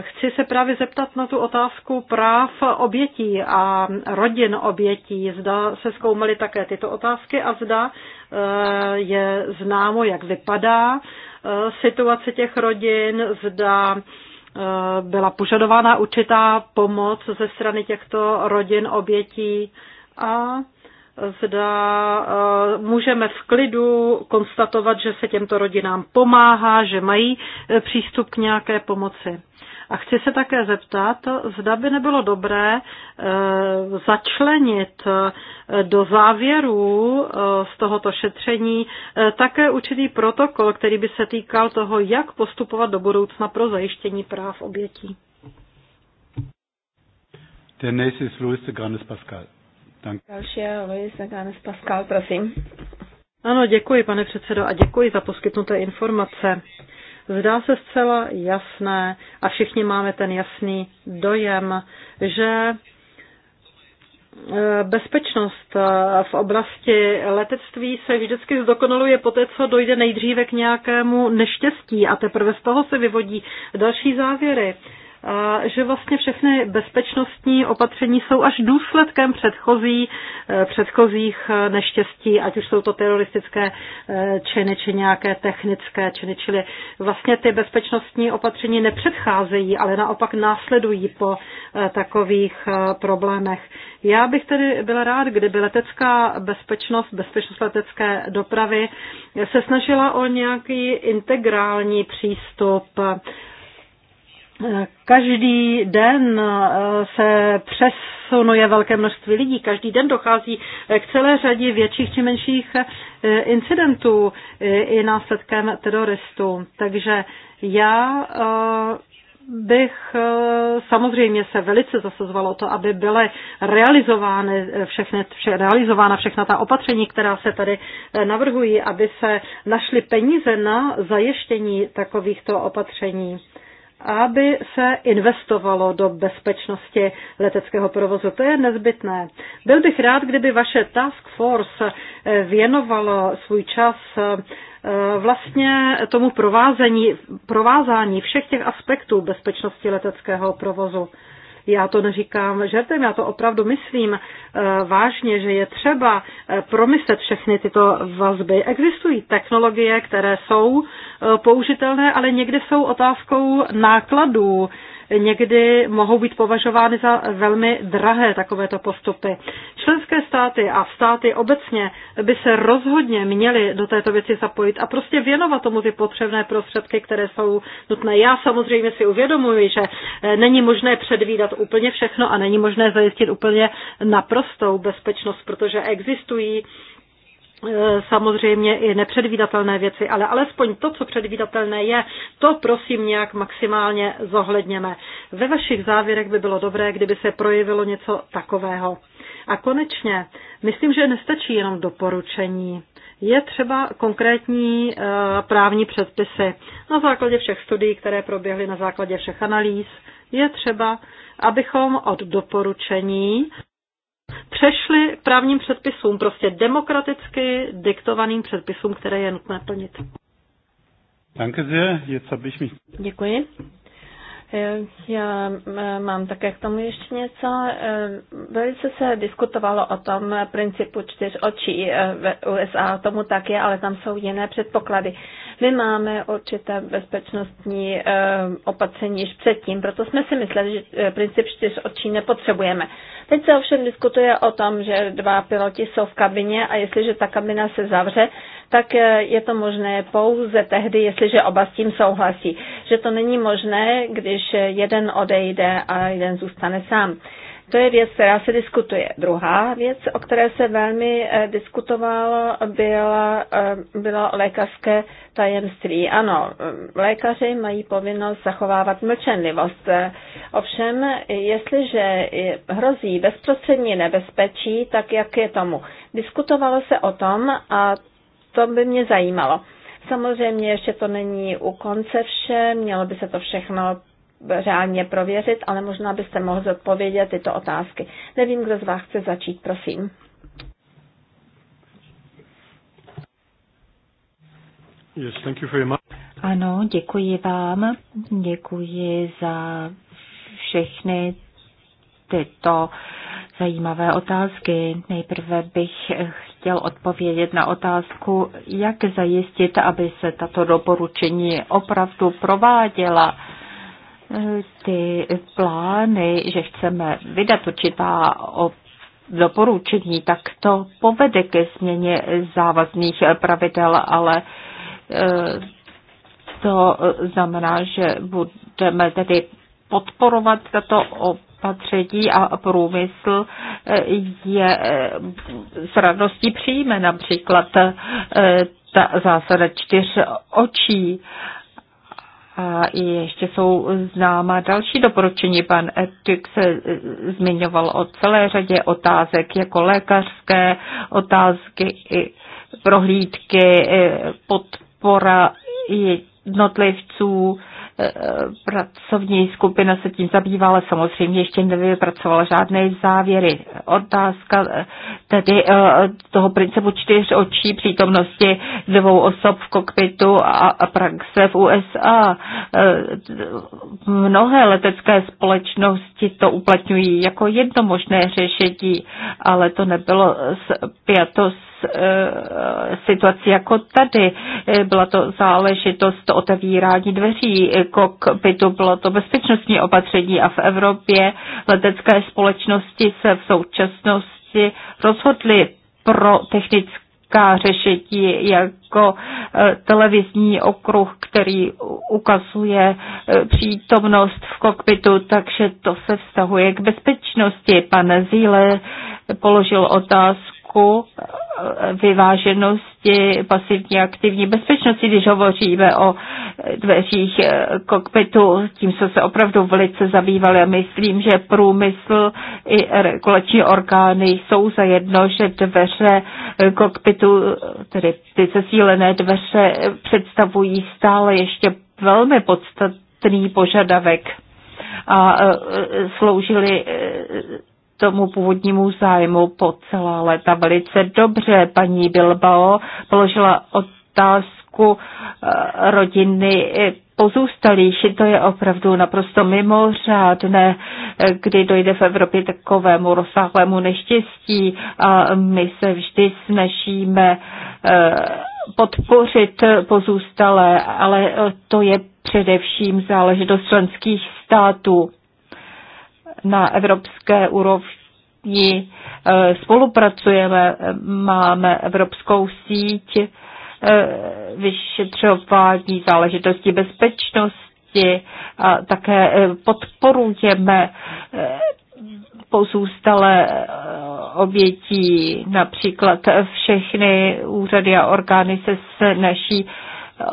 chci se právě zeptat na tu otázku práv obětí a rodin obětí. Zda se zkoumaly také tyto otázky a zda je známo, jak vypadá situace těch rodin, zda Eh, byla požadována určitá pomoc ze strany těchto rodin obětí a zda eh, můžeme v klidu konstatovat, že se těmto rodinám pomáhá, že mají eh, přístup k nějaké pomoci. A chci se také zeptat, zda by nebylo dobré eh, začlenit eh, do závěrů eh, z tohoto šetření také určitý protokol, který by se týkal toho, jak postupovat do budoucna pro zajištění práv obětí. Der nächste ist Luis de Grandes Pascal. Danke. Další je Luis de Grandes Pascal, prosím. Ano, děkuji, pane předsedo, a děkuji za poskytnuté informace zdá se zcela jasné a všichni máme ten jasný dojem, že eh, bezpečnost eh, v oblasti letectví se vždycky zdokonaluje poté, co dojde nejdříve k nějakému neštěstí a teprve z toho se vyvodí další závěry a že vlastně všechny bezpečnostní opatření jsou až důsledkem předchozí, eh, předchozích eh, neštěstí, ať už jsou to teroristické eh, činy či nějaké technické činy, čili vlastně ty bezpečnostní opatření nepředcházejí, ale naopak následují po takových problémech. Já bych tedy byla rád, kdyby letecká bezpečnost, bezpečnost letecké dopravy se snažila o nějaký integrální přístup Každý den eh, se přesunuje velké množství lidí, každý den dochází eh, k celé řadě větších či menších eh, incidentů i následkem teroristů. Takže já bych samozřejmě se velice zasazovalo to, aby byly realizovány všechny, vše, realizována všechna ta opatření, která se tady navrhují, aby se našly peníze na zajištění takovýchto opatření aby se investovalo do bezpečnosti leteckého provozu. To je nezbytné. Byl bych rád, kdyby vaše task force eh, věnovalo svůj čas eh, vlastně tomu provázení, provázání všech těch aspektů bezpečnosti leteckého provozu. Já to neříkám žertem, já to opravdu myslím eh, vážně, že je třeba eh, promyslet všechny tyto vazby. Existují technologie, které jsou eh, použitelné, ale někde jsou otázkou nákladů někdy mohou být považovány za velmi drahé takovéto postupy. Členské státy a státy obecně by se rozhodně měly do této věci zapojit a prostě věnovat tomu ty potřebné prostředky, které jsou nutné. Já samozřejmě si uvědomuji, že eh, není možné předvídat úplně všechno a není možné zajistit úplně naprostou bezpečnost, protože existují Eh, samozřejmě i nepředvídatelné věci, ale alespoň to, co předvídatelné je, to prosím nějak maximálně zohledněme. Ve vašich závěrech by bylo dobré, kdyby se projevilo něco takového. A konečně, myslím, že nestačí jenom doporučení. Je třeba konkrétní eh, právní předpisy na základě všech studií, které proběhly, na základě všech analýz. Je třeba, abychom od doporučení přešli k právním předpisům, prostě demokraticky diktovaným předpisům, které je nutné plnit. Danke sehr, jetzt habe ich mich... Děkuji. Eh, já eh, mám také k tomu ještě něco. Eh, velice se diskutovalo o tom principu čtyř očí v USA, tomu tak je, ale tam jsou jiné předpoklady. My máme určité bezpečnostní opatření již předtím, proto jsme si mysleli, že princip čtyř očí nepotřebujeme. Teď se ovšem diskutuje o tom, že dva piloti jsou v kabině a jestliže ta kabina se zavře, tak eh, je to možné pouze tehdy, jestliže oba s tím souhlasí. Že to není možné, když jeden odejde a jeden zůstane sám. To je věc, která se diskutuje. Druhá věc, o které se velmi eh, diskutovalo, byla, eh, bylo lékařské tajemství. Ano, lékaři mají povinnost zachovávat mlčenlivost. Ovšem, jestliže hrozí bezprostřední nebezpečí, tak jak je tomu? Diskutovalo se o tom a to by mě zajímalo. Samozřejmě ještě to není u konce vše, mělo by se to všechno řádně prověřit, ale možná byste mohl zodpovědět tyto otázky. Nevím, kdo z vás chce začít, prosím. Yes, thank you very much. Ano, děkuji vám. Děkuji za všechny tyto zajímavé otázky. Nejprve bych chtěl odpovědět na otázku, jak zajistit, aby se tato doporučení opravdu prováděla. Ty plány, že chceme vydat určitá doporučení, tak to povede ke změně závazných pravidel, ale e, to znamená, že budeme tedy podporovat tato opatření a průmysl eh, je eh, s radostí přijme například eh, ta zásada čtyř očí. A ještě jsou známa další doporučení. Pan Etik se zmiňoval o celé řadě otázek, jako lékařské otázky, prohlídky, podpora jednotlivců, Pracovní skupina se tím zabývala, samozřejmě ještě nevypracovala žádné závěry. Otázka eh, tedy eh, toho principu čtyř očí přítomnosti dvou osob v kokpitu a praxe v USA. Eh, mnohé letecké společnosti to uplatňují jako jedno možné řešení, ale to nebylo spjato s Eh, situaci jako tady. Eh, byla to záležitost otevírání dveří eh, kokpitu, bylo to bezpečnostní opatření a v Evropě letecké společnosti se v současnosti rozhodly pro technická řešení jako televizní okruh, který ukazuje přítomnost v kokpitu, takže to se vztahuje k bezpečnosti. Pan Zíle položil otázku, otázku eh, vyváženosti pasivní aktivní bezpečnosti, když hovoříme o eh, dveřích eh, kokpitu. Tím jsme se opravdu velice zabývali a myslím, že průmysl i regulační orgány jsou zajedno, že dveře kokpitu, tedy ty zesílené dveře, představují stále ještě velmi podstatný požadavek a sloužili tomu původnímu zájmu po celá léta velice dobře. Paní Bilbao položila otázku eh, rodiny pozůstalých. To je opravdu naprosto mimořádné, kdy dojde v Evropě takovému rozsáhlému neštěstí a my se vždy snažíme eh, podpořit pozůstalé, ale to je především záležitost členských států na evropské úrovni eh, spolupracujeme, máme evropskou síť eh, vyšetřování záležitostí bezpečnosti a také eh, podporujeme pozůstalé obětí, například všechny úřady a orgány se snaží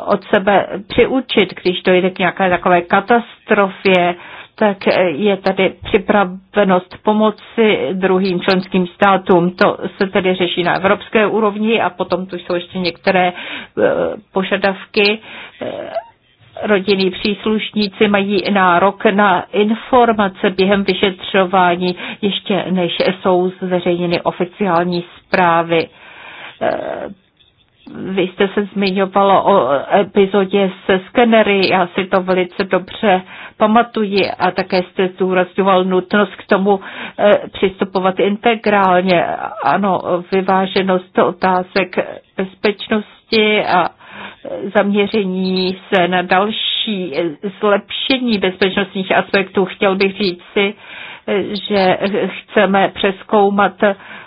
od sebe přiučit, když dojde k nějaké takové katastrofě, tak je tady připravenost pomoci druhým členským státům. To se tedy řeší na evropské úrovni a potom tu jsou ještě některé e, požadavky. E, rodinní příslušníci mají nárok na informace během vyšetřování, ještě než jsou zveřejněny oficiální zprávy e, vy jste se zmiňovalo o epizodě se skenery, já si to velice dobře pamatuji a také jste zdůrazňoval nutnost k tomu eh, přistupovat integrálně. Ano, vyváženost otázek bezpečnosti a eh, zaměření se na další eh, zlepšení bezpečnostních aspektů. Chtěl bych říct si, že chceme přeskoumat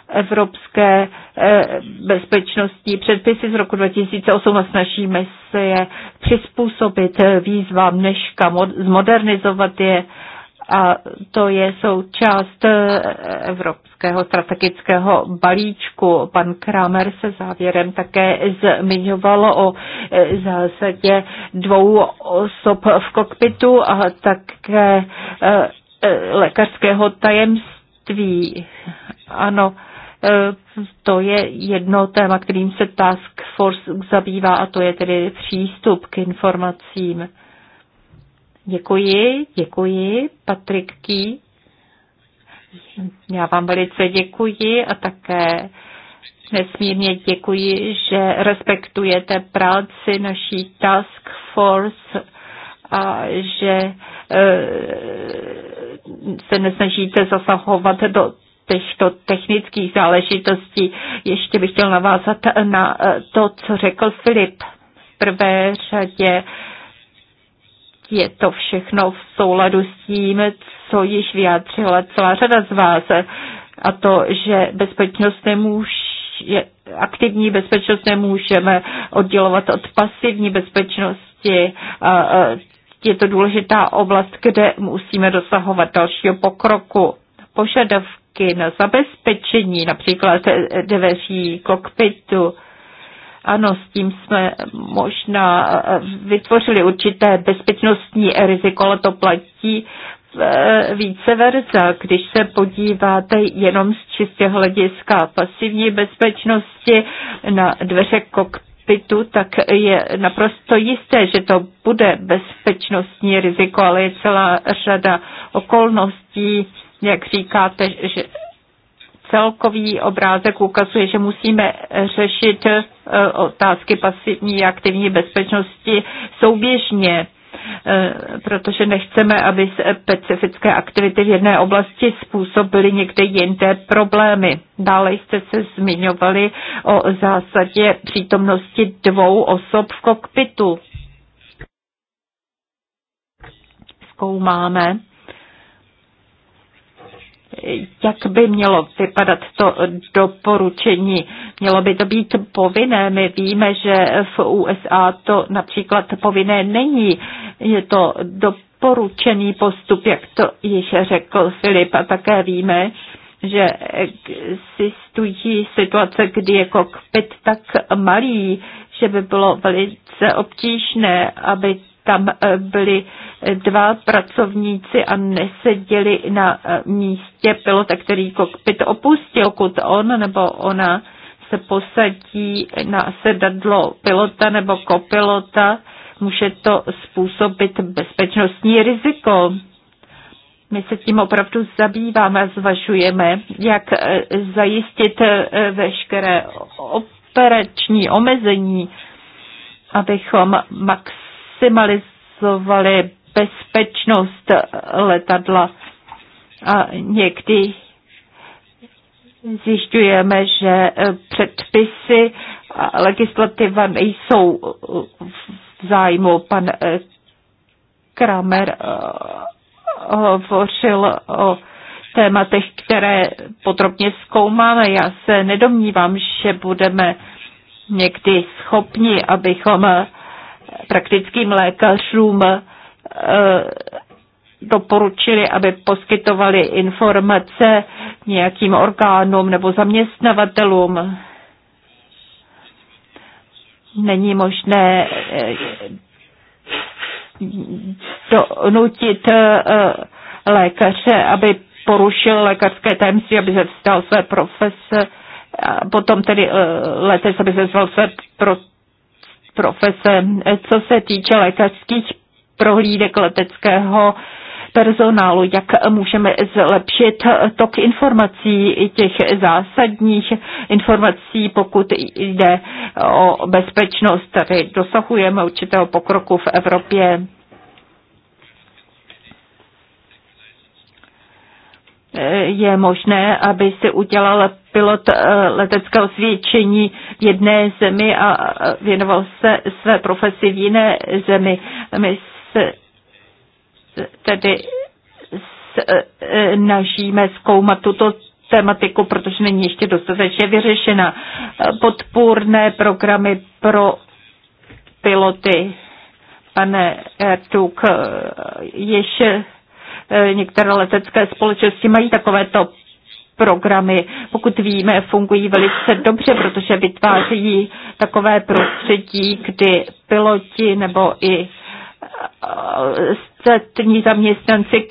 evropské eh, bezpečnostní předpisy z roku 2018. Snažíme se je přizpůsobit eh, výzvám dneška, zmodernizovat je a to je součást eh, evropského strategického balíčku. Pan Kramer se závěrem také zmiňoval o zásadě dvou osob v kokpitu a také lékařského tajemství. Ano, Eh, to je jedno téma, kterým se Task Force zabývá a to je tedy přístup k informacím. Děkuji, děkuji, Patrik Ký. Já vám velice děkuji a také nesmírně děkuji, že respektujete práci naší Task Force a že eh, se nesnažíte zasahovat do těchto technických záležitostí. Ještě bych chtěl navázat na eh, to, co řekl Filip. V prvé řadě je to všechno v souladu s tím, co již vyjádřila celá řada z vás, a to, že bezpečnost nemůže, aktivní bezpečnost nemůžeme oddělovat od pasivní bezpečnosti. je to důležitá oblast, kde musíme dosahovat dalšího pokroku. Požadav, prostředky na zabezpečení, například dveří, kokpitu. Ano, s tím jsme možná eh, vytvořili určité bezpečnostní riziko, ale to platí eh, více verze. Když se podíváte jenom z čistě hlediska pasivní bezpečnosti na dveře kokpitu, tak je naprosto jisté, že to bude bezpečnostní riziko, ale je celá řada okolností, jak říkáte, že celkový obrázek ukazuje, že musíme řešit eh, otázky pasivní a aktivní bezpečnosti souběžně, eh, protože nechceme, aby specifické aktivity v jedné oblasti způsobily někde jinde problémy. Dále jste se zmiňovali o zásadě přítomnosti dvou osob v kokpitu. Zkoumáme jak by mělo vypadat to doporučení. Mělo by to být povinné. My víme, že v USA to například povinné není. Je to doporučený postup, jak to již řekl Filip. A také víme, že existují situace, kdy je kokpit tak malý, že by bylo velice obtížné, aby tam byly dva pracovníci a neseděli na eh, místě pilota, který kokpit opustil, kud on nebo ona se posadí na sedadlo pilota nebo kopilota, může to způsobit bezpečnostní riziko. My se tím opravdu zabýváme a zvažujeme, jak eh, zajistit eh, veškeré operační omezení, abychom maximalizovali bezpečnost letadla. A někdy zjišťujeme, že předpisy a legislativa nejsou v zájmu. Pan Kramer eh, hovořil o tématech, které podrobně zkoumáme. Já se nedomnívám, že budeme někdy schopni, abychom praktickým lékařům Eh, doporučili, aby poskytovali informace nějakým orgánům nebo zaměstnavatelům. Není možné eh, donutit eh, lékaře, aby porušil lékařské tajemství, aby se vzdal své profese, a potom tedy letec, aby se vzdal své pro, profese. Co se týče lékařských prohlídek leteckého personálu, jak můžeme zlepšit tok informací, těch zásadních informací, pokud jde o bezpečnost. Tady dosahujeme určitého pokroku v Evropě. je možné, aby si udělal pilot eh, leteckého svědčení v jedné zemi a eh, věnoval se své profesi v jiné zemi. My tedy e, e, snažíme zkoumat tuto tematiku, protože není ještě dostatečně vyřešena. Podpůrné programy pro piloty. Pane Ertuk, e, ještě některé letecké společnosti mají takovéto programy, pokud víme, fungují velice dobře, protože vytvářejí takové prostředí, kdy piloti nebo i ostatní zaměstnanci,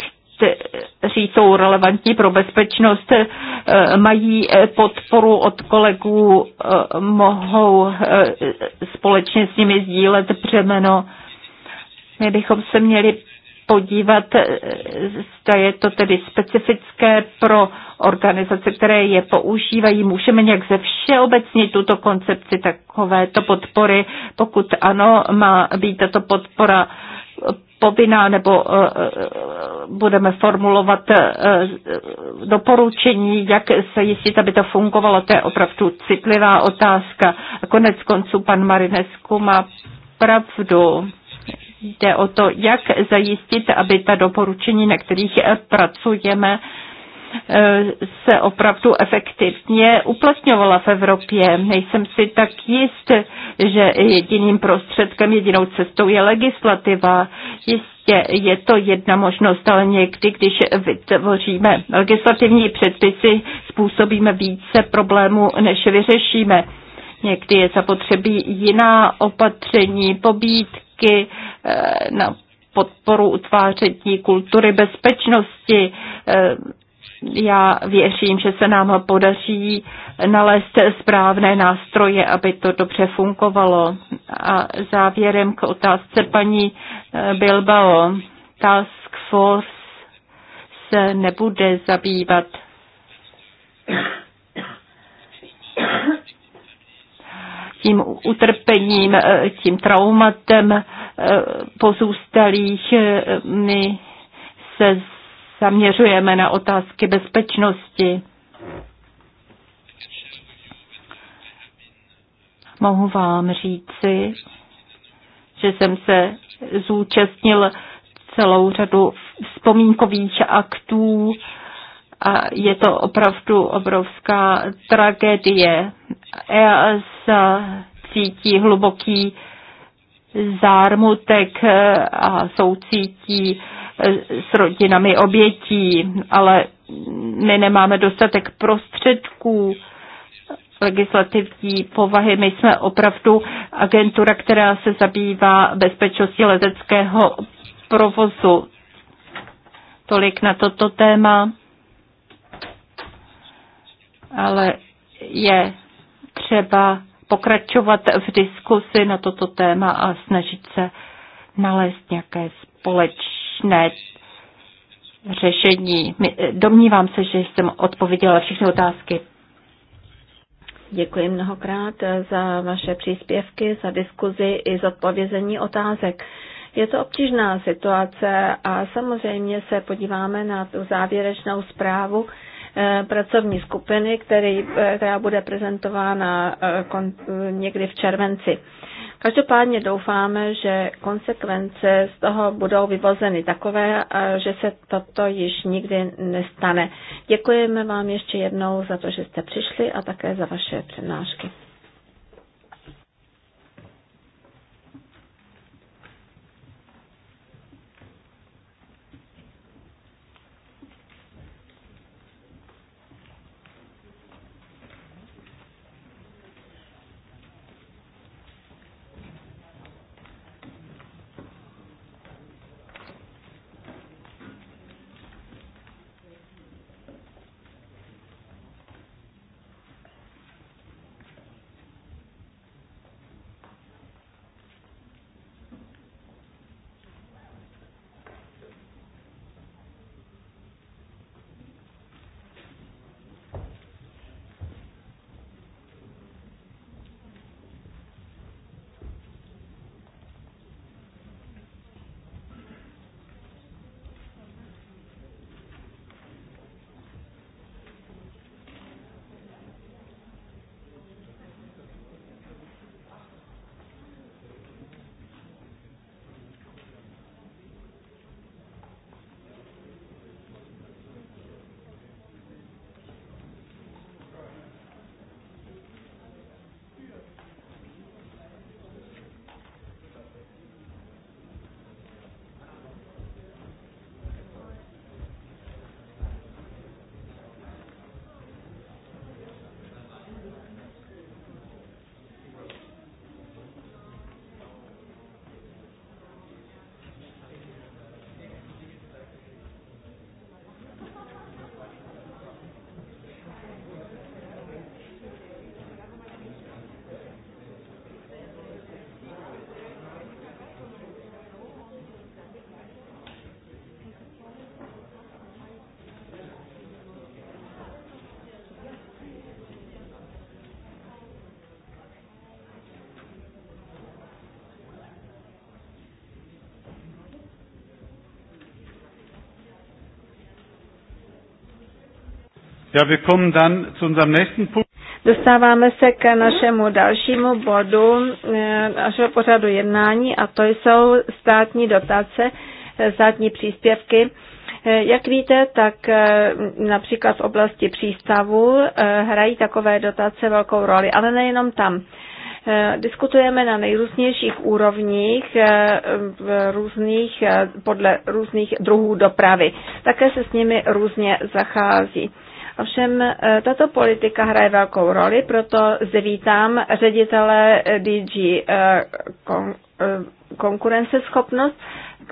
kteří jsou relevantní pro bezpečnost, eh, mají eh, podporu od kolegů, eh, mohou společně s nimi sdílet břemeno. My bychom se měli podívat, zda je to tedy specifické pro organizace, které je používají. Můžeme nějak ze všeobecně tuto koncepci takovéto podpory, pokud ano, má být tato podpora povinná nebo eh, eh, budeme formulovat eh, doporučení, jak se jistit, aby to fungovalo. To je opravdu citlivá otázka. A konec konců pan Marinesku má pravdu. Jde o to, jak zajistit, aby ta doporučení, na kterých pracujeme, Eh, se opravdu efektivně uplatňovala v Evropě. Nejsem si tak jist, že jediným prostředkem, jedinou cestou je legislativa. Jistě je to jedna možnost, ale někdy, když vytvoříme legislativní předpisy, způsobíme více problémů, než vyřešíme. Někdy je zapotřebí jiná opatření, pobídky eh, na podporu utváření kultury bezpečnosti, eh, já věřím, že se nám podaří nalézt správné nástroje, aby to dobře fungovalo. A závěrem k otázce paní eh, Bilbao. Task Force se nebude zabývat tím utrpením, eh, tím traumatem eh, pozůstalých. My se zaměřujeme na otázky bezpečnosti. Mohu vám říci, že jsem se zúčastnil celou řadu vzpomínkových aktů a je to opravdu obrovská tragédie. EAS cítí hluboký zármutek a soucítí s rodinami obětí, ale my nemáme dostatek prostředků legislativní povahy. My jsme opravdu agentura, která se zabývá bezpečností leteckého provozu. Tolik na toto téma. Ale je třeba pokračovat v diskusi na toto téma a snažit se nalézt nějaké společné společné řešení. Eh, domnívám se, že jsem odpověděla všechny otázky. Děkuji mnohokrát eh, za vaše příspěvky, za diskuzi i odpovězení otázek. Je to obtížná situace a samozřejmě se podíváme na tu závěrečnou zprávu eh, pracovní skupiny, který, která bude prezentována někdy v červenci. Každopádně doufáme, že konsekvence z toho budou vyvozeny takové, že se toto již nikdy nestane. Děkujeme vám ještě jednou za to, že jste přišli a také za vaše přednášky. Ja, wir kommen dann zu unserem nächsten Punkt. Dostáváme se k našemu dalšímu bodu eh, našeho pořadu jednání a to jsou státní dotace, eh, státní příspěvky. Eh, jak víte, tak například v oblasti přístavu hrají takové dotace velkou roli, ale nejenom tam. Diskutujeme na nejrůznějších úrovních v různých, podle různých druhů dopravy. Také se s nimi různě zachází. Ovšem e, tato politika hraje velkou roli, proto zde vítám ředitele e, DG e, kon, konkurenceschopnost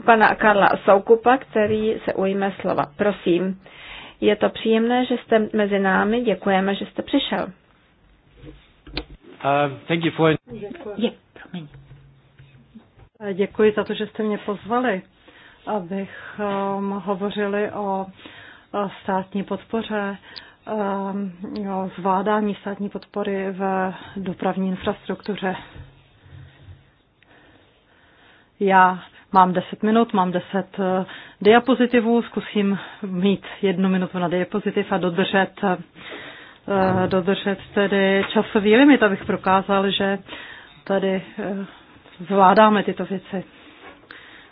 pana Karla Soukupa, který se ujme slova. Prosím, je to příjemné, že jste mezi námi, děkujeme, že jste přišel. Uh, thank you for... Děkuji. Děkuji za to, že jste mě pozvali, abych um, hovořili o státní podpoře, ehm, zvládání státní podpory v dopravní infrastruktuře. Já mám 10 minut, mám 10 eh, diapozitivů, zkusím mít jednu minutu na diapozitiv a dodržet, eh, dodržet tedy časový limit, abych prokázal, že tady eh, zvládáme tyto věci.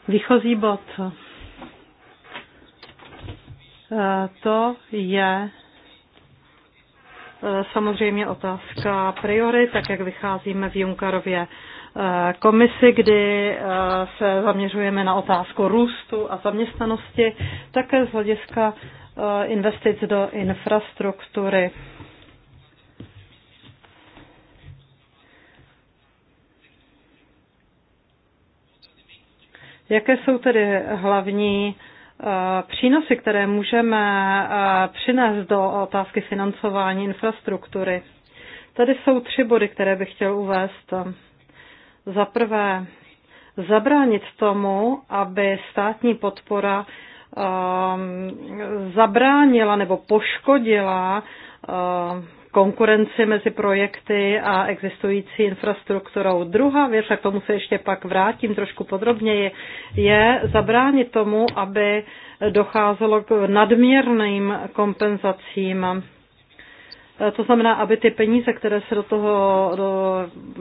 Výchozí bod to je e, samozřejmě otázka priory, tak jak vycházíme v Junkarově e, komisi, kdy e, se zaměřujeme na otázku růstu a zaměstnanosti, také z hlediska investic do infrastruktury. Jaké jsou tedy hlavní Eh, přínosy, které můžeme eh, přinést do otázky financování infrastruktury. Tady jsou tři body, které bych chtěl uvést. Za prvé, zabránit tomu, aby státní podpora eh, zabránila nebo poškodila konkurenci mezi projekty a existující infrastrukturou. Druhá věc, a k tomu se ještě pak vrátím trošku podrobněji, je zabránit tomu, aby docházelo k nadměrným kompenzacím. To znamená, aby ty peníze, které se do toho do,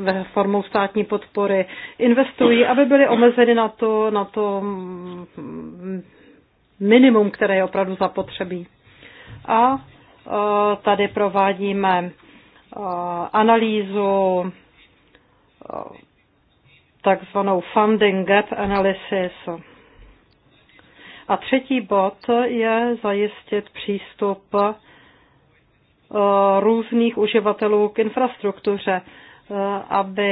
ve formou státní podpory investují, aby byly omezeny na to, na to minimum, které je opravdu zapotřebí. A Tady provádíme analýzu takzvanou funding gap analysis. A třetí bod je zajistit přístup různých uživatelů k infrastruktuře. Eh, aby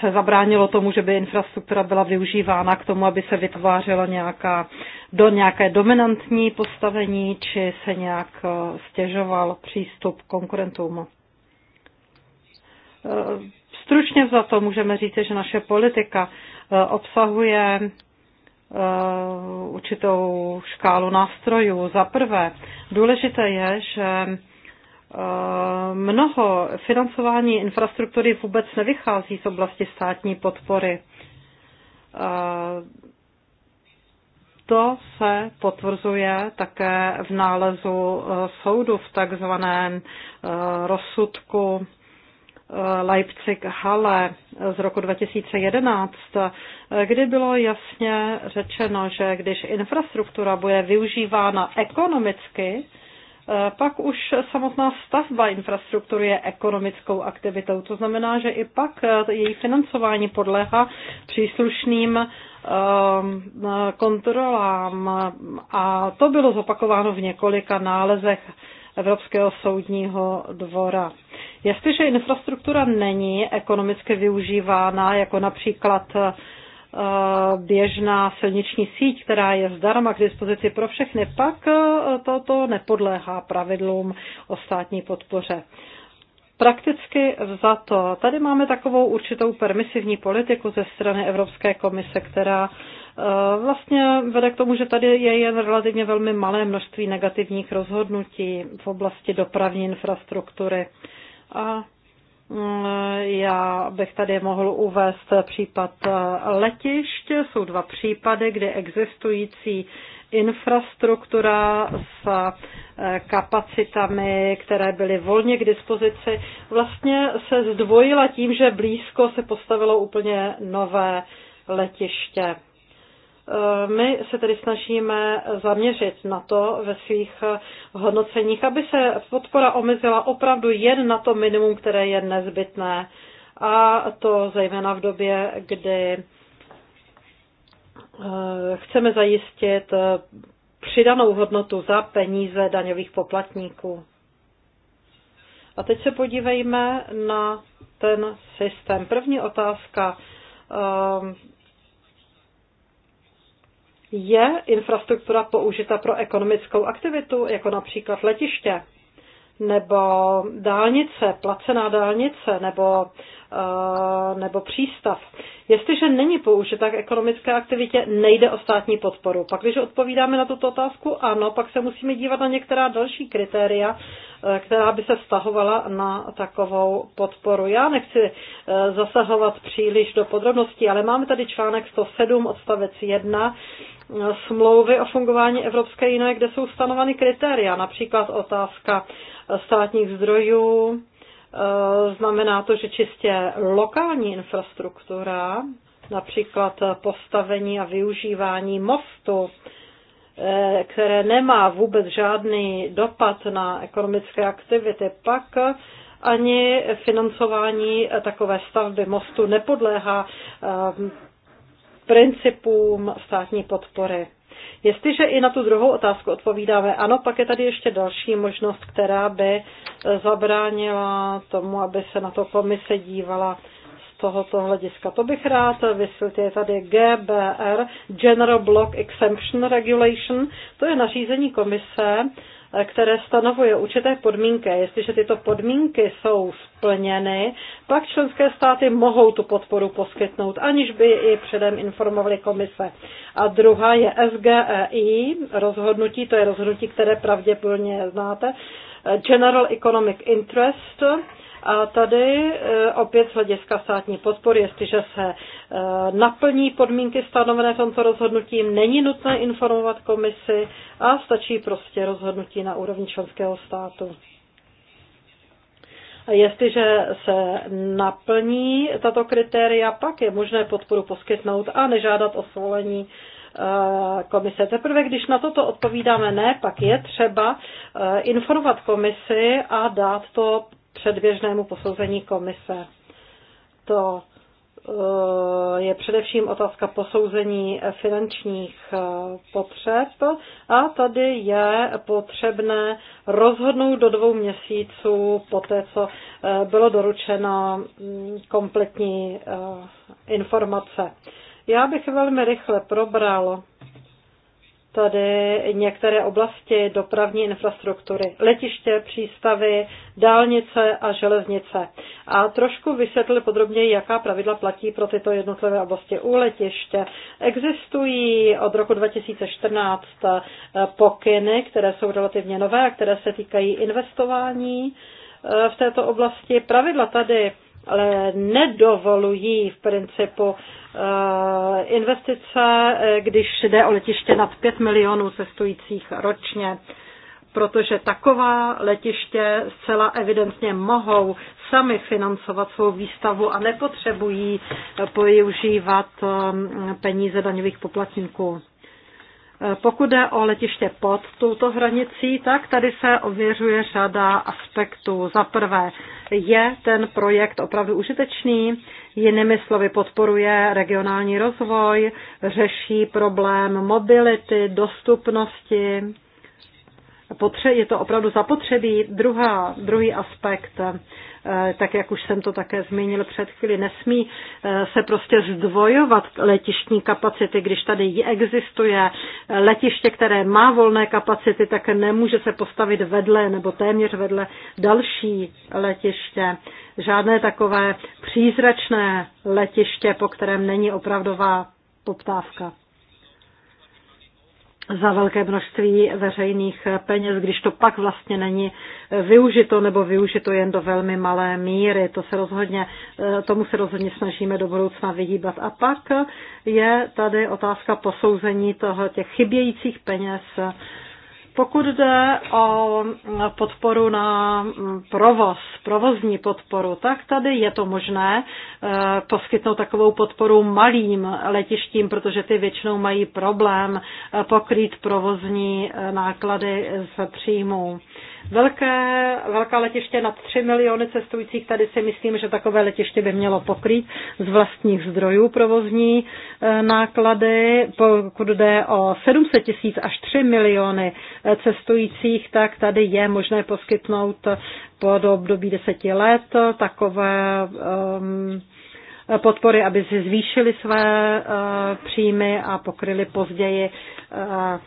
se zabránilo tomu, že by infrastruktura byla využívána k tomu, aby se vytvářela nějaká, do nějaké dominantní postavení, či se nějak eh, stěžoval přístup konkurentům. Eh, stručně za to můžeme říct, že naše politika obsahuje určitou škálu nástrojů. Za prvé, důležité je, že Eh, mnoho financování infrastruktury vůbec nevychází z oblasti státní podpory. Eh, to se potvrzuje také v nálezu eh, soudu v takzvaném rozsudku Leipzig-Halle z roku 2011, kdy bylo jasně řečeno, že když infrastruktura bude využívána ekonomicky, Eh, pak už samotná stavba infrastruktury je ekonomickou aktivitou. To znamená, že i pak eh, její financování podléhá příslušným ehm, eh, kontrolám. A to bylo zopakováno v několika nálezech Evropského soudního dvora. Jestliže infrastruktura není ekonomicky využívána, jako například Eh, běžná silniční síť, která je zdarma k dispozici pro všechny, pak eh, toto nepodléhá pravidlům o státní podpoře. Prakticky to, tady máme takovou určitou permisivní politiku ze strany Evropské komise, která eh, vlastně vede k tomu, že tady je jen relativně velmi malé množství negativních rozhodnutí v oblasti dopravní infrastruktury. A Mm, já bych tady mohl uvést případ eh, letišť. Jsou dva případy, kde existující infrastruktura s eh, kapacitami, které byly volně k dispozici, vlastně se zdvojila tím, že blízko se postavilo úplně nové letiště. Eh, my se tedy snažíme zaměřit na to ve svých eh, hodnoceních, aby se podpora omezila opravdu jen na to minimum, které je nezbytné. A to zejména v době, kdy eh, chceme zajistit přidanou hodnotu za peníze daňových poplatníků. A teď se podívejme na ten systém. První otázka je infrastruktura použita pro ekonomickou aktivitu, jako například letiště, nebo dálnice, placená dálnice, nebo Eh, nebo přístav. Jestliže není použita k ekonomické aktivitě, nejde o státní podporu. Pak, když odpovídáme na tuto otázku, ano, pak se musíme dívat na některá další kritéria, eh, která by se vztahovala na takovou podporu. Já nechci eh, zasahovat příliš do podrobností, ale máme tady článek 107 odstavec 1 smlouvy o fungování Evropské unie, kde jsou stanoveny kritéria, například otázka státních zdrojů, Eh, znamená to, že čistě lokální infrastruktura, například postavení a využívání mostu, eh, které nemá vůbec žádný dopad na ekonomické aktivity, pak ani financování takové stavby mostu nepodléhá eh, principům státní podpory. Jestliže i na tu druhou otázku odpovídáme ano, pak je tady ještě další možnost, která by e, zabránila tomu, aby se na to komise dívala z tohoto hlediska. To bych rád vysvětlil. Je tady GBR, General Block Exemption Regulation, to je nařízení komise které stanovuje určité podmínky. Jestliže tyto podmínky jsou splněny, pak členské státy mohou tu podporu poskytnout, aniž by i předem informovali komise. A druhá je SGEI, rozhodnutí, to je rozhodnutí, které pravděpodobně znáte, General Economic Interest, a tady eh, opět z hlediska státní podpory, jestliže se eh, naplní podmínky stanovené v tomto rozhodnutí, není nutné informovat komisi a stačí prostě rozhodnutí na úrovni členského státu. Jestliže se naplní tato kritéria, pak je možné podporu poskytnout a nežádat o svolení eh, komise. Teprve když na toto odpovídáme ne, pak je třeba informovat komisi a dát to předběžnému posouzení komise. To eh, je především otázka posouzení finančních eh, potřeb a tady je potřebné rozhodnout do dvou měsíců po té, co eh, bylo doručeno mm, kompletní informace. Já bych velmi rychle probral tady některé oblasti dopravní infrastruktury, letiště, přístavy, dálnice a železnice. A trošku vysvětlili podrobněji, jaká pravidla platí pro tyto jednotlivé oblasti u letiště. Existují od roku 2014 eh, pokyny, které jsou relativně nové a které se týkají investování eh, v této oblasti. Pravidla tady nedovolují v principu eh, investice, eh, když jde o letiště nad 5 milionů cestujících ročně protože taková letiště zcela evidentně mohou sami financovat svou výstavu a nepotřebují eh, používat peníze daňových poplatníků. Pokud jde o letiště pod touto hranicí, tak tady se ověřuje řada aspektů. Za prvé, je ten projekt opravdu užitečný? Jinými slovy, podporuje regionální rozvoj, řeší problém mobility, dostupnosti. Je to opravdu zapotřebí. Druhá, druhý aspekt Eh, tak jak už jsem to také zmínil před chvíli, nesmí eh, se prostě zdvojovat letištní kapacity. Když tady existuje letiště, které má volné kapacity, tak nemůže se postavit vedle nebo téměř vedle další letiště. Žádné takové přízračné letiště, po kterém není opravdová poptávka za velké množství veřejných peněz, když to pak vlastně není využito nebo využito jen do velmi malé míry. To se rozhodně, tomu se rozhodně snažíme do budoucna vyhýbat. A pak je tady otázka posouzení toho, těch chybějících peněz pokud jde o podporu na provoz, provozní podporu, tak tady je to možné eh, poskytnout takovou podporu malým letištím, protože ty většinou mají problém eh, pokrýt provozní eh, náklady z příjmů. Velké, velká letiště nad 3 miliony cestujících, tady si myslím, že takové letiště by mělo pokrýt z vlastních zdrojů provozní e, náklady. Pokud jde o 700 tisíc až 3 miliony e, cestujících, tak tady je možné poskytnout po období 10 let takové um, podpory, aby si zvýšili své e, příjmy a pokryli později Eh,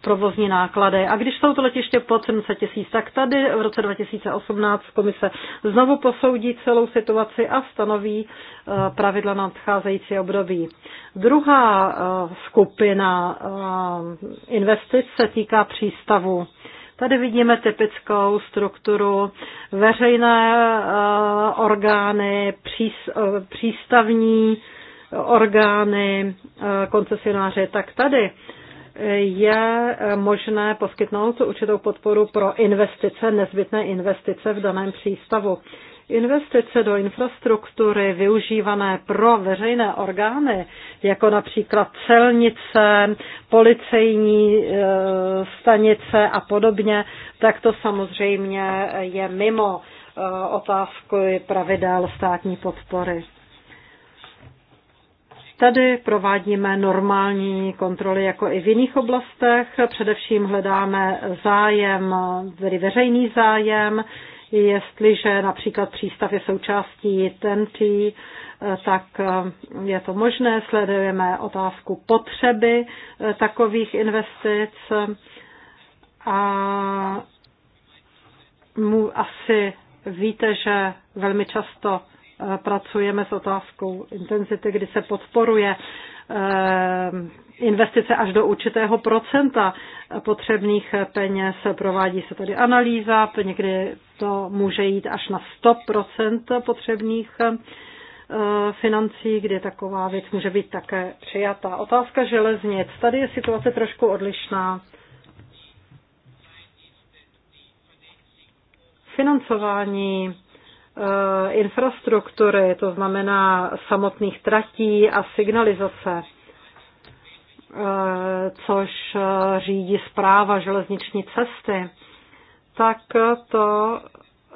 provozní náklady. A když jsou to letiště pod 700 tisíc, tak tady v roce 2018 komise znovu posoudí celou situaci a stanoví eh, pravidla na nadcházející období. Druhá eh, skupina investic se týká přístavu. Tady vidíme typickou strukturu veřejné orgány, přístavní orgány, koncesionáře, tak tady je možné poskytnout určitou podporu pro investice, nezbytné investice v daném přístavu. Investice do infrastruktury využívané pro veřejné orgány, jako například celnice, policejní e, stanice a podobně, tak to samozřejmě je mimo e, otázku pravidel státní podpory. Tady provádíme normální kontroly jako i v jiných oblastech. Především hledáme zájem, tedy veřejný zájem, jestliže například přístav je součástí TNT, tak je to možné. Sledujeme otázku potřeby takových investic a mu asi víte, že velmi často pracujeme s otázkou intenzity, kdy se podporuje eh, investice až do určitého procenta potřebných peněz. Provádí se tady analýza, někdy to může jít až na 100% potřebných eh, financí, kde taková věc může být také přijatá. Otázka železnic. Tady je situace trošku odlišná. Financování Eh, infrastruktury, to znamená samotných tratí a signalizace, eh, což eh, řídí zpráva železniční cesty, tak to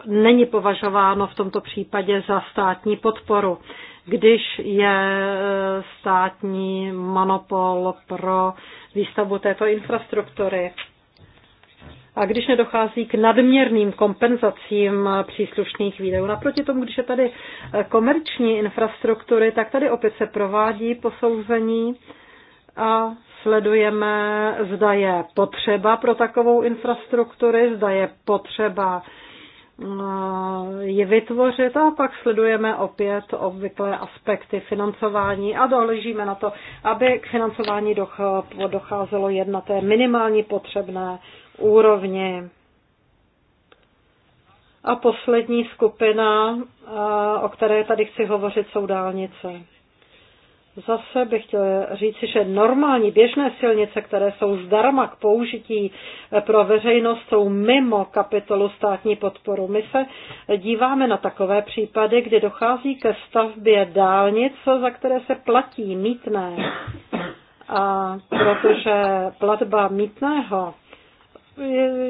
není považováno v tomto případě za státní podporu. Když je státní monopol pro výstavbu této infrastruktury, a když nedochází k nadměrným kompenzacím příslušných výdajů. Naproti tomu, když je tady eh, komerční infrastruktury, tak tady opět se provádí posouzení a sledujeme, zda je potřeba pro takovou infrastruktury, zda je potřeba eh, je vytvořit a pak sledujeme opět obvyklé aspekty financování a dohlížíme na to, aby k financování docházelo jedna té minimální potřebné úrovni. A poslední skupina, o které tady chci hovořit, jsou dálnice. Zase bych chtěl říci, že normální běžné silnice, které jsou zdarma k použití e, pro veřejnost, jsou mimo kapitolu státní podporu. My se díváme na takové případy, kdy dochází ke stavbě dálnic, za které se platí mítné. A protože platba mítného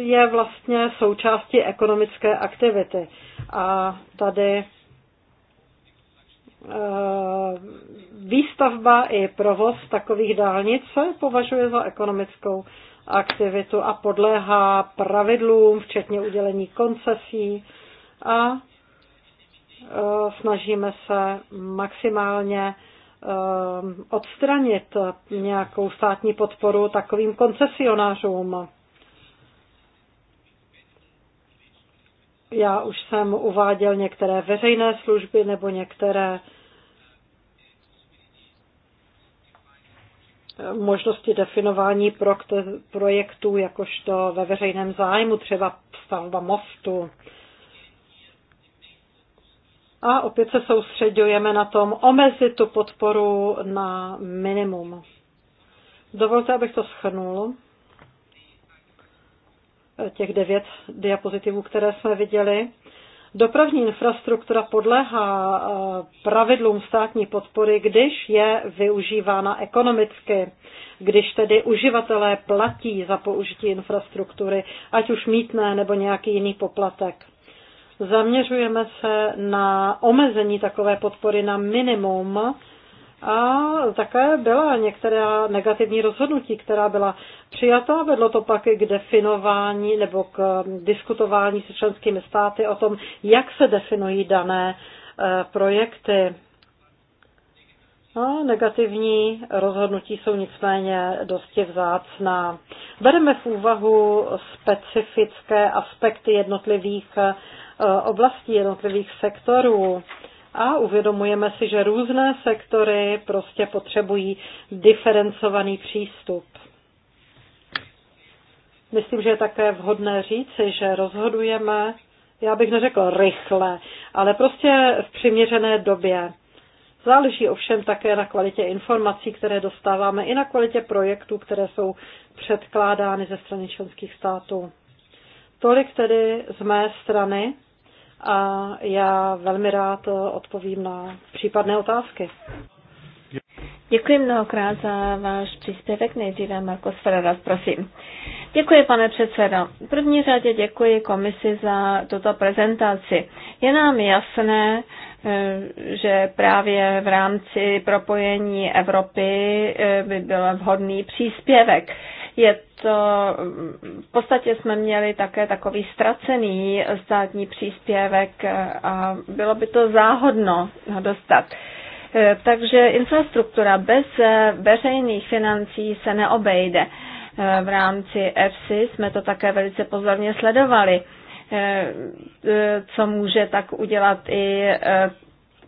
je vlastně součástí ekonomické aktivity. A tady eh, výstavba i provoz takových dálnic se považuje za ekonomickou aktivitu a podléhá pravidlům, včetně udělení koncesí a eh, snažíme se maximálně eh, odstranit nějakou státní podporu takovým koncesionářům. Já už jsem uváděl některé veřejné služby nebo některé možnosti definování projektů jakožto ve veřejném zájmu, třeba stavba mostu. A opět se soustředujeme na tom omezit tu podporu na minimum. Dovolte, abych to schrnul těch devět diapozitivů, které jsme viděli. Dopravní infrastruktura podléhá eh, pravidlům státní podpory, když je využívána ekonomicky, když tedy uživatelé platí za použití infrastruktury, ať už mítné nebo nějaký jiný poplatek. Zaměřujeme se na omezení takové podpory na minimum, a také byla některá negativní rozhodnutí, která byla přijata. Vedlo to pak k definování nebo k diskutování se členskými státy o tom, jak se definují dané e, projekty. No, negativní rozhodnutí jsou nicméně dosti vzácná. Bereme v úvahu specifické aspekty jednotlivých e, oblastí, jednotlivých sektorů a uvědomujeme si, že různé sektory prostě potřebují diferencovaný přístup. Myslím, že je také vhodné říci, že rozhodujeme, já bych neřekl rychle, ale prostě v přiměřené době. Záleží ovšem také na kvalitě informací, které dostáváme, i na kvalitě projektů, které jsou předkládány ze strany členských států. Tolik tedy z mé strany a já velmi rád odpovím na případné otázky. Děkuji mnohokrát za váš příspěvek. Nejdříve Marko Ferreras, prosím. Děkuji, pane předsedo. V první řadě děkuji komisi za tuto prezentaci. Je nám jasné, Eh, že právě v rámci propojení Evropy eh, by byl vhodný příspěvek. Je to, v podstatě jsme měli také takový ztracený státní příspěvek a bylo by to záhodno ho dostat. Eh, takže infrastruktura bez veřejných financí se neobejde. V rámci EFSI jsme to také velice pozorně sledovali Eh, eh, co může tak udělat i eh,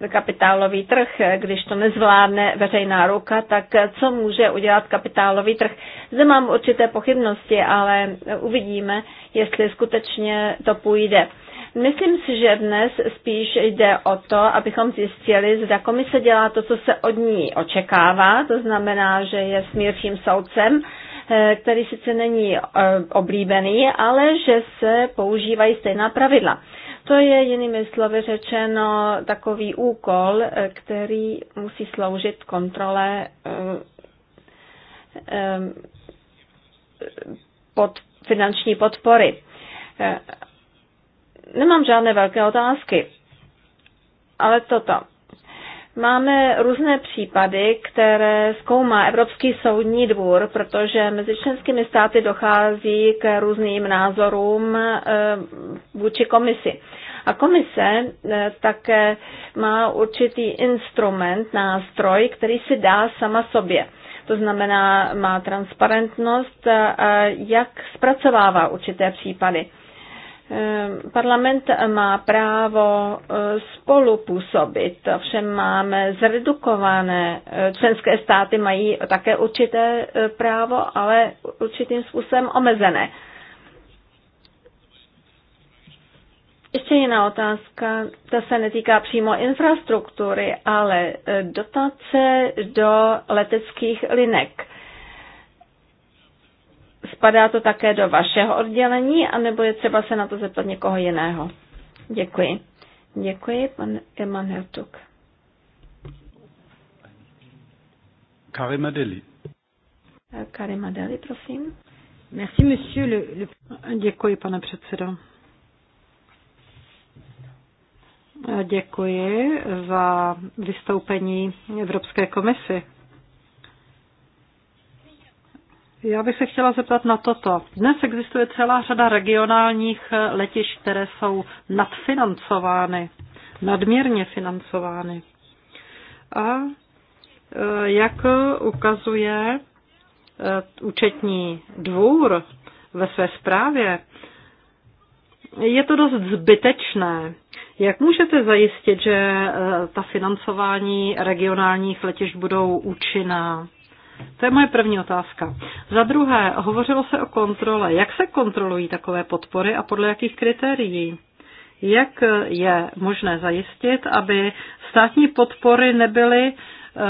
kapitálový trh, když to nezvládne veřejná ruka, tak co může udělat kapitálový trh? Zde mám určité pochybnosti, ale uvidíme, jestli skutečně to půjde. Myslím si, že dnes spíš jde o to, abychom zjistili, zda komise dělá to, co se od ní očekává, to znamená, že je smírčím soudcem Eh, který sice není eh, oblíbený, ale že se používají stejná pravidla. To je jinými slovy řečeno takový úkol, eh, který musí sloužit kontrole pod finanční podpory. Nemám žádné velké otázky, ale toto. Máme různé případy, které zkoumá Evropský soudní dvůr, protože mezi členskými státy dochází k různým názorům eh, vůči komisi. A komise eh, také má určitý instrument, nástroj, který si dá sama sobě. To znamená, má transparentnost, eh, jak zpracovává určité případy. Ehm, parlament má právo e, spolupůsobit, ovšem máme zredukované, e, členské státy mají také určité e, právo, ale určitým způsobem omezené. Ještě jiná otázka, ta se netýká přímo infrastruktury, ale dotace do leteckých linek. Spadá to také do vašeho oddělení, anebo je třeba se na to zeptat někoho jiného? Děkuji. Děkuji, pan Eman Hertuk. Karima Deli. Karima Deli, prosím. Merci, monsieur le, le... Děkuji, pane předsedo. Děkuji za vystoupení Evropské komise. Já bych se chtěla zeptat na toto. Dnes existuje celá řada regionálních eh, letišť, které jsou nadfinancovány, nadměrně financovány. A eh, jak ukazuje eh, účetní dvůr ve své zprávě, je to dost zbytečné. Jak můžete zajistit, že ta financování regionálních letišť budou účinná? To je moje první otázka. Za druhé, hovořilo se o kontrole. Jak se kontrolují takové podpory a podle jakých kritérií? Jak je možné zajistit, aby státní podpory nebyly eh,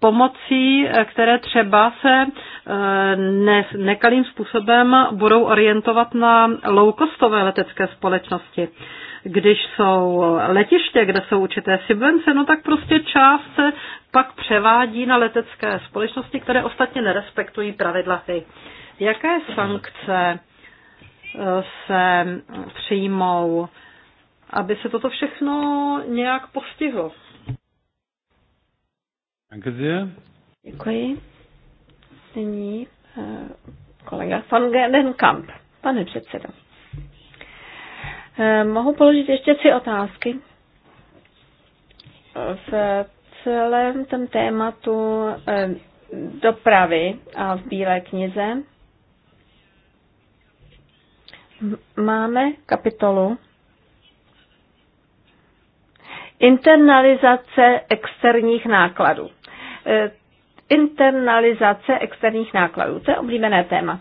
pomocí, eh, které třeba se eh, ne, nekalým způsobem budou orientovat na loukostové letecké společnosti když jsou letiště, kde jsou určité subvence, no tak prostě část se pak převádí na letecké společnosti, které ostatně nerespektují pravidla HY. Jaké sankce eh, se přijmou, aby se toto všechno nějak postihlo? Děkuji. Nyní eh, kolega van Gerdenkamp, Pane předsedo. Eh, mohu položit ještě tři otázky. V celém tom tématu eh, dopravy a v Bílé knize máme kapitolu internalizace externích nákladů. Eh, internalizace externích nákladů, to je oblíbené téma.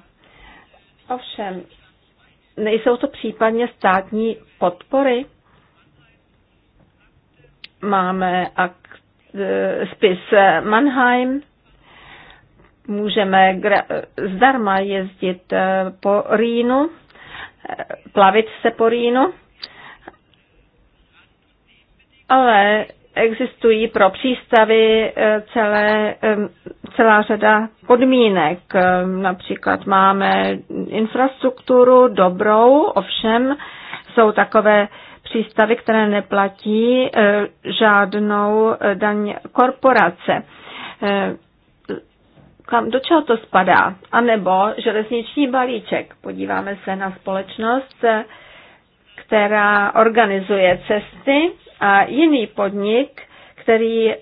Ovšem, Nejsou to případně státní podpory? Máme akt, e, spis Mannheim, můžeme zdarma jezdit e, po Rýnu, e, plavit se po Rýnu, ale existují pro přístavy eh, celé, celá řada podmínek. Například máme infrastrukturu dobrou, ovšem jsou takové přístavy, které neplatí eh, žádnou eh, daň korporace. Kam, do čeho to spadá? A nebo železniční balíček. Podíváme se na společnost, která organizuje cesty a jiný podnik, který eh,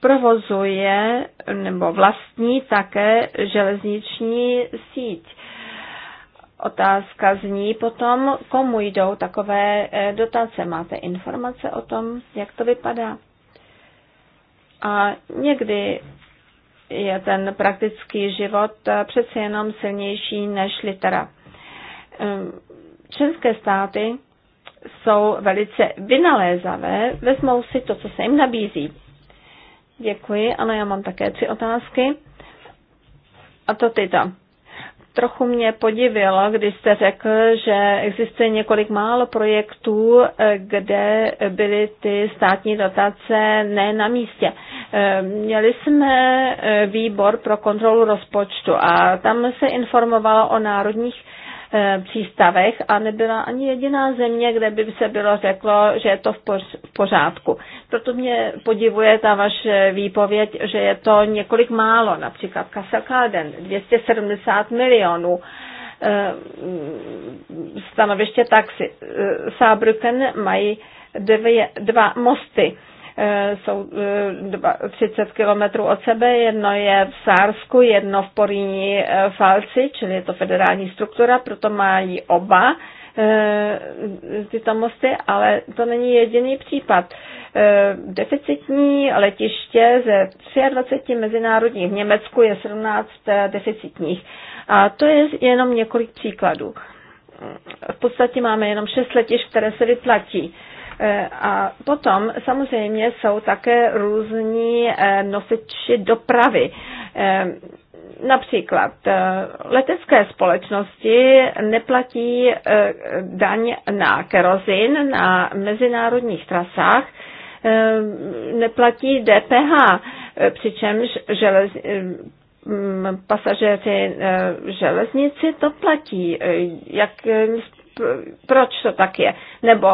provozuje nebo vlastní také železniční síť. Otázka zní potom, komu jdou takové eh, dotace. Máte informace o tom, jak to vypadá? A někdy je ten praktický život eh, přece jenom silnější než litera. České státy jsou velice vynalézavé, vezmou si to, co se jim nabízí. Děkuji, ano, já mám také tři otázky. A to tyto. Trochu mě podivilo, když jste řekl, že existuje několik málo projektů, kde byly ty státní dotace ne na místě. Měli jsme výbor pro kontrolu rozpočtu a tam se informovalo o národních Eh, přístavech a nebyla ani jediná země, kde by se bylo řeklo, že je to v pořádku. Proto mě podivuje ta vaše výpověď, že je to několik málo, například Kasakáden, 270 milionů eh, stanoviště taxi. Eh, Sábrücken mají dvě, dva mosty Eh, jsou 30 eh, kilometrů od sebe, jedno je v Sársku, jedno v Poríní eh, Falci, čili je to federální struktura, proto mají oba tyto mosty, ale to není jediný případ. Deficitní letiště ze 23 mezinárodních v Německu je 17 deficitních. A to je jenom několik příkladů. V podstatě máme jenom 6 letišť, které se vyplatí. Eh, a potom samozřejmě jsou také různí eh, nosiči dopravy. Eh, například letecké společnosti neplatí daň na kerozin na mezinárodních trasách, neplatí DPH, přičemž želez, pasažéři železnici to platí. Jak proč to tak je. Nebo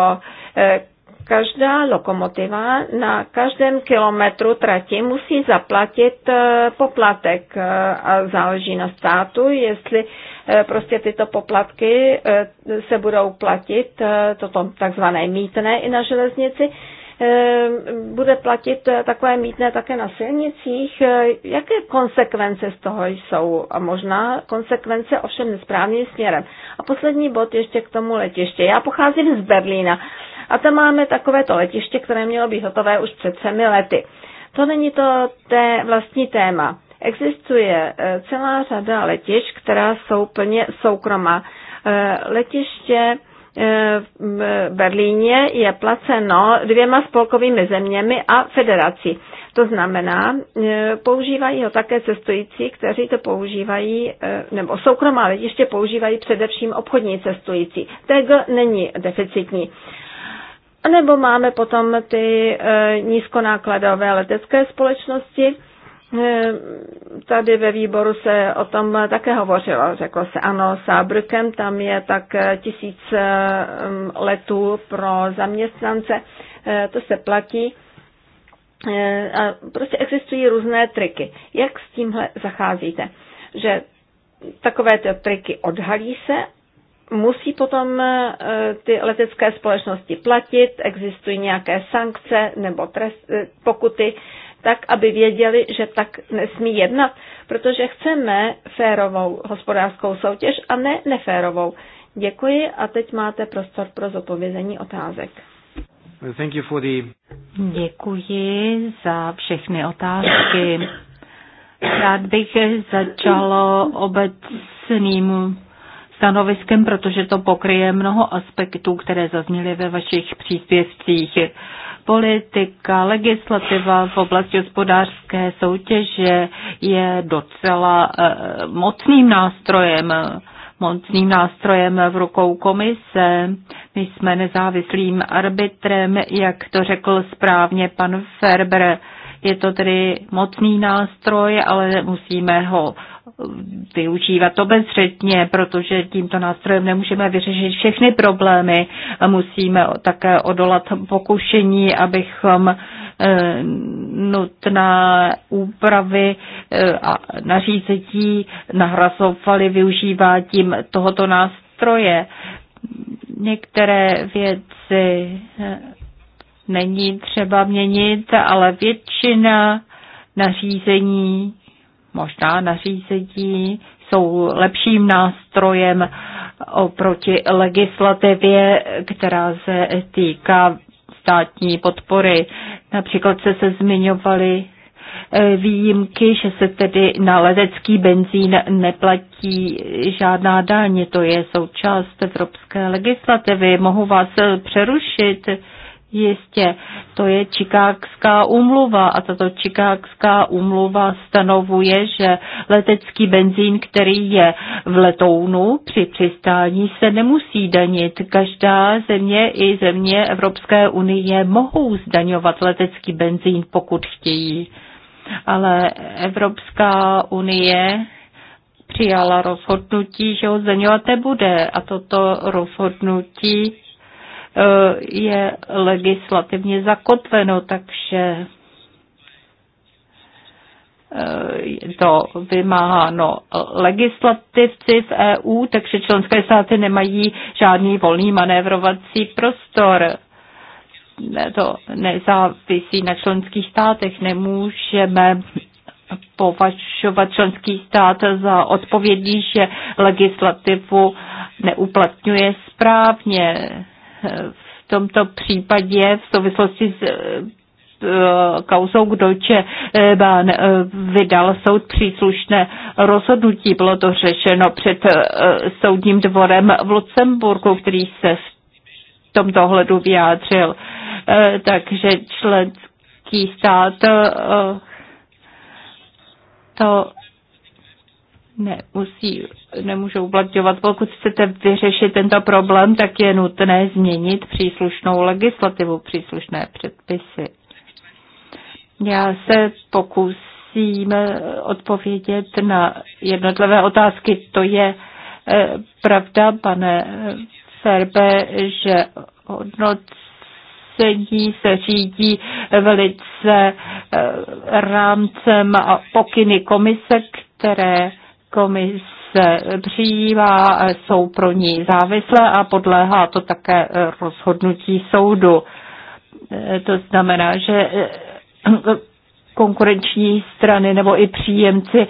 eh, každá lokomotiva na každém kilometru trati musí zaplatit eh, poplatek eh, a záleží na státu, jestli prostě tyto poplatky se budou platit, toto takzvané mítné i na železnici, Ehm, bude platit eh, takové mítné také na silnicích. Eh, jaké konsekvence z toho jsou? A možná konsekvence ovšem nesprávným směrem. A poslední bod ještě k tomu letiště. Já pocházím z Berlína a tam máme takovéto letiště, které mělo být hotové už před třemi lety. To není to té vlastní téma. Existuje eh, celá řada letišť, která jsou plně soukromá. Letiště v Berlíně je placeno dvěma spolkovými zeměmi a federací. To znamená, e, používají ho také cestující, kteří to používají, e, nebo soukromá letiště používají především obchodní cestující. Tego není deficitní. Nebo máme potom ty e, nízkonákladové letecké společnosti, Eh, tady ve výboru se o tom také hovořilo. Řeklo se ano, Sábrkem tam je tak eh, tisíc eh, letů pro zaměstnance, to se platí. A prostě existují různé triky. Jak s tímhle zacházíte? Že takové ty triky odhalí se, musí potom ty letecké společnosti platit, existují nějaké sankce nebo trest, pokuty, tak aby věděli, že tak nesmí jednat, protože chceme férovou hospodářskou soutěž a ne neférovou. Děkuji a teď máte prostor pro zodpovězení otázek. Thank you for the... Děkuji za všechny otázky. Rád bych začalo obecným stanoviskem, protože to pokryje mnoho aspektů, které zazněly ve vašich příspěvcích politika, legislativa v oblasti hospodářské soutěže je docela eh, mocným nástrojem mocným nástrojem v rukou komise. My jsme nezávislým arbitrem, jak to řekl správně pan Ferber. Je to tedy mocný nástroj, ale musíme ho využívat obezřetně, protože tímto nástrojem nemůžeme vyřešit všechny problémy a musíme také odolat pokušení, abychom eh, nutná úpravy eh, a nařízení nahrazovali využíváním tohoto nástroje. Některé věci eh, není třeba měnit, ale většina nařízení Možná nařízení jsou lepším nástrojem oproti legislativě, která se týká státní podpory. Například se se zmiňovaly eh, výjimky, že se tedy na letecký benzín neplatí žádná daň. To je součást evropské legislativy. Mohu vás přerušit. Jistě, to je Čikákská umluva a tato Čikákská umluva stanovuje, že letecký benzín, který je v letounu při přistání, se nemusí danit. Každá země i země Evropské unie mohou zdaňovat letecký benzín, pokud chtějí. Ale Evropská unie přijala rozhodnutí, že ho zdaňovat nebude a toto rozhodnutí Eh, je legislativně zakotveno, takže je eh, to vymáháno legislativci v EU, takže členské státy nemají žádný volný manévrovací prostor. To nezávisí na členských státech. Nemůžeme považovat členský stát za odpovědný, že legislativu neuplatňuje správně v tomto případě v souvislosti s eh, eh, kauzou Deutsche Bahn eh, vydal soud příslušné rozhodnutí. Bylo to řešeno před soudním dvorem v Lucemburku, který se v tomto ohledu vyjádřil. Takže členský stát to nemusí nemůžou uplatňovat. Pokud chcete vyřešit tento problém, tak je nutné změnit příslušnou legislativu, příslušné předpisy. Já se pokusím eh, odpovědět na jednotlivé otázky. To je eh, pravda, pane eh, Ferbe, že hodnocení se řídí velice rámcem a pokyny komise, které komise se přijívá, jsou pro ní závislé a podléhá to také eh, rozhodnutí soudu. Eh, to znamená, že eh, konkurenční strany nebo i příjemci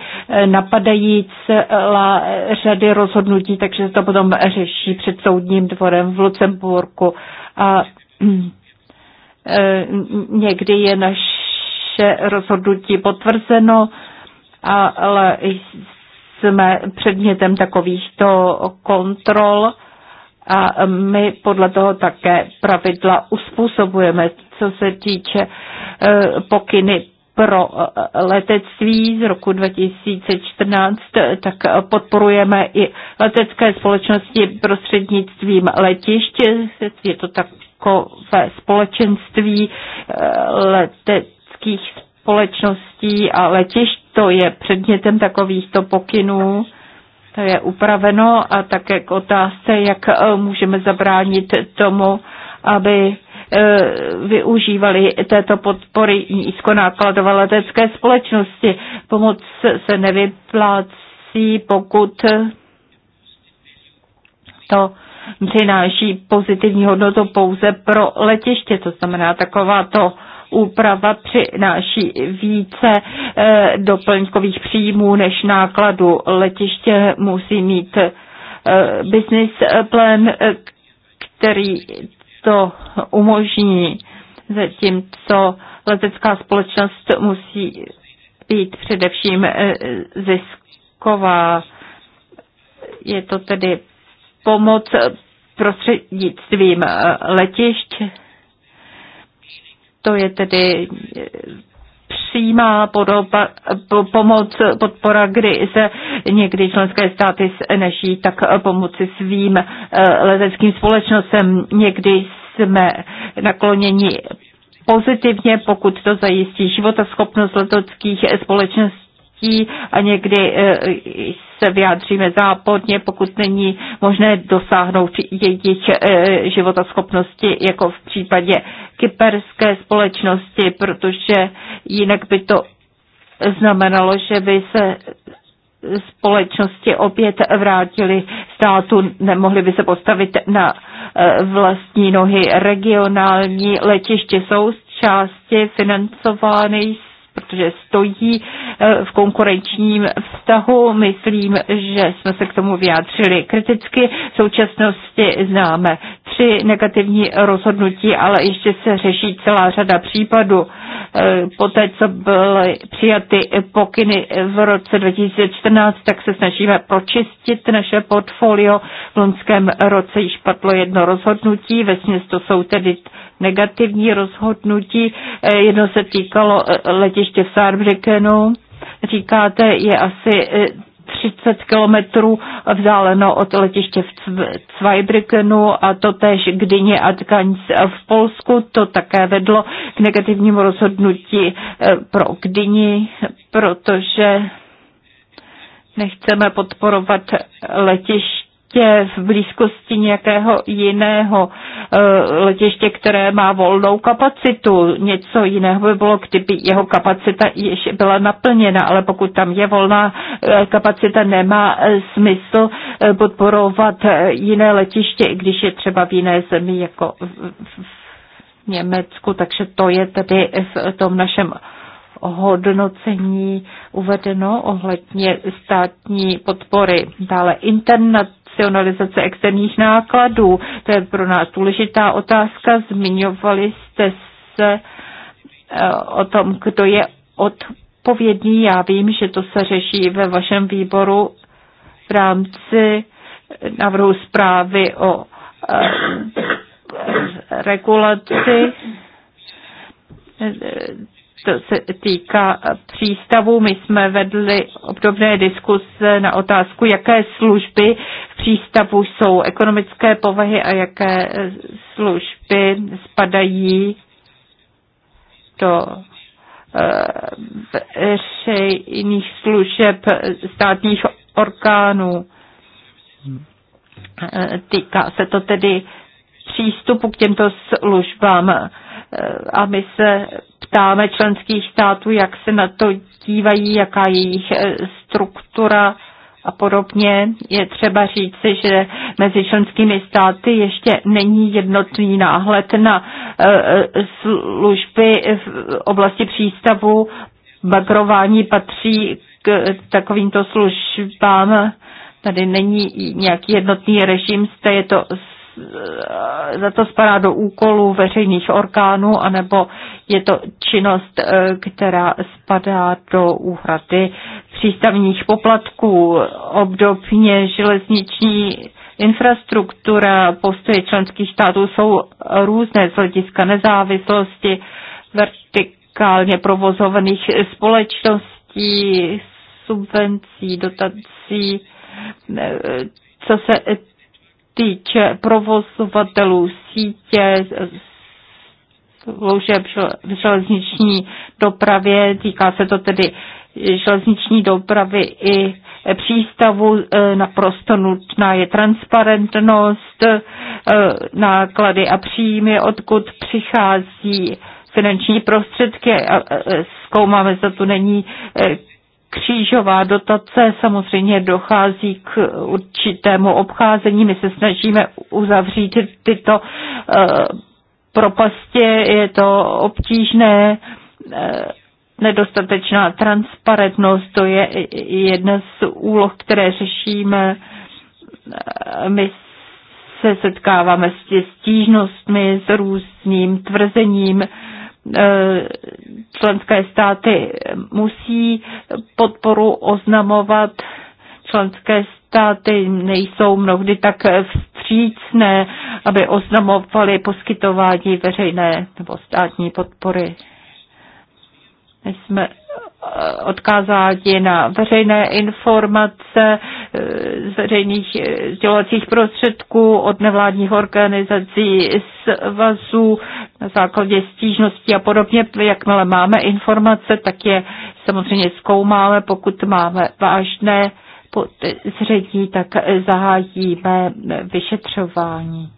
napadají celá řady rozhodnutí, takže se to potom řeší před soudním dvorem v Lucemburku. A někdy je naše rozhodnutí potvrzeno, ale jsme předmětem takovýchto kontrol a my podle toho také pravidla uspůsobujeme. Co se týče eh, pokyny pro eh, letectví z roku 2014, tak podporujeme i letecké společnosti prostřednictvím letišť. Je to takové společenství eh, leteckých společností a letišť to je předmětem takovýchto pokynů. To je upraveno a také k otázce, jak e, můžeme zabránit tomu, aby e, využívali této podpory nízkonákladové letecké společnosti. Pomoc se nevyplácí, pokud to přináší pozitivní hodnotu pouze pro letiště. To znamená, takováto úprava přináší více eh, doplňkových příjmů než nákladu. Letiště musí mít eh, business plan, eh, který to umožní, zatímco letecká společnost musí být především zisková. Je to tedy pomoc prostřednictvím letiště. To je tedy eh, přímá podoba, pomoc, podpora, kdy se někdy členské státy snaží e tak eh, pomoci svým eh, lezeckým společnostem. Někdy jsme nakloněni pozitivně, pokud to zajistí životaschopnost leteckých společností a někdy se vyjádříme západně, pokud není možné dosáhnout jejich životaschopnosti, jako v případě kyperské společnosti, protože jinak by to znamenalo, že by se společnosti opět vrátili státu, nemohli by se postavit na eh, vlastní nohy. Regionální letiště jsou z části financovány protože stojí eh, v konkurenčním vztahu. Myslím, že jsme se k tomu vyjádřili kriticky. V současnosti známe tři negativní rozhodnutí, ale ještě se řeší celá řada případů. Eh, poté, co byly přijaty pokyny v roce 2014, tak se snažíme pročistit naše portfolio. V loňském roce již padlo jedno rozhodnutí, ve to jsou tedy negativní rozhodnutí. Eh, Jedno se týkalo eh, letiště v Saarbrückenu. Říkáte, je asi 30 eh, kilometrů vzdáleno od letiště v Zweibrückenu a to tež Gdyně a Tkaňc v Polsku. To také vedlo k negativnímu rozhodnutí pro Gdyni, protože nechceme podporovat letiště letiště prostě v blízkosti nějakého jiného eh, letiště, které má volnou kapacitu. Něco jiného by bylo, kdyby jeho kapacita ještě byla naplněna, ale pokud tam je volná eh, kapacita, nemá eh, smysl podporovat jiné letiště, i když je třeba v jiné zemi jako v Německu. Takže to je tedy v tom našem hodnocení uvedeno ohledně státní podpory. Dále internet racionalizace externích nákladů. To je pro nás důležitá otázka. Zmiňovali jste se eh, o tom, kdo je odpovědný. Já vím, že to se řeší ve vašem výboru v rámci návrhu zprávy o eh, eh, regulaci to se týká přístavu. My jsme vedli obdobné diskuse na otázku, jaké služby v přístavu jsou ekonomické povahy a jaké služby spadají do eh, veřejných služeb státních orgánů. Eh, týká se to tedy přístupu k těmto službám eh, a my se ptáme členských států, jak se na to dívají, jaká je jejich eh, struktura a podobně. Je třeba říci, že mezi členskými státy ještě není jednotný náhled na eh, eh, služby v oblasti přístavu. Bagrování patří k takovýmto službám. Tady není nějaký jednotný režim, zde je to za eh, to spadá do úkolů veřejných orgánů, anebo je to činnost, eh, která spadá do úhrady přístavních poplatků. Obdobně železniční infrastruktura, postoje členských států jsou různé z hlediska nezávislosti, vertikálně provozovaných společností, subvencí, dotací, eh, co se týče provozovatelů sítě, služeb v železniční dopravě, týká se to tedy železniční dopravy i přístavu, e, naprosto nutná je transparentnost, e, náklady a příjmy, odkud přichází finanční prostředky e, zkoumáme, za to není křížová dotace. Samozřejmě dochází k určitému obcházení. My se snažíme uzavřít tyto eh, propasti, Je to obtížné eh, nedostatečná transparentnost, to je jedna z úloh, které řešíme. Eh, my se setkáváme s stížnostmi, s různým tvrzením, E, členské státy musí podporu oznamovat. Členské státy nejsou mnohdy tak vstřícné, aby oznamovali poskytování veřejné nebo státní podpory. My jsme Eh, odkázáni na veřejné informace eh, z veřejných eh, sdělovacích prostředků od nevládních organizací, vazů na základě stížností a podobně. Jakmile máme informace, tak je samozřejmě zkoumáme. Pokud máme vážné podezření, tak zahájíme vyšetřování.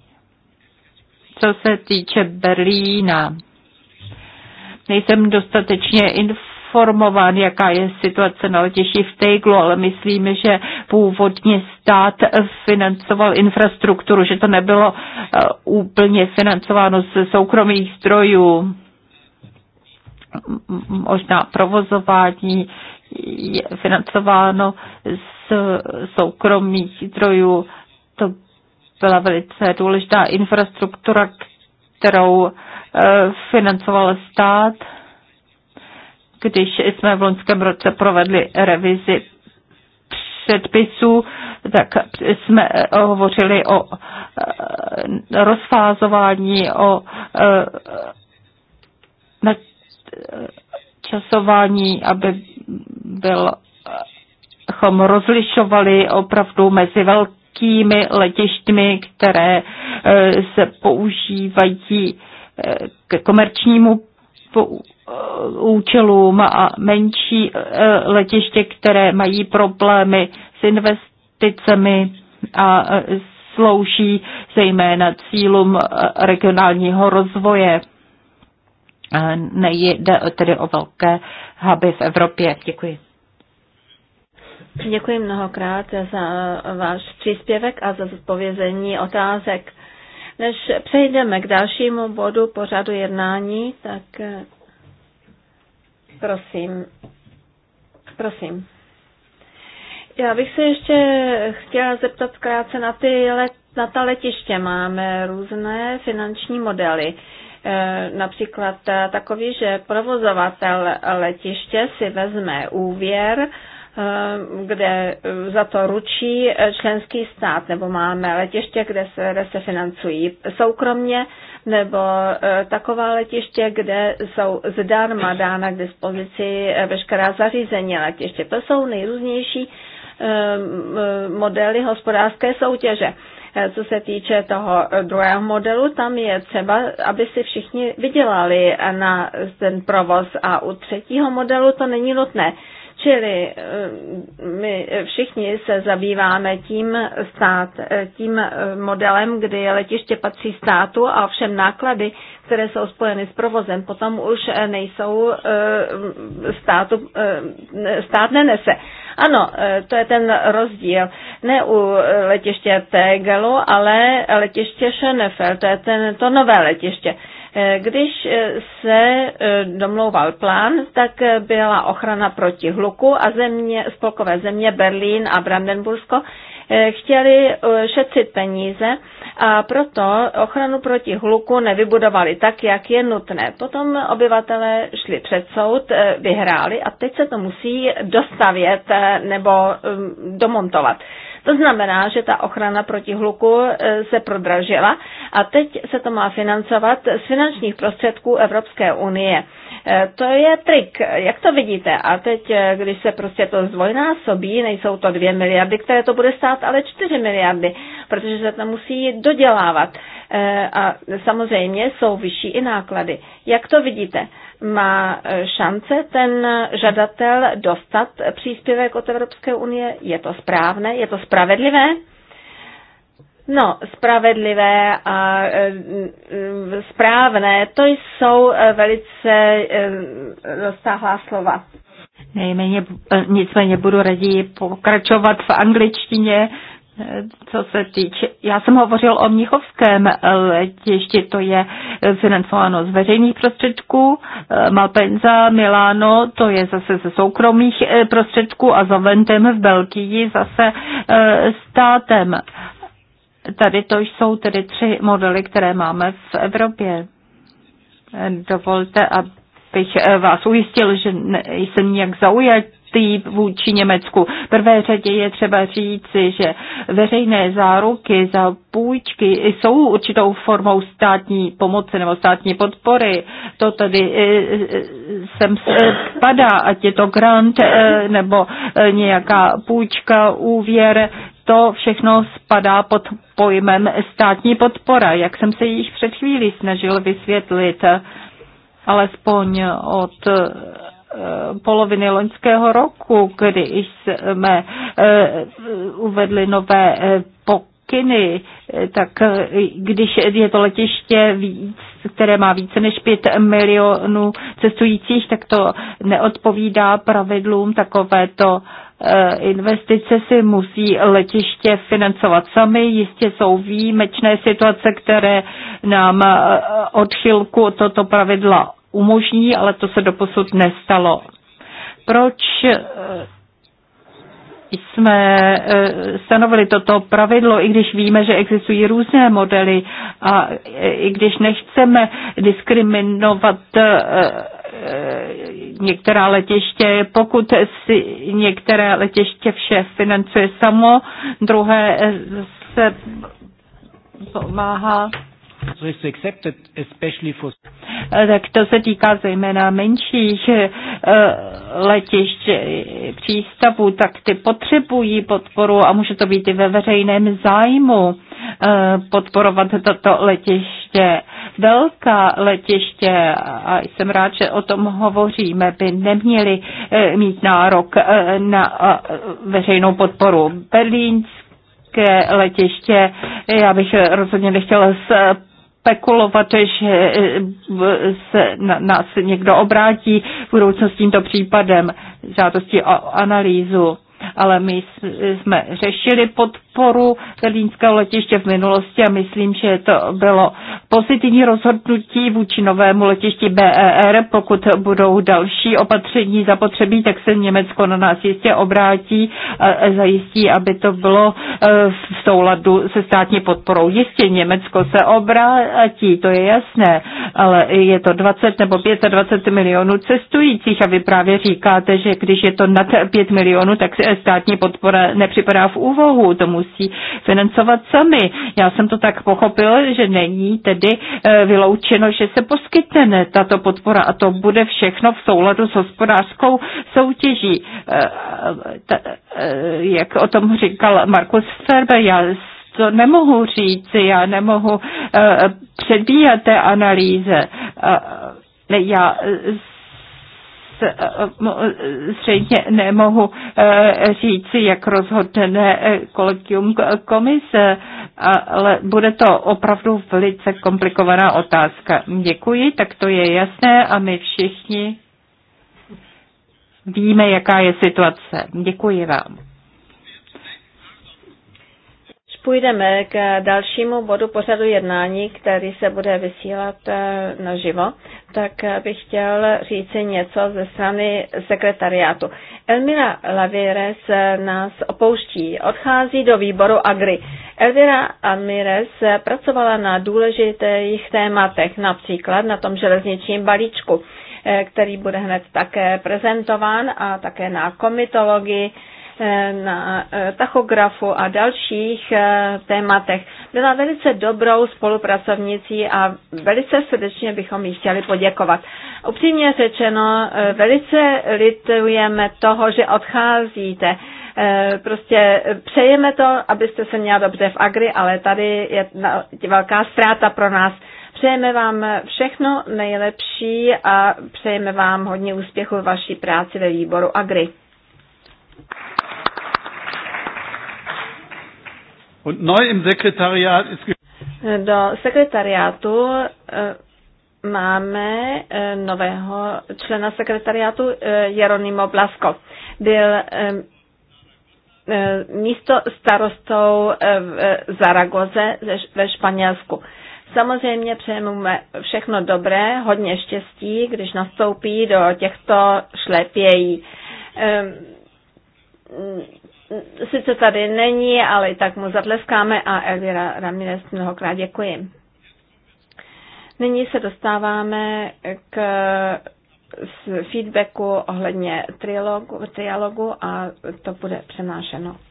Co se týče Berlína, nejsem dostatečně informovaná informován, jaká je situace na letišti v Tejglu, ale myslím, že původně stát financoval infrastrukturu, že to nebylo eh, úplně financováno ze soukromých zdrojů. Možná provozování je financováno z soukromých zdrojů. To byla velice důležitá infrastruktura, kterou eh, financoval stát když jsme v loňském roce provedli revizi předpisů, tak jsme eh, hovořili o eh, rozfázování, o eh, časování, aby byl rozlišovali opravdu mezi velkými letištmi, které se používají ke komerčnímu Eh, účelům a menší eh, letiště, které mají problémy s investicemi a eh, slouží zejména cílům regionálního rozvoje. Nejde tedy o velké huby v Evropě. Děkuji. Děkuji mnohokrát za váš příspěvek a za zodpovězení otázek. Než přejdeme k dalšímu bodu pořadu jednání, tak Prosím. Prosím. Já bych se ještě chtěla zeptat krátce na ty let, na ta letiště. Máme různé finanční modely. Eh, například eh, takový, že provozovatel letiště si vezme úvěr, eh, kde za to ručí členský stát, nebo máme letiště, kde se, kde se financují soukromně nebo e, taková letiště, kde jsou zdarma dána k dispozici e, veškerá zařízení letiště. To jsou nejrůznější e, modely hospodářské soutěže. Co se týče toho druhého modelu, tam je třeba, aby si všichni vydělali na ten provoz a u třetího modelu to není nutné. Čili eh, my všichni se zabýváme tím, stát, eh, tím eh, modelem, kdy letiště patří státu a všem náklady, které jsou spojeny s provozem, potom už nejsou státu, stát nenese. Ano, to je ten rozdíl. Ne u letiště Tegelu, ale letiště Schönefeld, to je ten, to nové letiště. Eh, když eh, se eh, domlouval plán, tak byla ochrana proti hluku a země, spolkové země Berlín a Brandenbursko chtěli šetřit peníze a proto ochranu proti hluku nevybudovali tak, jak je nutné. Potom obyvatelé šli před soud, vyhráli a teď se to musí dostavět nebo domontovat. To znamená, že ta ochrana proti hluku e, se prodražila a teď se to má financovat z finančních prostředků Evropské unie. E, to je trik, jak to vidíte. A teď, e, když se prostě to zdvojnásobí, nejsou to dvě miliardy, které to bude stát, ale čtyři miliardy protože se to musí dodělávat. Eh, a samozřejmě jsou vyšší i náklady. Jak to vidíte? Má eh, šance ten žadatel dostat příspěvek od Evropské unie? Je to správné? Je to spravedlivé? No, spravedlivé a eh, správné, to jsou velice dostáhlá slova. Nejméně, nicméně budu raději pokračovat v angličtině, co se týče, já jsem hovořil o Mnichovském letišti, to je financováno z veřejných prostředků, eh, Malpenza, Milano, to je zase ze soukromých eh, prostředků a Zaventem v Belgii zase eh, státem. Tady to jsou tedy tři modely, které máme v Evropě. Dovolte, abych vás ujistil, že jsem nějak zaujat jistý vůči Německu. V prvé řadě je třeba říci, že veřejné záruky za půjčky jsou určitou formou státní pomoci nebo státní podpory. To tady e, e, sem spadá, ať je to grant e, nebo nějaká půjčka, úvěr, to všechno spadá pod pojmem státní podpora, jak jsem se již před chvílí snažil vysvětlit, alespoň od Eh, poloviny loňského roku, kdy jsme eh, uvedli nové eh, pokyny, tak když je to letiště víc, které má více než 5 milionů cestujících, tak to neodpovídá pravidlům takovéto investice si musí letiště financovat sami. Jistě jsou výjimečné situace, které nám odchylku toto pravidla umožní, ale to se doposud nestalo. Proč eh, jsme eh, stanovili toto pravidlo, i když víme, že existují různé modely a eh, i když nechceme diskriminovat některá letiště, pokud si některé letiště vše financuje samo, druhé se pomáhá Eh, tak to se týká zejména menších eh, letišť, eh, přístavů, tak ty potřebují podporu a může to být i ve veřejném zájmu podporovat toto letiště. Velká letiště, a jsem rád, že o tom hovoříme, by neměly mít nárok na veřejnou podporu. Berlínské letiště, já bych rozhodně nechtěla spekulovat, že eh, se na nás někdo obrátí v budoucnosti s tímto případem žádostí o analýzu ale my jsme řešili podporu berlínského letiště v minulosti a myslím, že to bylo pozitivní rozhodnutí vůči novému letišti BER. Pokud budou další opatření zapotřebí, tak se Německo na nás jistě obrátí a zajistí, aby to bylo e, v souladu se státní podporou. Jistě Německo se obrátí, to je jasné, ale je to 20 nebo 25 milionů cestujících a vy právě říkáte, že když je to nad 5 milionů, tak se státní podpora nepřipadá v úvahu, to musí financovat sami. Já jsem to tak pochopil, že není tedy eh, vyloučeno, že se poskytne tato podpora a to bude všechno v souladu s hospodářskou soutěží. Eh, eh, jak o tom říkal Markus Ferber, já to nemohu říct, já nemohu předbíhat té analýze. Já Eh, eh, eh, zřejmě nemohu říci, jak rozhodne kolegium komise, ale bude to opravdu velice komplikovaná otázka. Děkuji, tak to je jasné a my všichni víme, jaká je situace. Děkuji vám půjdeme k dalšímu bodu pořadu jednání, který se bude vysílat eh, naživo, tak eh, bych chtěl říci něco ze strany sekretariátu. Elmira Lavires eh, nás opouští, odchází do výboru Agri. Elvira Amires pracovala na důležitých tématech, například na tom železničním balíčku, který bude hned také prezentován a také na komitologii Eh, na eh, tachografu a dalších eh, tématech. Byla velice dobrou spolupracovnicí a velice srdečně bychom jí chtěli poděkovat. Upřímně řečeno, velice litujeme toho, že odcházíte. Prostě přejeme to, abyste se měla dobře v Agri, ale tady je velká ztráta pro nás. Přejeme vám všechno nejlepší a přejeme vám hodně úspěchu v vaší práci ve výboru Agri. Und neu im Sekretariat ist do sekretariátu eh, máme eh, nového člena sekretariátu eh, Jeronimo Blasko. Byl místo starostou v Zaragoze ve Španělsku. Samozřejmě přejeme všechno dobré, hodně štěstí, když nastoupí do těchto šlepějí ehm, sice tady není, ale i tak mu zatleskáme a Elvira Ramirez mnohokrát děkuji. Nyní se dostáváme k feedbacku ohledně trialogu, trialogu a to bude přenášeno